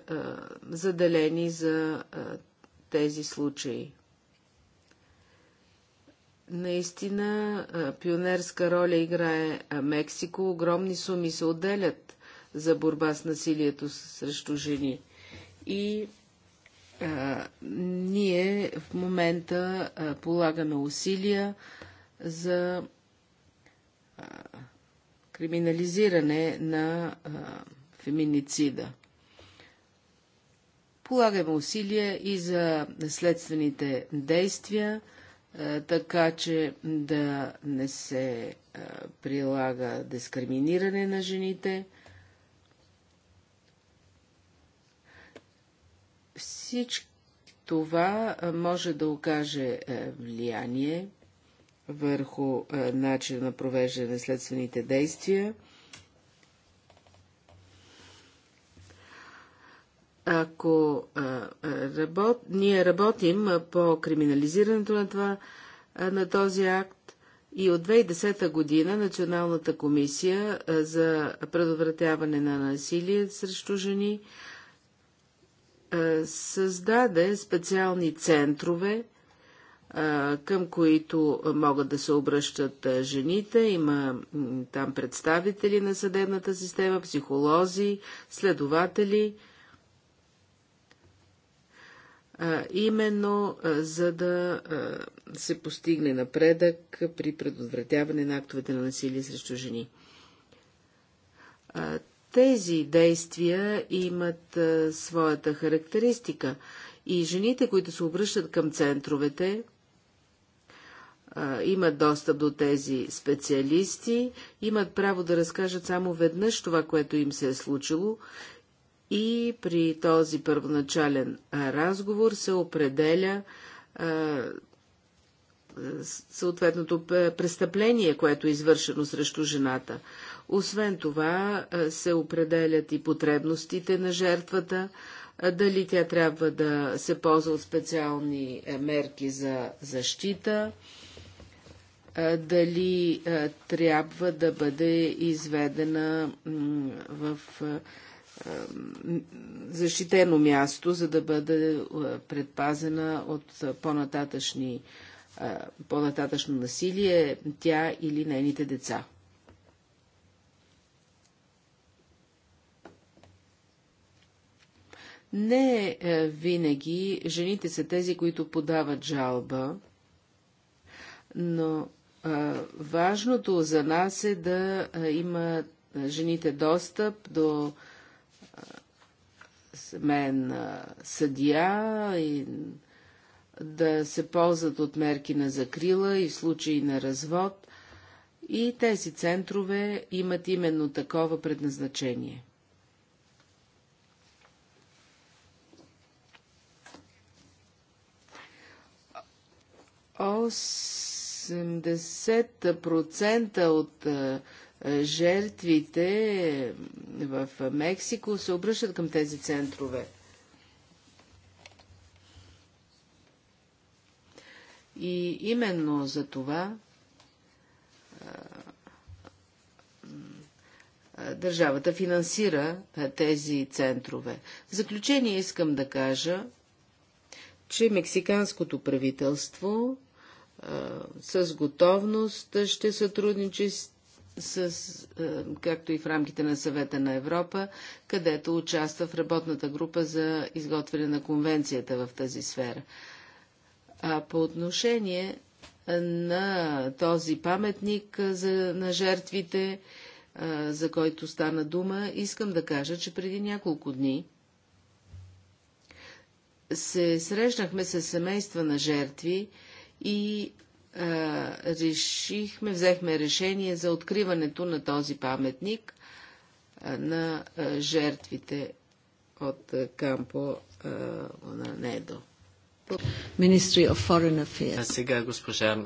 заделени за тези случаи. Наистина пионерска роля играе Мексико. Огромни суми се отделят за борба с насилието срещу жени. И а, ние в момента а, полагаме усилия за криминализиране на а, феминицида. Полагаме усилия и за следствените действия, а, така че да не се а, прилага дискриминиране на жените. Всичко това може да окаже влияние върху е, начина на провеждане на следствените действия. Ако е, е, работ... ние работим по криминализирането на, това, на този акт и от 2010 година Националната комисия за предотвратяване на насилие срещу жени създаде специални центрове, към които могат да се обръщат жените. Има там представители на съдебната система, психолози, следователи. Именно за да се постигне напредък при предотвратяване на актовете на насилие срещу жени. Тези действия имат своята характеристика и жените, които се обръщат към центровете, имат достъп до тези специалисти, имат право да разкажат само веднъж това, което им се е случило и при този първоначален разговор се определя съответното престъпление, което е извършено срещу жената. Освен това се определят и потребностите на жертвата, дали тя трябва да се ползва от специални мерки за защита, дали трябва да бъде изведена в защитено място, за да бъде предпазена от по-нататъчни по-нататъчно насилие тя или нейните деца. Не винаги жените са тези, които подават жалба, но Важното за нас е да има жените достъп до мен съдия и да се ползват от мерки на закрила и в случаи на развод. И тези центрове имат именно такова предназначение. ОС 80% от жертвите в Мексико се обръщат към тези центрове. И именно за това държавата финансира тези центрове. В заключение искам да кажа, че мексиканското правителство с готовност ще сътрудничи с, както и в рамките на съвета на Европа, където участва в работната група за изготвяне на конвенцията в тази сфера. А по отношение на този паметник за, на жертвите, за който стана дума, искам да кажа, че преди няколко дни се срещнахме с семейства на жертви, и а, решихме, взехме решение за откриването на този паметник а, на а, жертвите от а, Кампо а, на Недо. Ministry of Foreign Affairs. А сега госпожа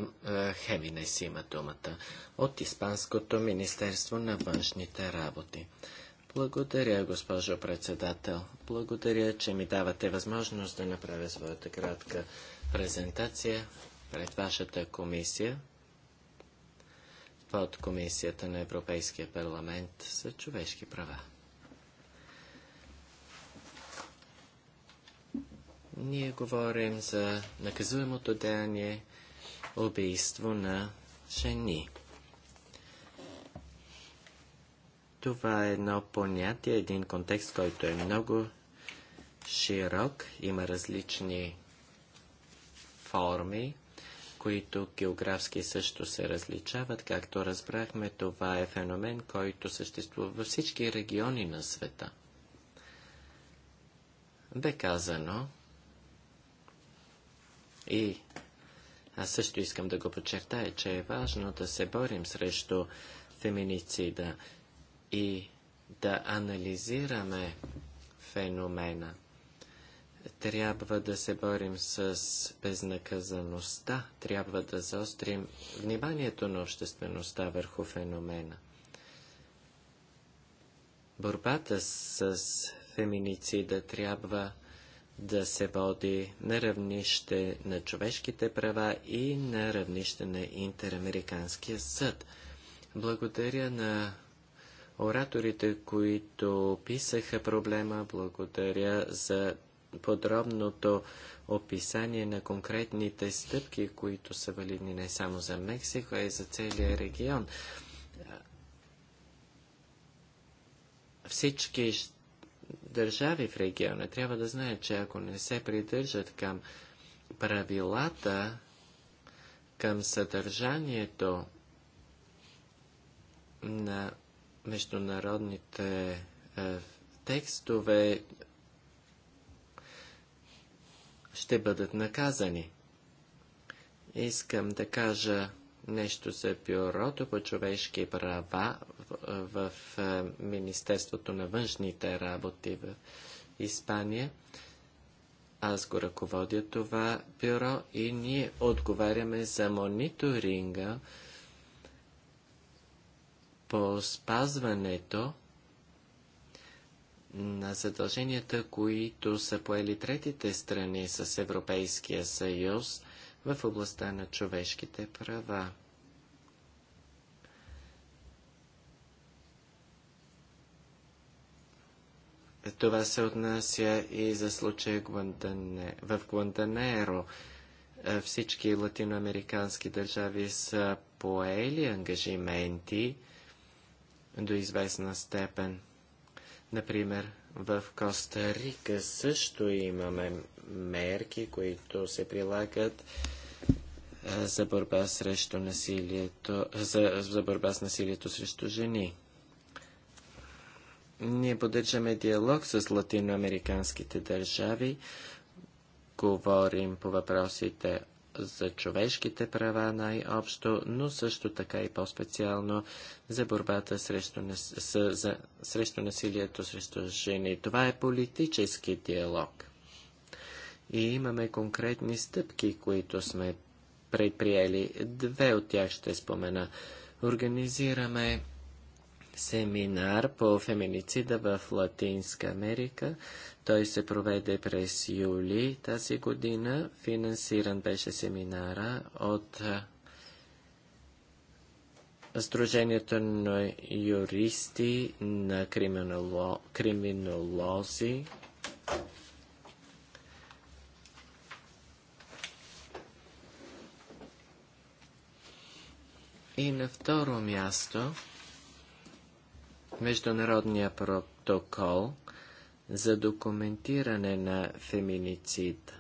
си има думата от Испанското Министерство на външните работи. Благодаря, госпожо председател. Благодаря, че ми давате възможност да направя своята кратка презентация пред вашата комисия, под комисията на Европейския парламент за човешки права. Ние говорим за наказуемото деяние убийство на жени. Това е едно понятие, един контекст, който е много широк, има различни форми, които географски също се различават. Както разбрахме, това е феномен, който съществува във всички региони на света. Бе казано и аз също искам да го подчертая, че е важно да се борим срещу феминицида и да анализираме феномена – трябва да се борим с безнаказаността, трябва да заострим вниманието на обществеността върху феномена. Борбата с феминицида трябва да се води на равнище на човешките права и на равнище на Интерамериканския съд. Благодаря на ораторите, които писаха проблема, благодаря за подробното описание на конкретните стъпки, които са валидни не само за Мексико, а и за целия регион. Всички държави в региона трябва да знаят, че ако не се придържат към правилата, към съдържанието на международните е, текстове, ще бъдат наказани. Искам да кажа нещо за Бюрото по човешки права в, в е, Министерството на външните работи в Испания. Аз го ръководя това бюро и ние отговаряме за мониторинга по спазването на задълженията, които са поели третите страни с Европейския съюз в областта на човешките права. Това се отнася и за случая в Гуантанеро. Е, всички латиноамерикански държави са поели ангажименти до известна степен – Например, в Коста Рика също имаме мерки, които се прилагат за борба, срещу насилието, за, за борба с насилието срещу жени. Ние поддържаме диалог с латиноамериканските държави, говорим по въпросите за човешките права най-общо, но също така и по-специално за борбата срещу, нас... с... за... срещу насилието срещу жени. Това е политически диалог. И имаме конкретни стъпки, които сме предприели. Две от тях ще спомена. Организираме семинар по феминицида в Латинска Америка. Той се проведе през юли тази година. Финансиран беше семинара от Сдружението на юристи, на криминоло... криминолози. И на второ място международния протокол за документиране на феминицид.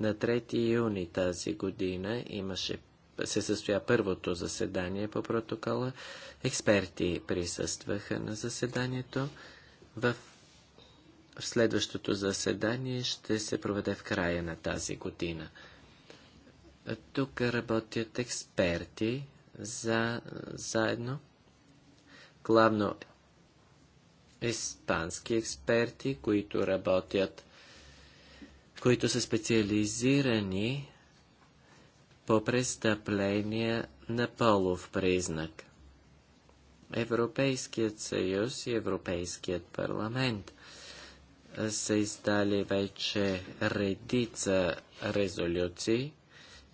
На 3 юни тази година имаше, се състоя първото заседание по протокола. Експерти присъстваха на заседанието. В следващото заседание ще се проведе в края на тази година. Тук работят експерти за, заедно главно испански експерти, които работят, които са специализирани по престъпления на полов признак. Европейският съюз и Европейският парламент са издали вече редица резолюции –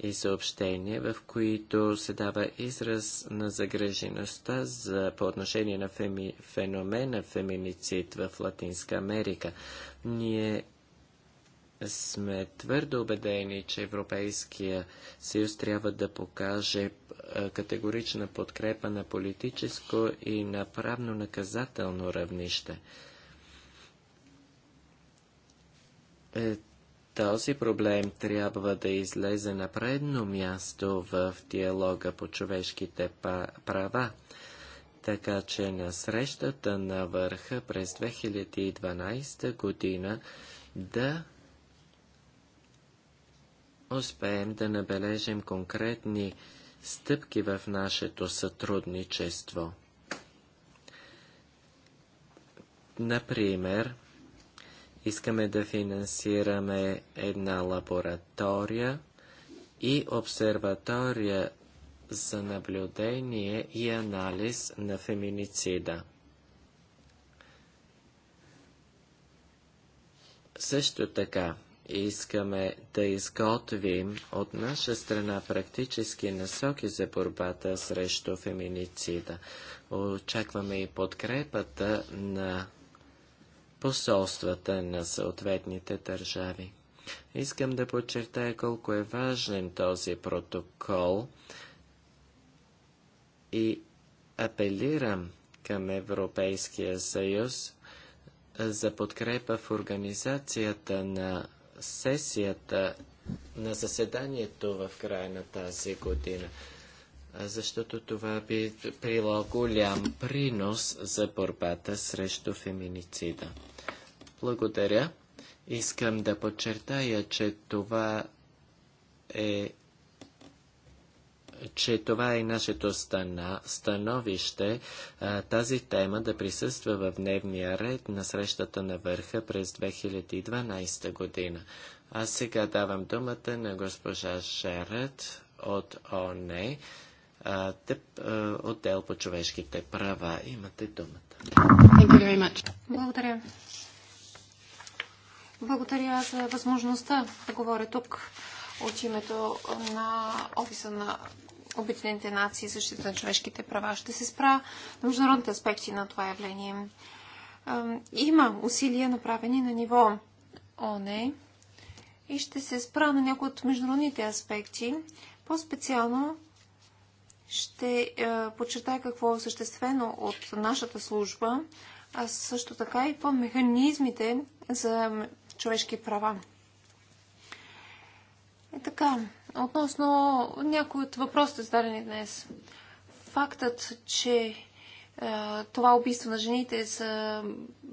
и съобщения, в които се дава израз на загрежеността за, по отношение на феми, феномена феминицид в Латинска Америка. Ние сме твърдо убедени, че Европейския съюз трябва да покаже е, категорична подкрепа на политическо и на правно наказателно равнище. Е, този проблем трябва да излезе на предно място в диалога по човешките права. Така че на срещата на върха през 2012 година да успеем да набележим конкретни стъпки в нашето сътрудничество. Например, Искаме да финансираме една лаборатория и обсерватория за наблюдение и анализ на феминицида. Също така искаме да изготвим от наша страна практически насоки за борбата срещу феминицида. Очакваме и подкрепата на посолствата на съответните държави. Искам да подчертая колко е важен този протокол и апелирам към Европейския съюз за подкрепа в организацията на сесията на заседанието в края на тази година защото това би прило голям принос за борбата срещу феминицида. Благодаря. Искам да подчертая, че това е че това е нашето стана, становище а, тази тема да присъства в дневния ред на срещата на върха през 2012 година. А сега давам думата на госпожа Шерет от ОНЕ а, а, отдел по човешките права. Имате думата. Благодаря. Благодаря за възможността да говоря тук от името на офиса на Обединените нации защита на човешките права. Ще се спра на международните аспекти на това явление. Има усилия направени на ниво ОНЕ и ще се спра на някои от международните аспекти, по-специално ще е, подчертая какво е осъществено от нашата служба, а също така и по механизмите за човешки права. Е така, относно някои от въпросите зададени днес. Фактът, че е, това убийство на жените е,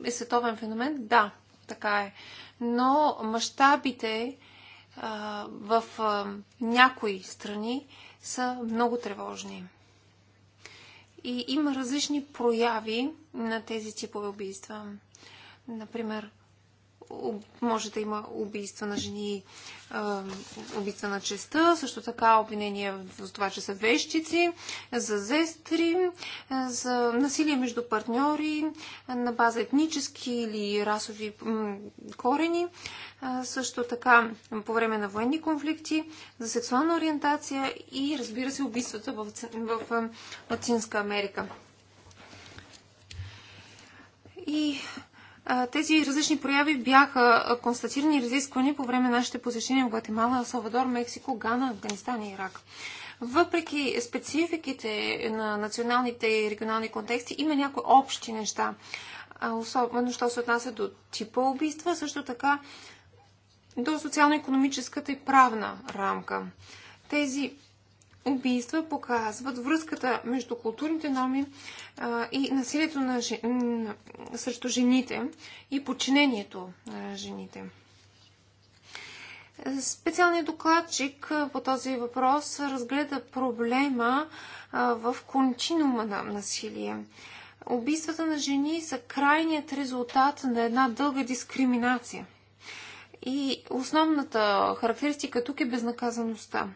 е световен феномен, да, така е. Но мащабите в някои страни са много тревожни. И има различни прояви на тези типове убийства. Например, може да има убийства на жени, убийства на честа, също така обвинения за това, че са вещици, за зестри, за насилие между партньори на база етнически или расови корени, също така по време на военни конфликти, за сексуална ориентация и разбира се убийствата в, в Латинска Америка. И тези различни прояви бяха констатирани и разисквани по време на нашите посещения в Гватемала, Салвадор, Мексико, Гана, Афганистан и Ирак. Въпреки спецификите на националните и регионални контексти, има някои общи неща. Особено, що се отнася до типа убийства, също така до социално-економическата и правна рамка. Тези убийства показват връзката между културните норми а, и насилието на, на, срещу жените и подчинението на жените. Специалният докладчик по този въпрос разгледа проблема а, в континуума на насилие. Убийствата на жени са крайният резултат на една дълга дискриминация. И основната характеристика тук е безнаказаността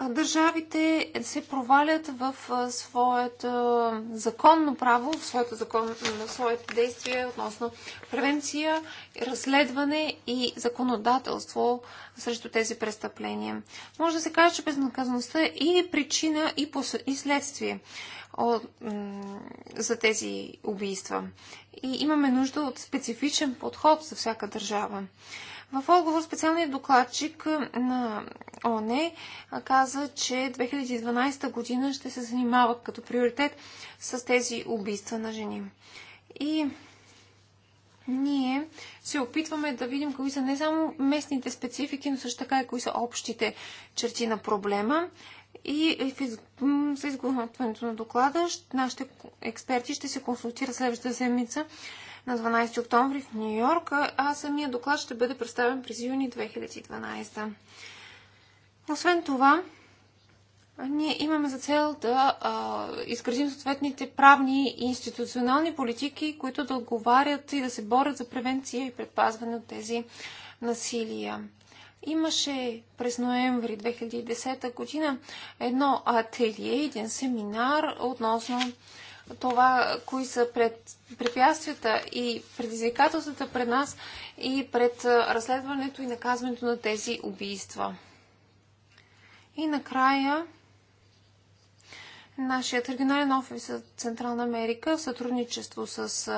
държавите се провалят в своето законно право, в своето, закон, в своето действие относно превенция, разследване и законодателство срещу тези престъпления. Може да се каже, че безнаказаността е и причина, и, посъ... и следствие от... за тези убийства. И имаме нужда от специфичен подход за всяка държава. В отговор специалният докладчик на ОНЕ каза, че 2012 година ще се занимават като приоритет с тези убийства на жени. И ние се опитваме да видим кои са не само местните специфики, но също така и кои са общите черти на проблема. И с изготвянето на доклада нашите експерти ще се консултира следващата седмица на 12 октомври в Нью Йорк, а самия доклад ще бъде представен през юни 2012. Освен това, ние имаме за цел да а, изградим съответните правни и институционални политики, които да отговарят и да се борят за превенция и предпазване от тези насилия. Имаше през ноември 2010 година едно ателие, един семинар относно това, кои са пред препятствията и предизвикателствата пред нас и пред разследването и наказването на тези убийства. И накрая Нашият регионален офис в Централна Америка в сътрудничество с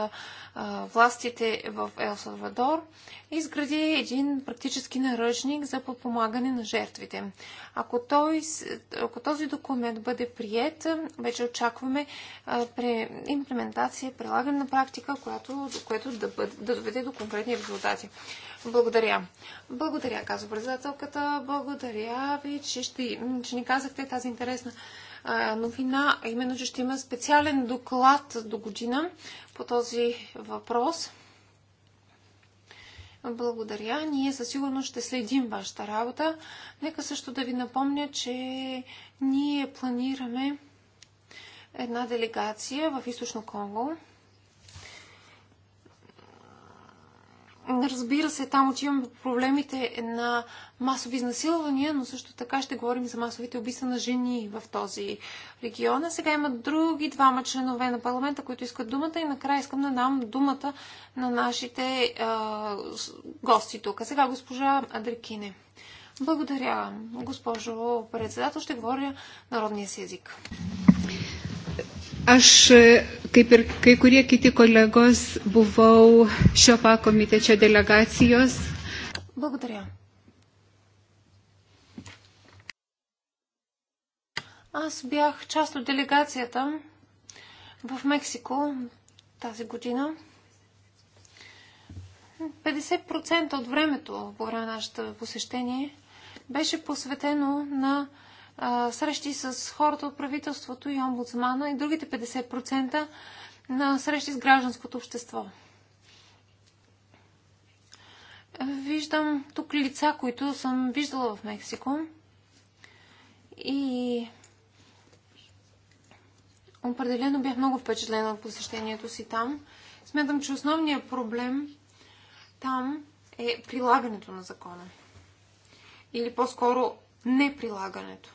а, властите в Ел Салвадор изгради един практически наръчник за подпомагане на жертвите. Ако, той, ако този документ бъде прият, вече очакваме имплементация, прилагане на практика, която, което да, бъде, да доведе до конкретни резултати. Благодаря. Благодаря, казва председателката. Благодаря ви, че, ще, че ни казахте тази интересна новина, а именно, че ще има специален доклад до година по този въпрос. Благодаря. Ние със сигурност ще следим вашата работа. Нека също да ви напомня, че ние планираме една делегация в Източно Конго. Разбира се, там отиваме проблемите на масови изнасилвания, но също така ще говорим за масовите убийства на жени в този регион. А сега има други двама членове на парламента, които искат думата и накрая искам да дам думата на нашите а, гости тук. А сега госпожа Адрекине. Благодаря, госпожо председател. Ще говоря народния си език. Aš, e, kaip ir kai kurie kiti kolegos, buvau šio pakomitečio delegacijos. Благодаря. Аз бях част от делегацията в Мексико тази година. 50% от времето по време на нашето посещение беше посветено на срещи с хората от правителството и омбудсмана и другите 50% на срещи с гражданското общество. Виждам тук лица, които съм виждала в Мексико и определено бях много впечатлена от посещението си там. Смятам, че основният проблем там е прилагането на закона. Или по-скоро неприлагането.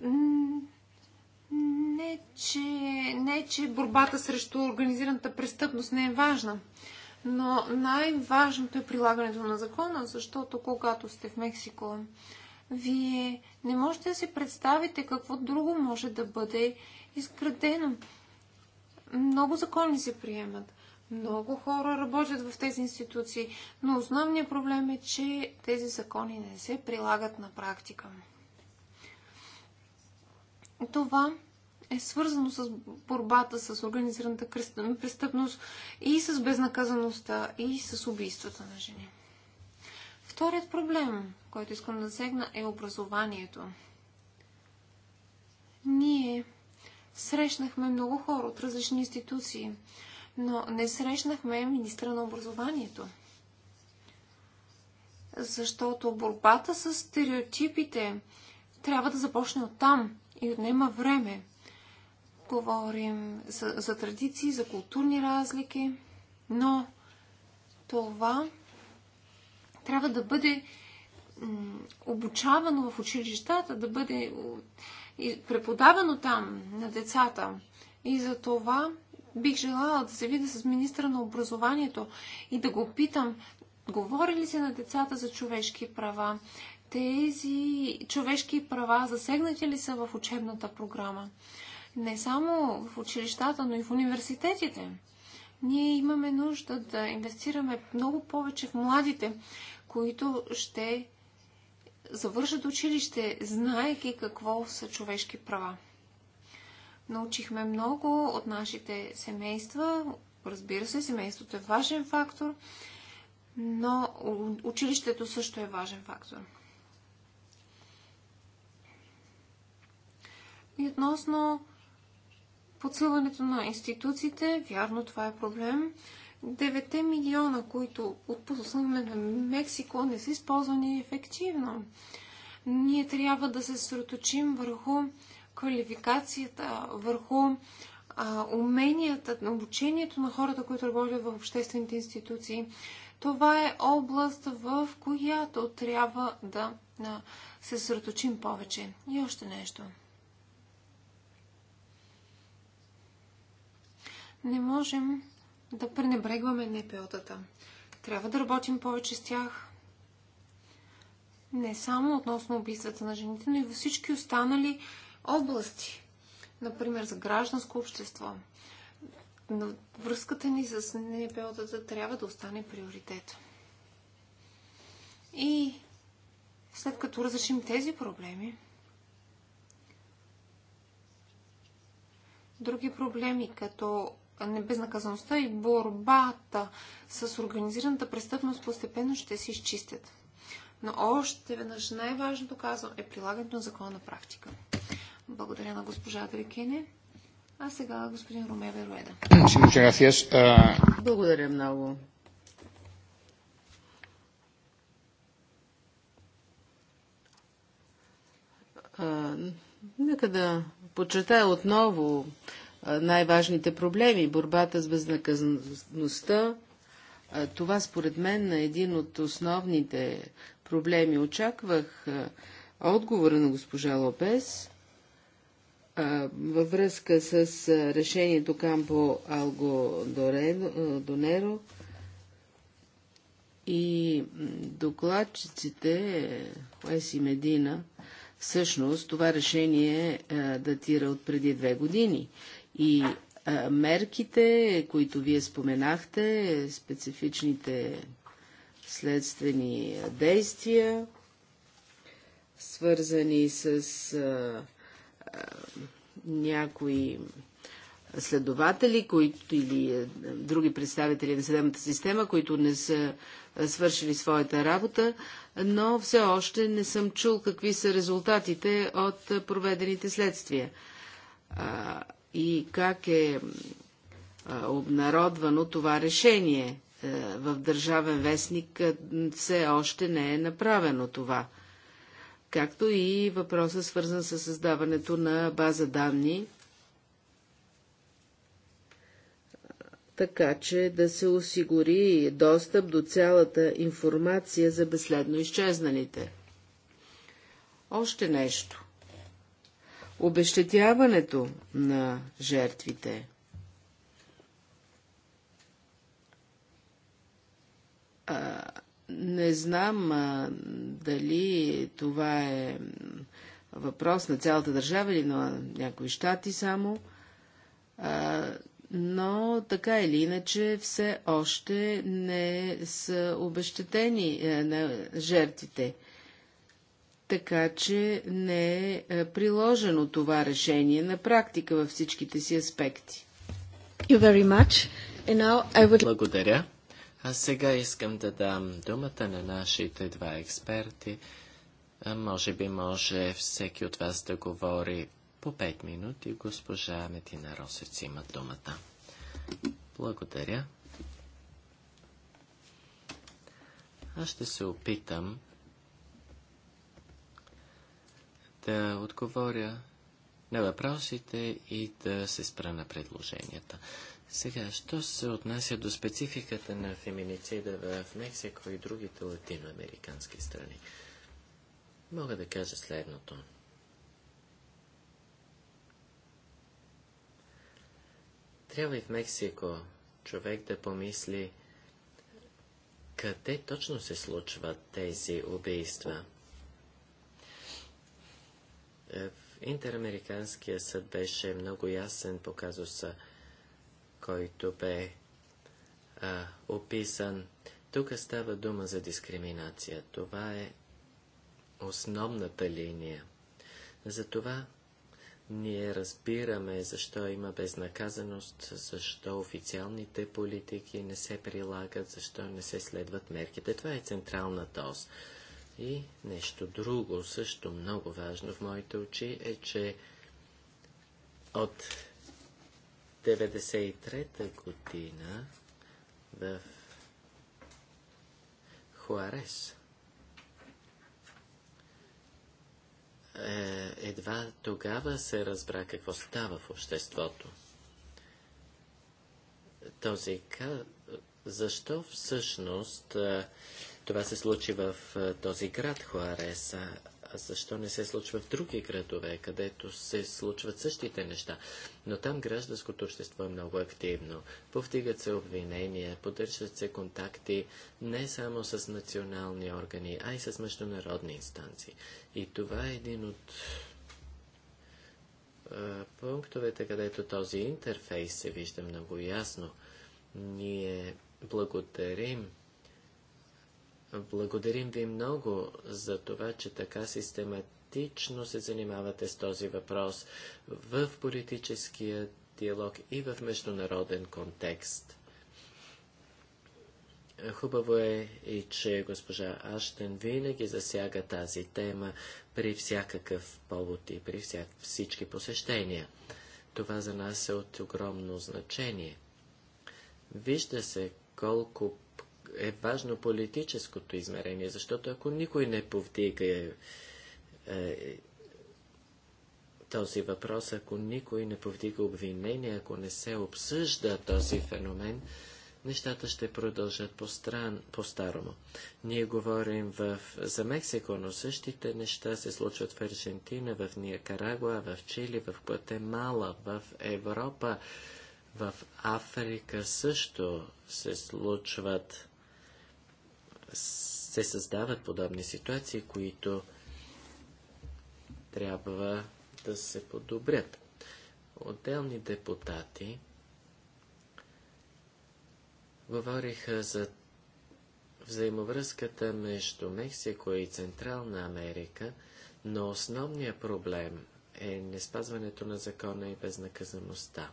Не че, не, че борбата срещу организираната престъпност не е важна, но най-важното е прилагането на закона, защото когато сте в Мексико, вие не можете да си представите какво друго може да бъде изградено. Много закони се приемат. Много хора работят в тези институции, но основният проблем е, че тези закони не се прилагат на практика това е свързано с борбата с организираната престъпност и с безнаказаността и с убийствата на жени. Вторият проблем, който искам да сегна, е образованието. Ние срещнахме много хора от различни институции, но не срещнахме министра на образованието. Защото борбата с стереотипите трябва да започне от там – и отнема време. Говорим за, за традиции, за културни разлики, но това трябва да бъде обучавано в училищата, да бъде преподавано там на децата. И за това бих желала да се видя с министра на образованието и да го питам, говори ли се на децата за човешки права, тези човешки права засегнати ли са в учебната програма? Не само в училищата, но и в университетите. Ние имаме нужда да инвестираме много повече в младите, които ще завършат училище, знаеки какво са човешки права. Научихме много от нашите семейства. Разбира се, семейството е важен фактор, но училището също е важен фактор. И относно подсилването на институциите, вярно, това е проблем. 9 милиона, които отпуснахме на Мексико, не са използвани ефективно. Ние трябва да се сроточим върху квалификацията, върху а, уменията, на обучението на хората, които работят в обществените институции. Това е област, в която трябва да, да се сроточим повече. И още нещо – Не можем да пренебрегваме НПО-тата. Трябва да работим повече с тях. Не само относно убийствата на жените, но и във всички останали области. Например, за гражданско общество. Но връзката ни с НПО-тата трябва да остане приоритет. И след като разрешим тези проблеми, други проблеми, като Небезнаказаността и борбата с организираната престъпност постепенно ще се изчистят. Но още веднъж най-важното, казвам, е прилагането на закона на практика. Благодаря на госпожа Дрекене. А сега господин Роме Вероеда. Благодаря много. А, нека да почетая отново най-важните проблеми. Борбата с безнаказаността, това според мен е един от основните проблеми. Очаквах отговора на госпожа Лопес във връзка с решението Кампо Алго Донеро и докладчиците Хуеси Медина, всъщност това решение датира от преди две години. И а, мерките, които вие споменахте, специфичните следствени действия, свързани с а, а, някои следователи, които или а, други представители на съдебната система, които не са а, свършили своята работа, но все още не съм чул какви са резултатите от проведените следствия. А, и как е обнародвано това решение е, в Държавен вестник, е, все още не е направено това. Както и въпросът свързан с създаването на база данни, е, така че да се осигури достъп до цялата информация за безследно изчезналите. Още нещо обещетяването на жертвите. А, не знам а, дали това е въпрос на цялата държава или на някои щати само, а, но така или иначе все още не са обещетени е, на жертвите така че не е, е приложено това решение на практика във всичките си аспекти. Would... Благодаря. А сега искам да дам думата на нашите два експерти. А може би може всеки от вас да говори по пет минути. Госпожа Метина Росец има думата. Благодаря. Аз ще се опитам да отговоря на въпросите и да се спра на предложенията. Сега, що се отнася до спецификата на феминицида в Мексико и другите латиноамерикански страни? Мога да кажа следното. Трябва и в Мексико човек да помисли къде точно се случват тези убийства. В е, Интерамериканския съд беше много ясен по казуса, който бе а, описан. Тук става дума за дискриминация. Това е основната линия. Затова ние разбираме защо има безнаказаност, защо официалните политики не се прилагат, защо не се следват мерките. Това е централната ос. И нещо друго, също много важно в моите очи, е, че от 93-та година в Хуарес е, едва тогава се разбра какво става в обществото. Този ка... Защо всъщност е, това се случи в този град Хуарес. А защо не се случва в други градове, където се случват същите неща? Но там гражданското общество е много активно. Повдигат се обвинения, поддържат се контакти не само с национални органи, а и с международни инстанции. И това е един от пунктовете, където този интерфейс се вижда много ясно. Ние благодарим Благодарим ви много за това, че така систематично се занимавате с този въпрос в политическия диалог и в международен контекст. Хубаво е и, че госпожа Аштен винаги засяга тази тема при всякакъв повод и при всяк... всички посещения. Това за нас е от огромно значение. Вижда се колко е важно политическото измерение, защото ако никой не повдига е, е, този въпрос, ако никой не повдига обвинение, ако не се обсъжда този феномен, нещата ще продължат по-старому. Ние говорим в, за Мексико, но същите неща се случват в Аржентина, в Никарагуа, в Чили, в Гватемала, в Европа, в Африка също се случват се създават подобни ситуации, които трябва да се подобрят. Отделни депутати говориха за взаимовръзката между Мексико и Централна Америка, но основният проблем е неспазването на закона и безнаказаността.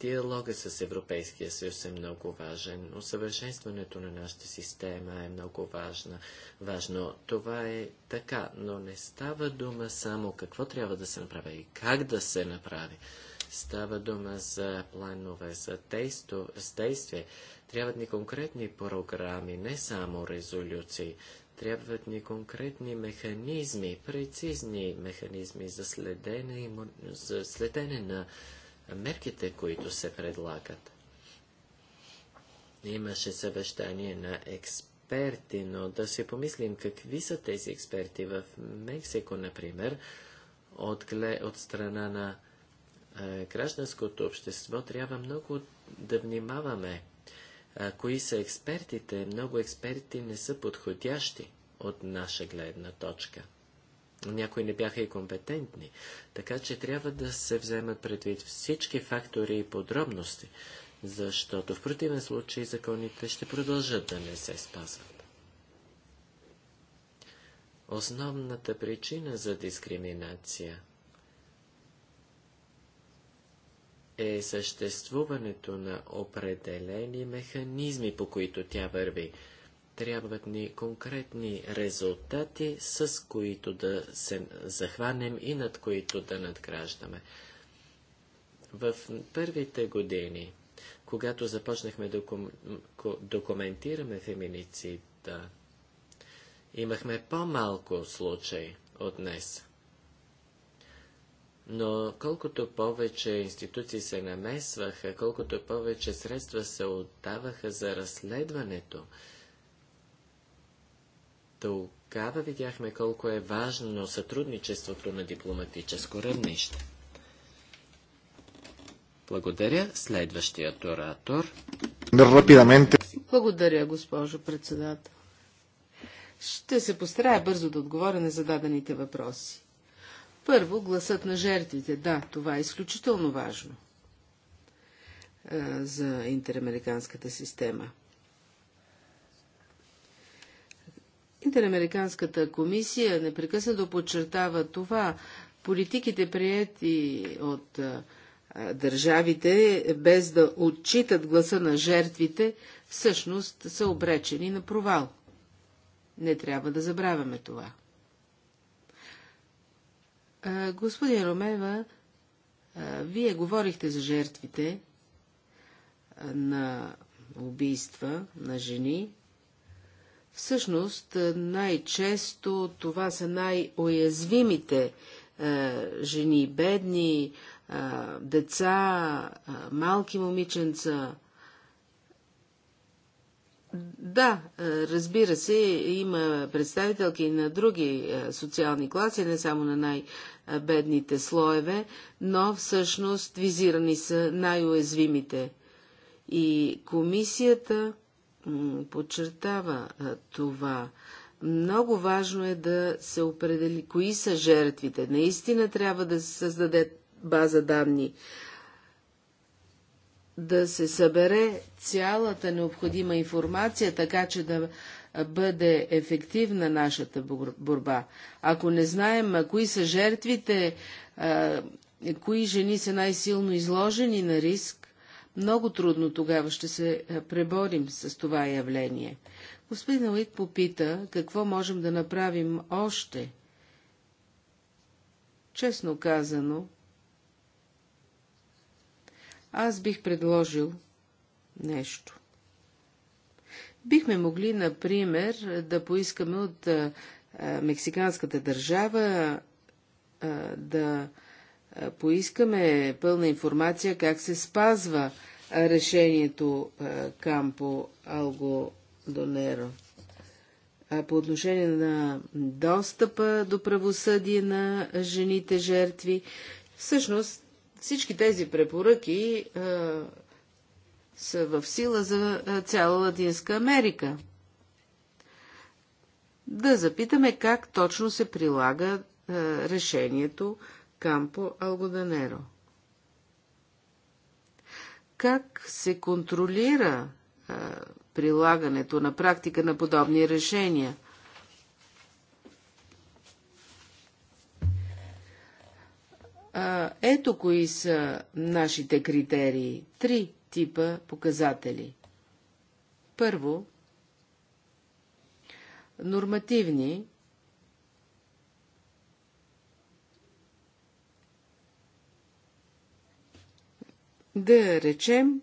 Диалога с Европейския съюз е много важен. Усъвършенстването на нашата система е много важна. важно. Това е така, но не става дума само какво трябва да се направи и как да се направи. Става дума за планове, за действие. Трябват ни конкретни програми, не само резолюции. Трябват ни конкретни механизми, прецизни механизми за следене, за следене на мерките, които се предлагат. Имаше съвещание на експерти, но да си помислим какви са тези експерти в Мексико, например, от, гле, от страна на е, гражданското общество, трябва много да внимаваме. А, кои са експертите? Много експерти не са подходящи от наша гледна точка някои не бяха и компетентни. Така че трябва да се вземат предвид всички фактори и подробности, защото в противен случай законите ще продължат да не се спазват. Основната причина за дискриминация е съществуването на определени механизми, по които тя върви – Трябват ни конкретни резултати, с които да се захванем и над които да надграждаме. В първите години, когато започнахме да докум... документираме феминицита, имахме по-малко случаи от днес. Но колкото повече институции се намесваха, колкото повече средства се отдаваха за разследването, тогава видяхме колко е важно сътрудничеството на дипломатическо равнище. Благодаря. Следващият оратор. Благодаря, госпожо председател. Ще се постарая бързо да отговоря на зададените въпроси. Първо, гласът на жертвите. Да, това е изключително важно за интерамериканската система. Интерамериканската комисия непрекъснато подчертава това. Политиките приети от държавите, без да отчитат гласа на жертвите, всъщност са обречени на провал. Не трябва да забравяме това. господин Ромева, вие говорихте за жертвите на убийства на жени, Всъщност е, най-често това са най-уязвимите е, жени, бедни, е, деца, е, малки момиченца. Да, е, разбира се, има представителки на други е, социални класи, не само на най-бедните слоеве, но всъщност визирани са най-уязвимите. И комисията подчертава това. Много важно е да се определи кои са жертвите. Наистина трябва да се създаде база данни, да се събере цялата необходима информация, така че да бъде ефективна нашата борба. Ако не знаем кои са жертвите, кои жени са най-силно изложени на риск, много трудно тогава ще се е, преборим с това явление. Господин Уит попита, какво можем да направим още. Честно казано, аз бих предложил нещо. Бихме могли, например, да поискаме от а, е, е, мексиканската държава а, да а, поискаме пълна информация как се спазва решението Кампо Алго Донеро. По отношение на достъпа до правосъдие на жените жертви, всъщност всички тези препоръки а, са в сила за цяла Латинска Америка. Да запитаме как точно се прилага а, решението Кампо Алгоданеро. Как се контролира а, прилагането на практика на подобни решения? А, ето кои са нашите критерии. Три типа показатели. Първо, нормативни, Да речем,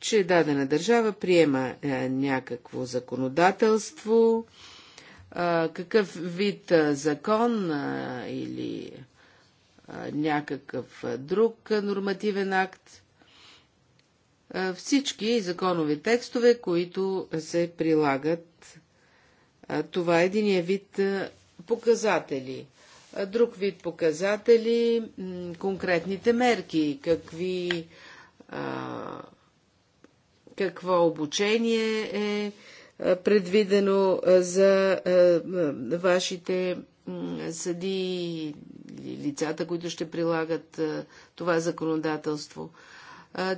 че дадена държава приема е, някакво законодателство, е, какъв вид е, закон е, или е, някакъв друг е, нормативен акт. Е, всички законови текстове, които се прилагат, е, това е единия вид е, показатели друг вид показатели, конкретните мерки, какви, какво обучение е предвидено за вашите съди или лицата, които ще прилагат това законодателство.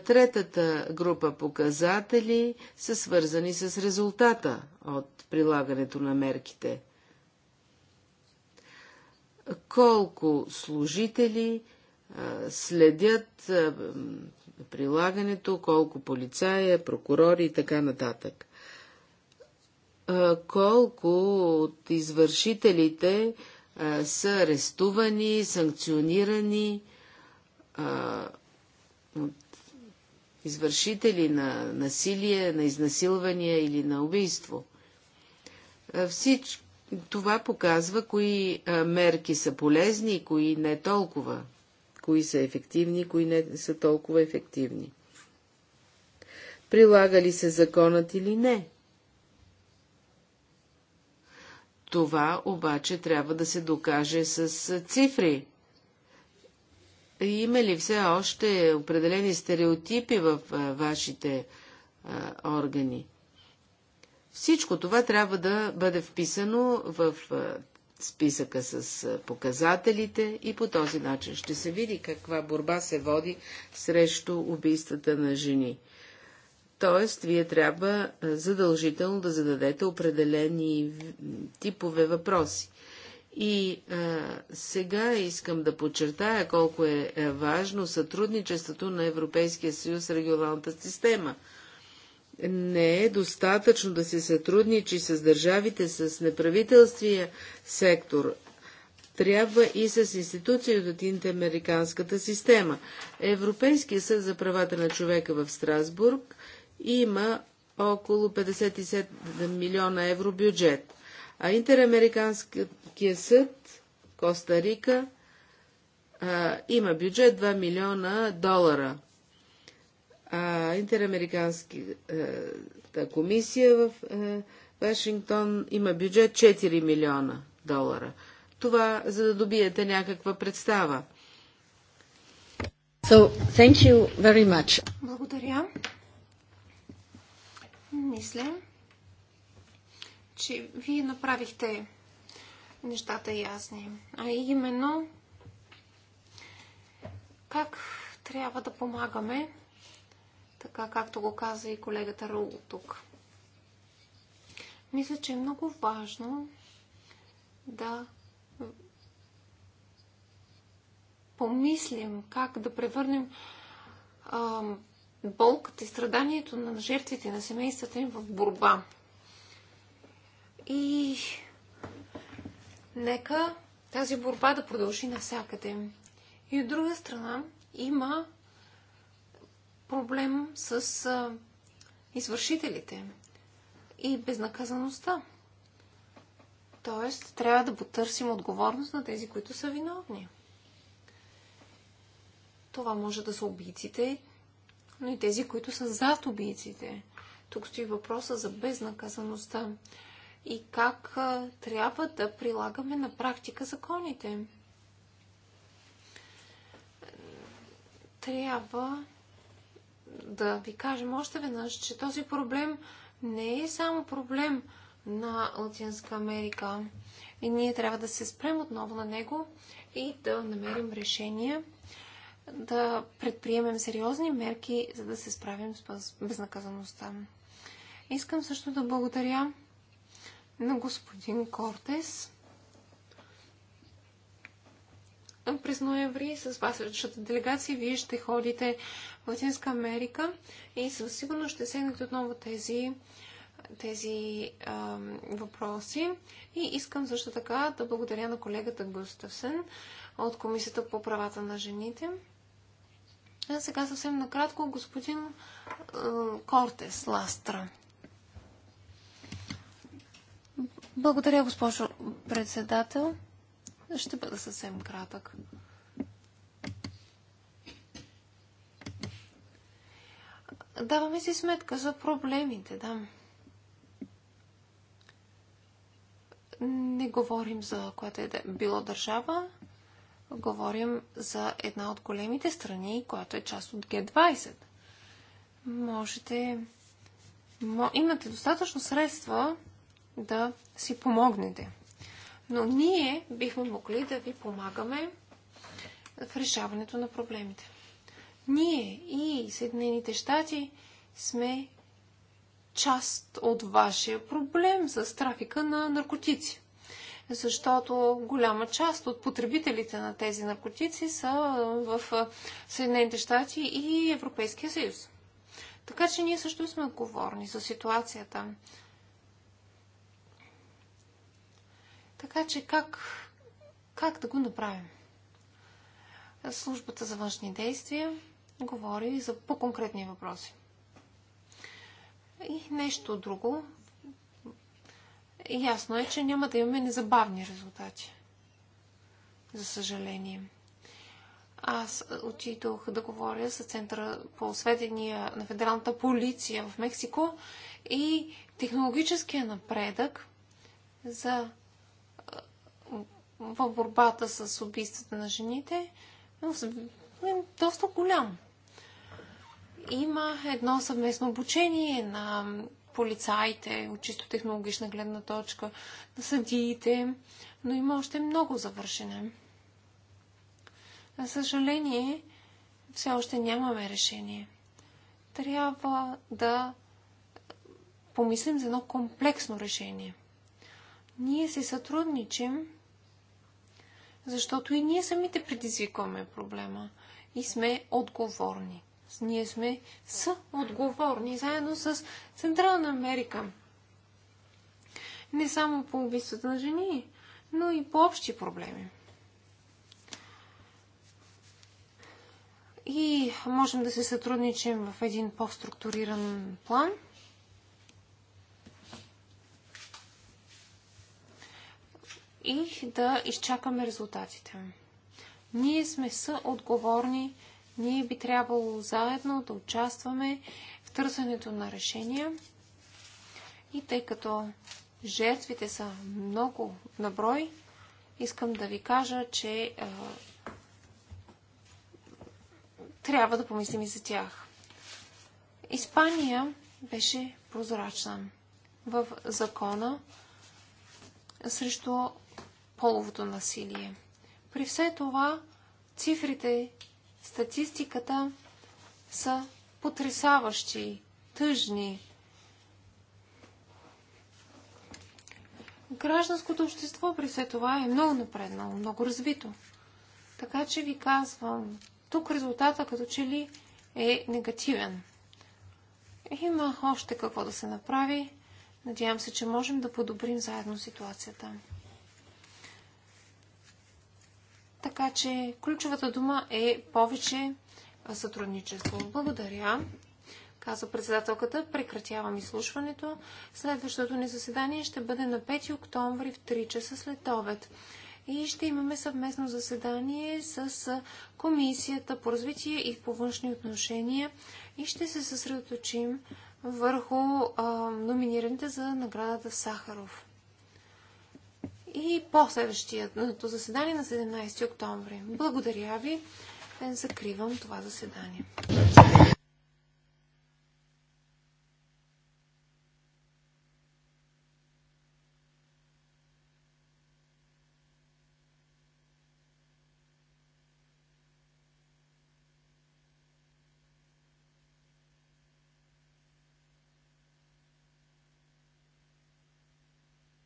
Третата група показатели са свързани с резултата от прилагането на мерките – колко служители следят прилагането, колко полицая, прокурори и така нататък. Колко от извършителите са арестувани, санкционирани от извършители на насилие, на изнасилвания или на убийство. Всички това показва кои мерки са полезни и кои не толкова, кои са ефективни, и кои не са толкова ефективни. Прилага ли се законът или не? Това обаче трябва да се докаже с цифри. Има ли все още определени стереотипи в вашите органи? Всичко това трябва да бъде вписано в списъка с показателите и по този начин ще се види каква борба се води срещу убийствата на жени. Тоест, вие трябва задължително да зададете определени типове въпроси. И а, сега искам да подчертая колко е, е важно сътрудничеството на Европейския съюз с регионалната система – не е достатъчно да се сътрудничи с държавите, с неправителствия сектор. Трябва и с институции от латиноамериканската система. Европейския съд за правата на човека в Страсбург има около 57 милиона евро бюджет, а Интерамериканския съд Коста Рика има бюджет 2 милиона долара а Интерамериканската комисия в Вашингтон има бюджет 4 милиона долара. Това, за да добиете някаква представа. So, thank you very much. Благодаря. Мисля, че вие направихте нещата ясни. А именно, как трябва да помагаме така както го каза и колегата Руго тук. Мисля, че е много важно да помислим как да превърнем а, болката и страданието на жертвите на семействата им в борба. И нека тази борба да продължи навсякъде. И от друга страна има проблем с извършителите и безнаказаността. Тоест, трябва да потърсим отговорност на тези, които са виновни. Това може да са убийците, но и тези, които са зад убийците. Тук стои въпроса за безнаказаността и как трябва да прилагаме на практика законите. Трябва да ви кажем още веднъж, че този проблем не е само проблем на Латинска Америка. И ние трябва да се спрем отново на него и да намерим решение да предприемем сериозни мерки, за да се справим с безнаказаността. Искам също да благодаря на господин Кортес през ноември с вашата делегация. Вие ще ходите в Латинска Америка и със сигурност ще сегнете отново тези, тези а, въпроси. И искам също така да благодаря на колегата Густавсен от Комисията по правата на жените. А сега съвсем накратко господин а, Кортес Ластра. Благодаря, госпожо председател. Ще бъда съвсем кратък. Даваме си сметка за проблемите, да. Не говорим за която е било държава, говорим за една от големите страни, която е част от Г20. Можете. Имате достатъчно средства да си помогнете но ние бихме могли да ви помагаме в решаването на проблемите. Ние и Съединените щати сме част от вашия проблем с трафика на наркотици. Защото голяма част от потребителите на тези наркотици са в Съединените щати и Европейския съюз. Така че ние също сме отговорни за ситуацията. Така че как, как да го направим? Службата за външни действия говори за по-конкретни въпроси. И нещо друго. Ясно е, че няма да имаме незабавни резултати. За съжаление. Аз отидох да говоря с Центъра по сведения на Федералната полиция в Мексико и технологическия напредък за в борбата с убийствата на жените е доста голям. Има едно съвместно обучение на полицаите от чисто технологична гледна точка, на съдиите, но има още много завършене. За съжаление, все още нямаме решение. Трябва да помислим за едно комплексно решение. Ние си сътрудничим защото и ние самите предизвикваме проблема и сме отговорни. Ние сме отговорни заедно с Централна Америка. Не само по убийствата на жени, но и по общи проблеми. И можем да се сътрудничим в един по-структуриран план – и да изчакаме резултатите. Ние сме съотговорни, ние би трябвало заедно да участваме в търсенето на решения и тъй като жертвите са много на брой, искам да ви кажа, че е, трябва да помислим и за тях. Испания беше прозрачна. В закона срещу половото насилие. При все това, цифрите, статистиката са потрясаващи, тъжни. Гражданското общество при все това е много напреднало, много развито. Така че ви казвам, тук резултата като че ли е негативен. Има още какво да се направи. Надявам се, че можем да подобрим заедно ситуацията. Така че ключовата дума е повече сътрудничество. Благодаря, каза председателката. Прекратявам изслушването. Следващото ни заседание ще бъде на 5 октомври в 3 часа след обед. И ще имаме съвместно заседание с Комисията по развитие и по външни отношения и ще се съсредоточим върху а, номинираните за наградата Сахаров и по следващието заседание на 17 октомври. Благодаря ви. Е, закривам това заседание.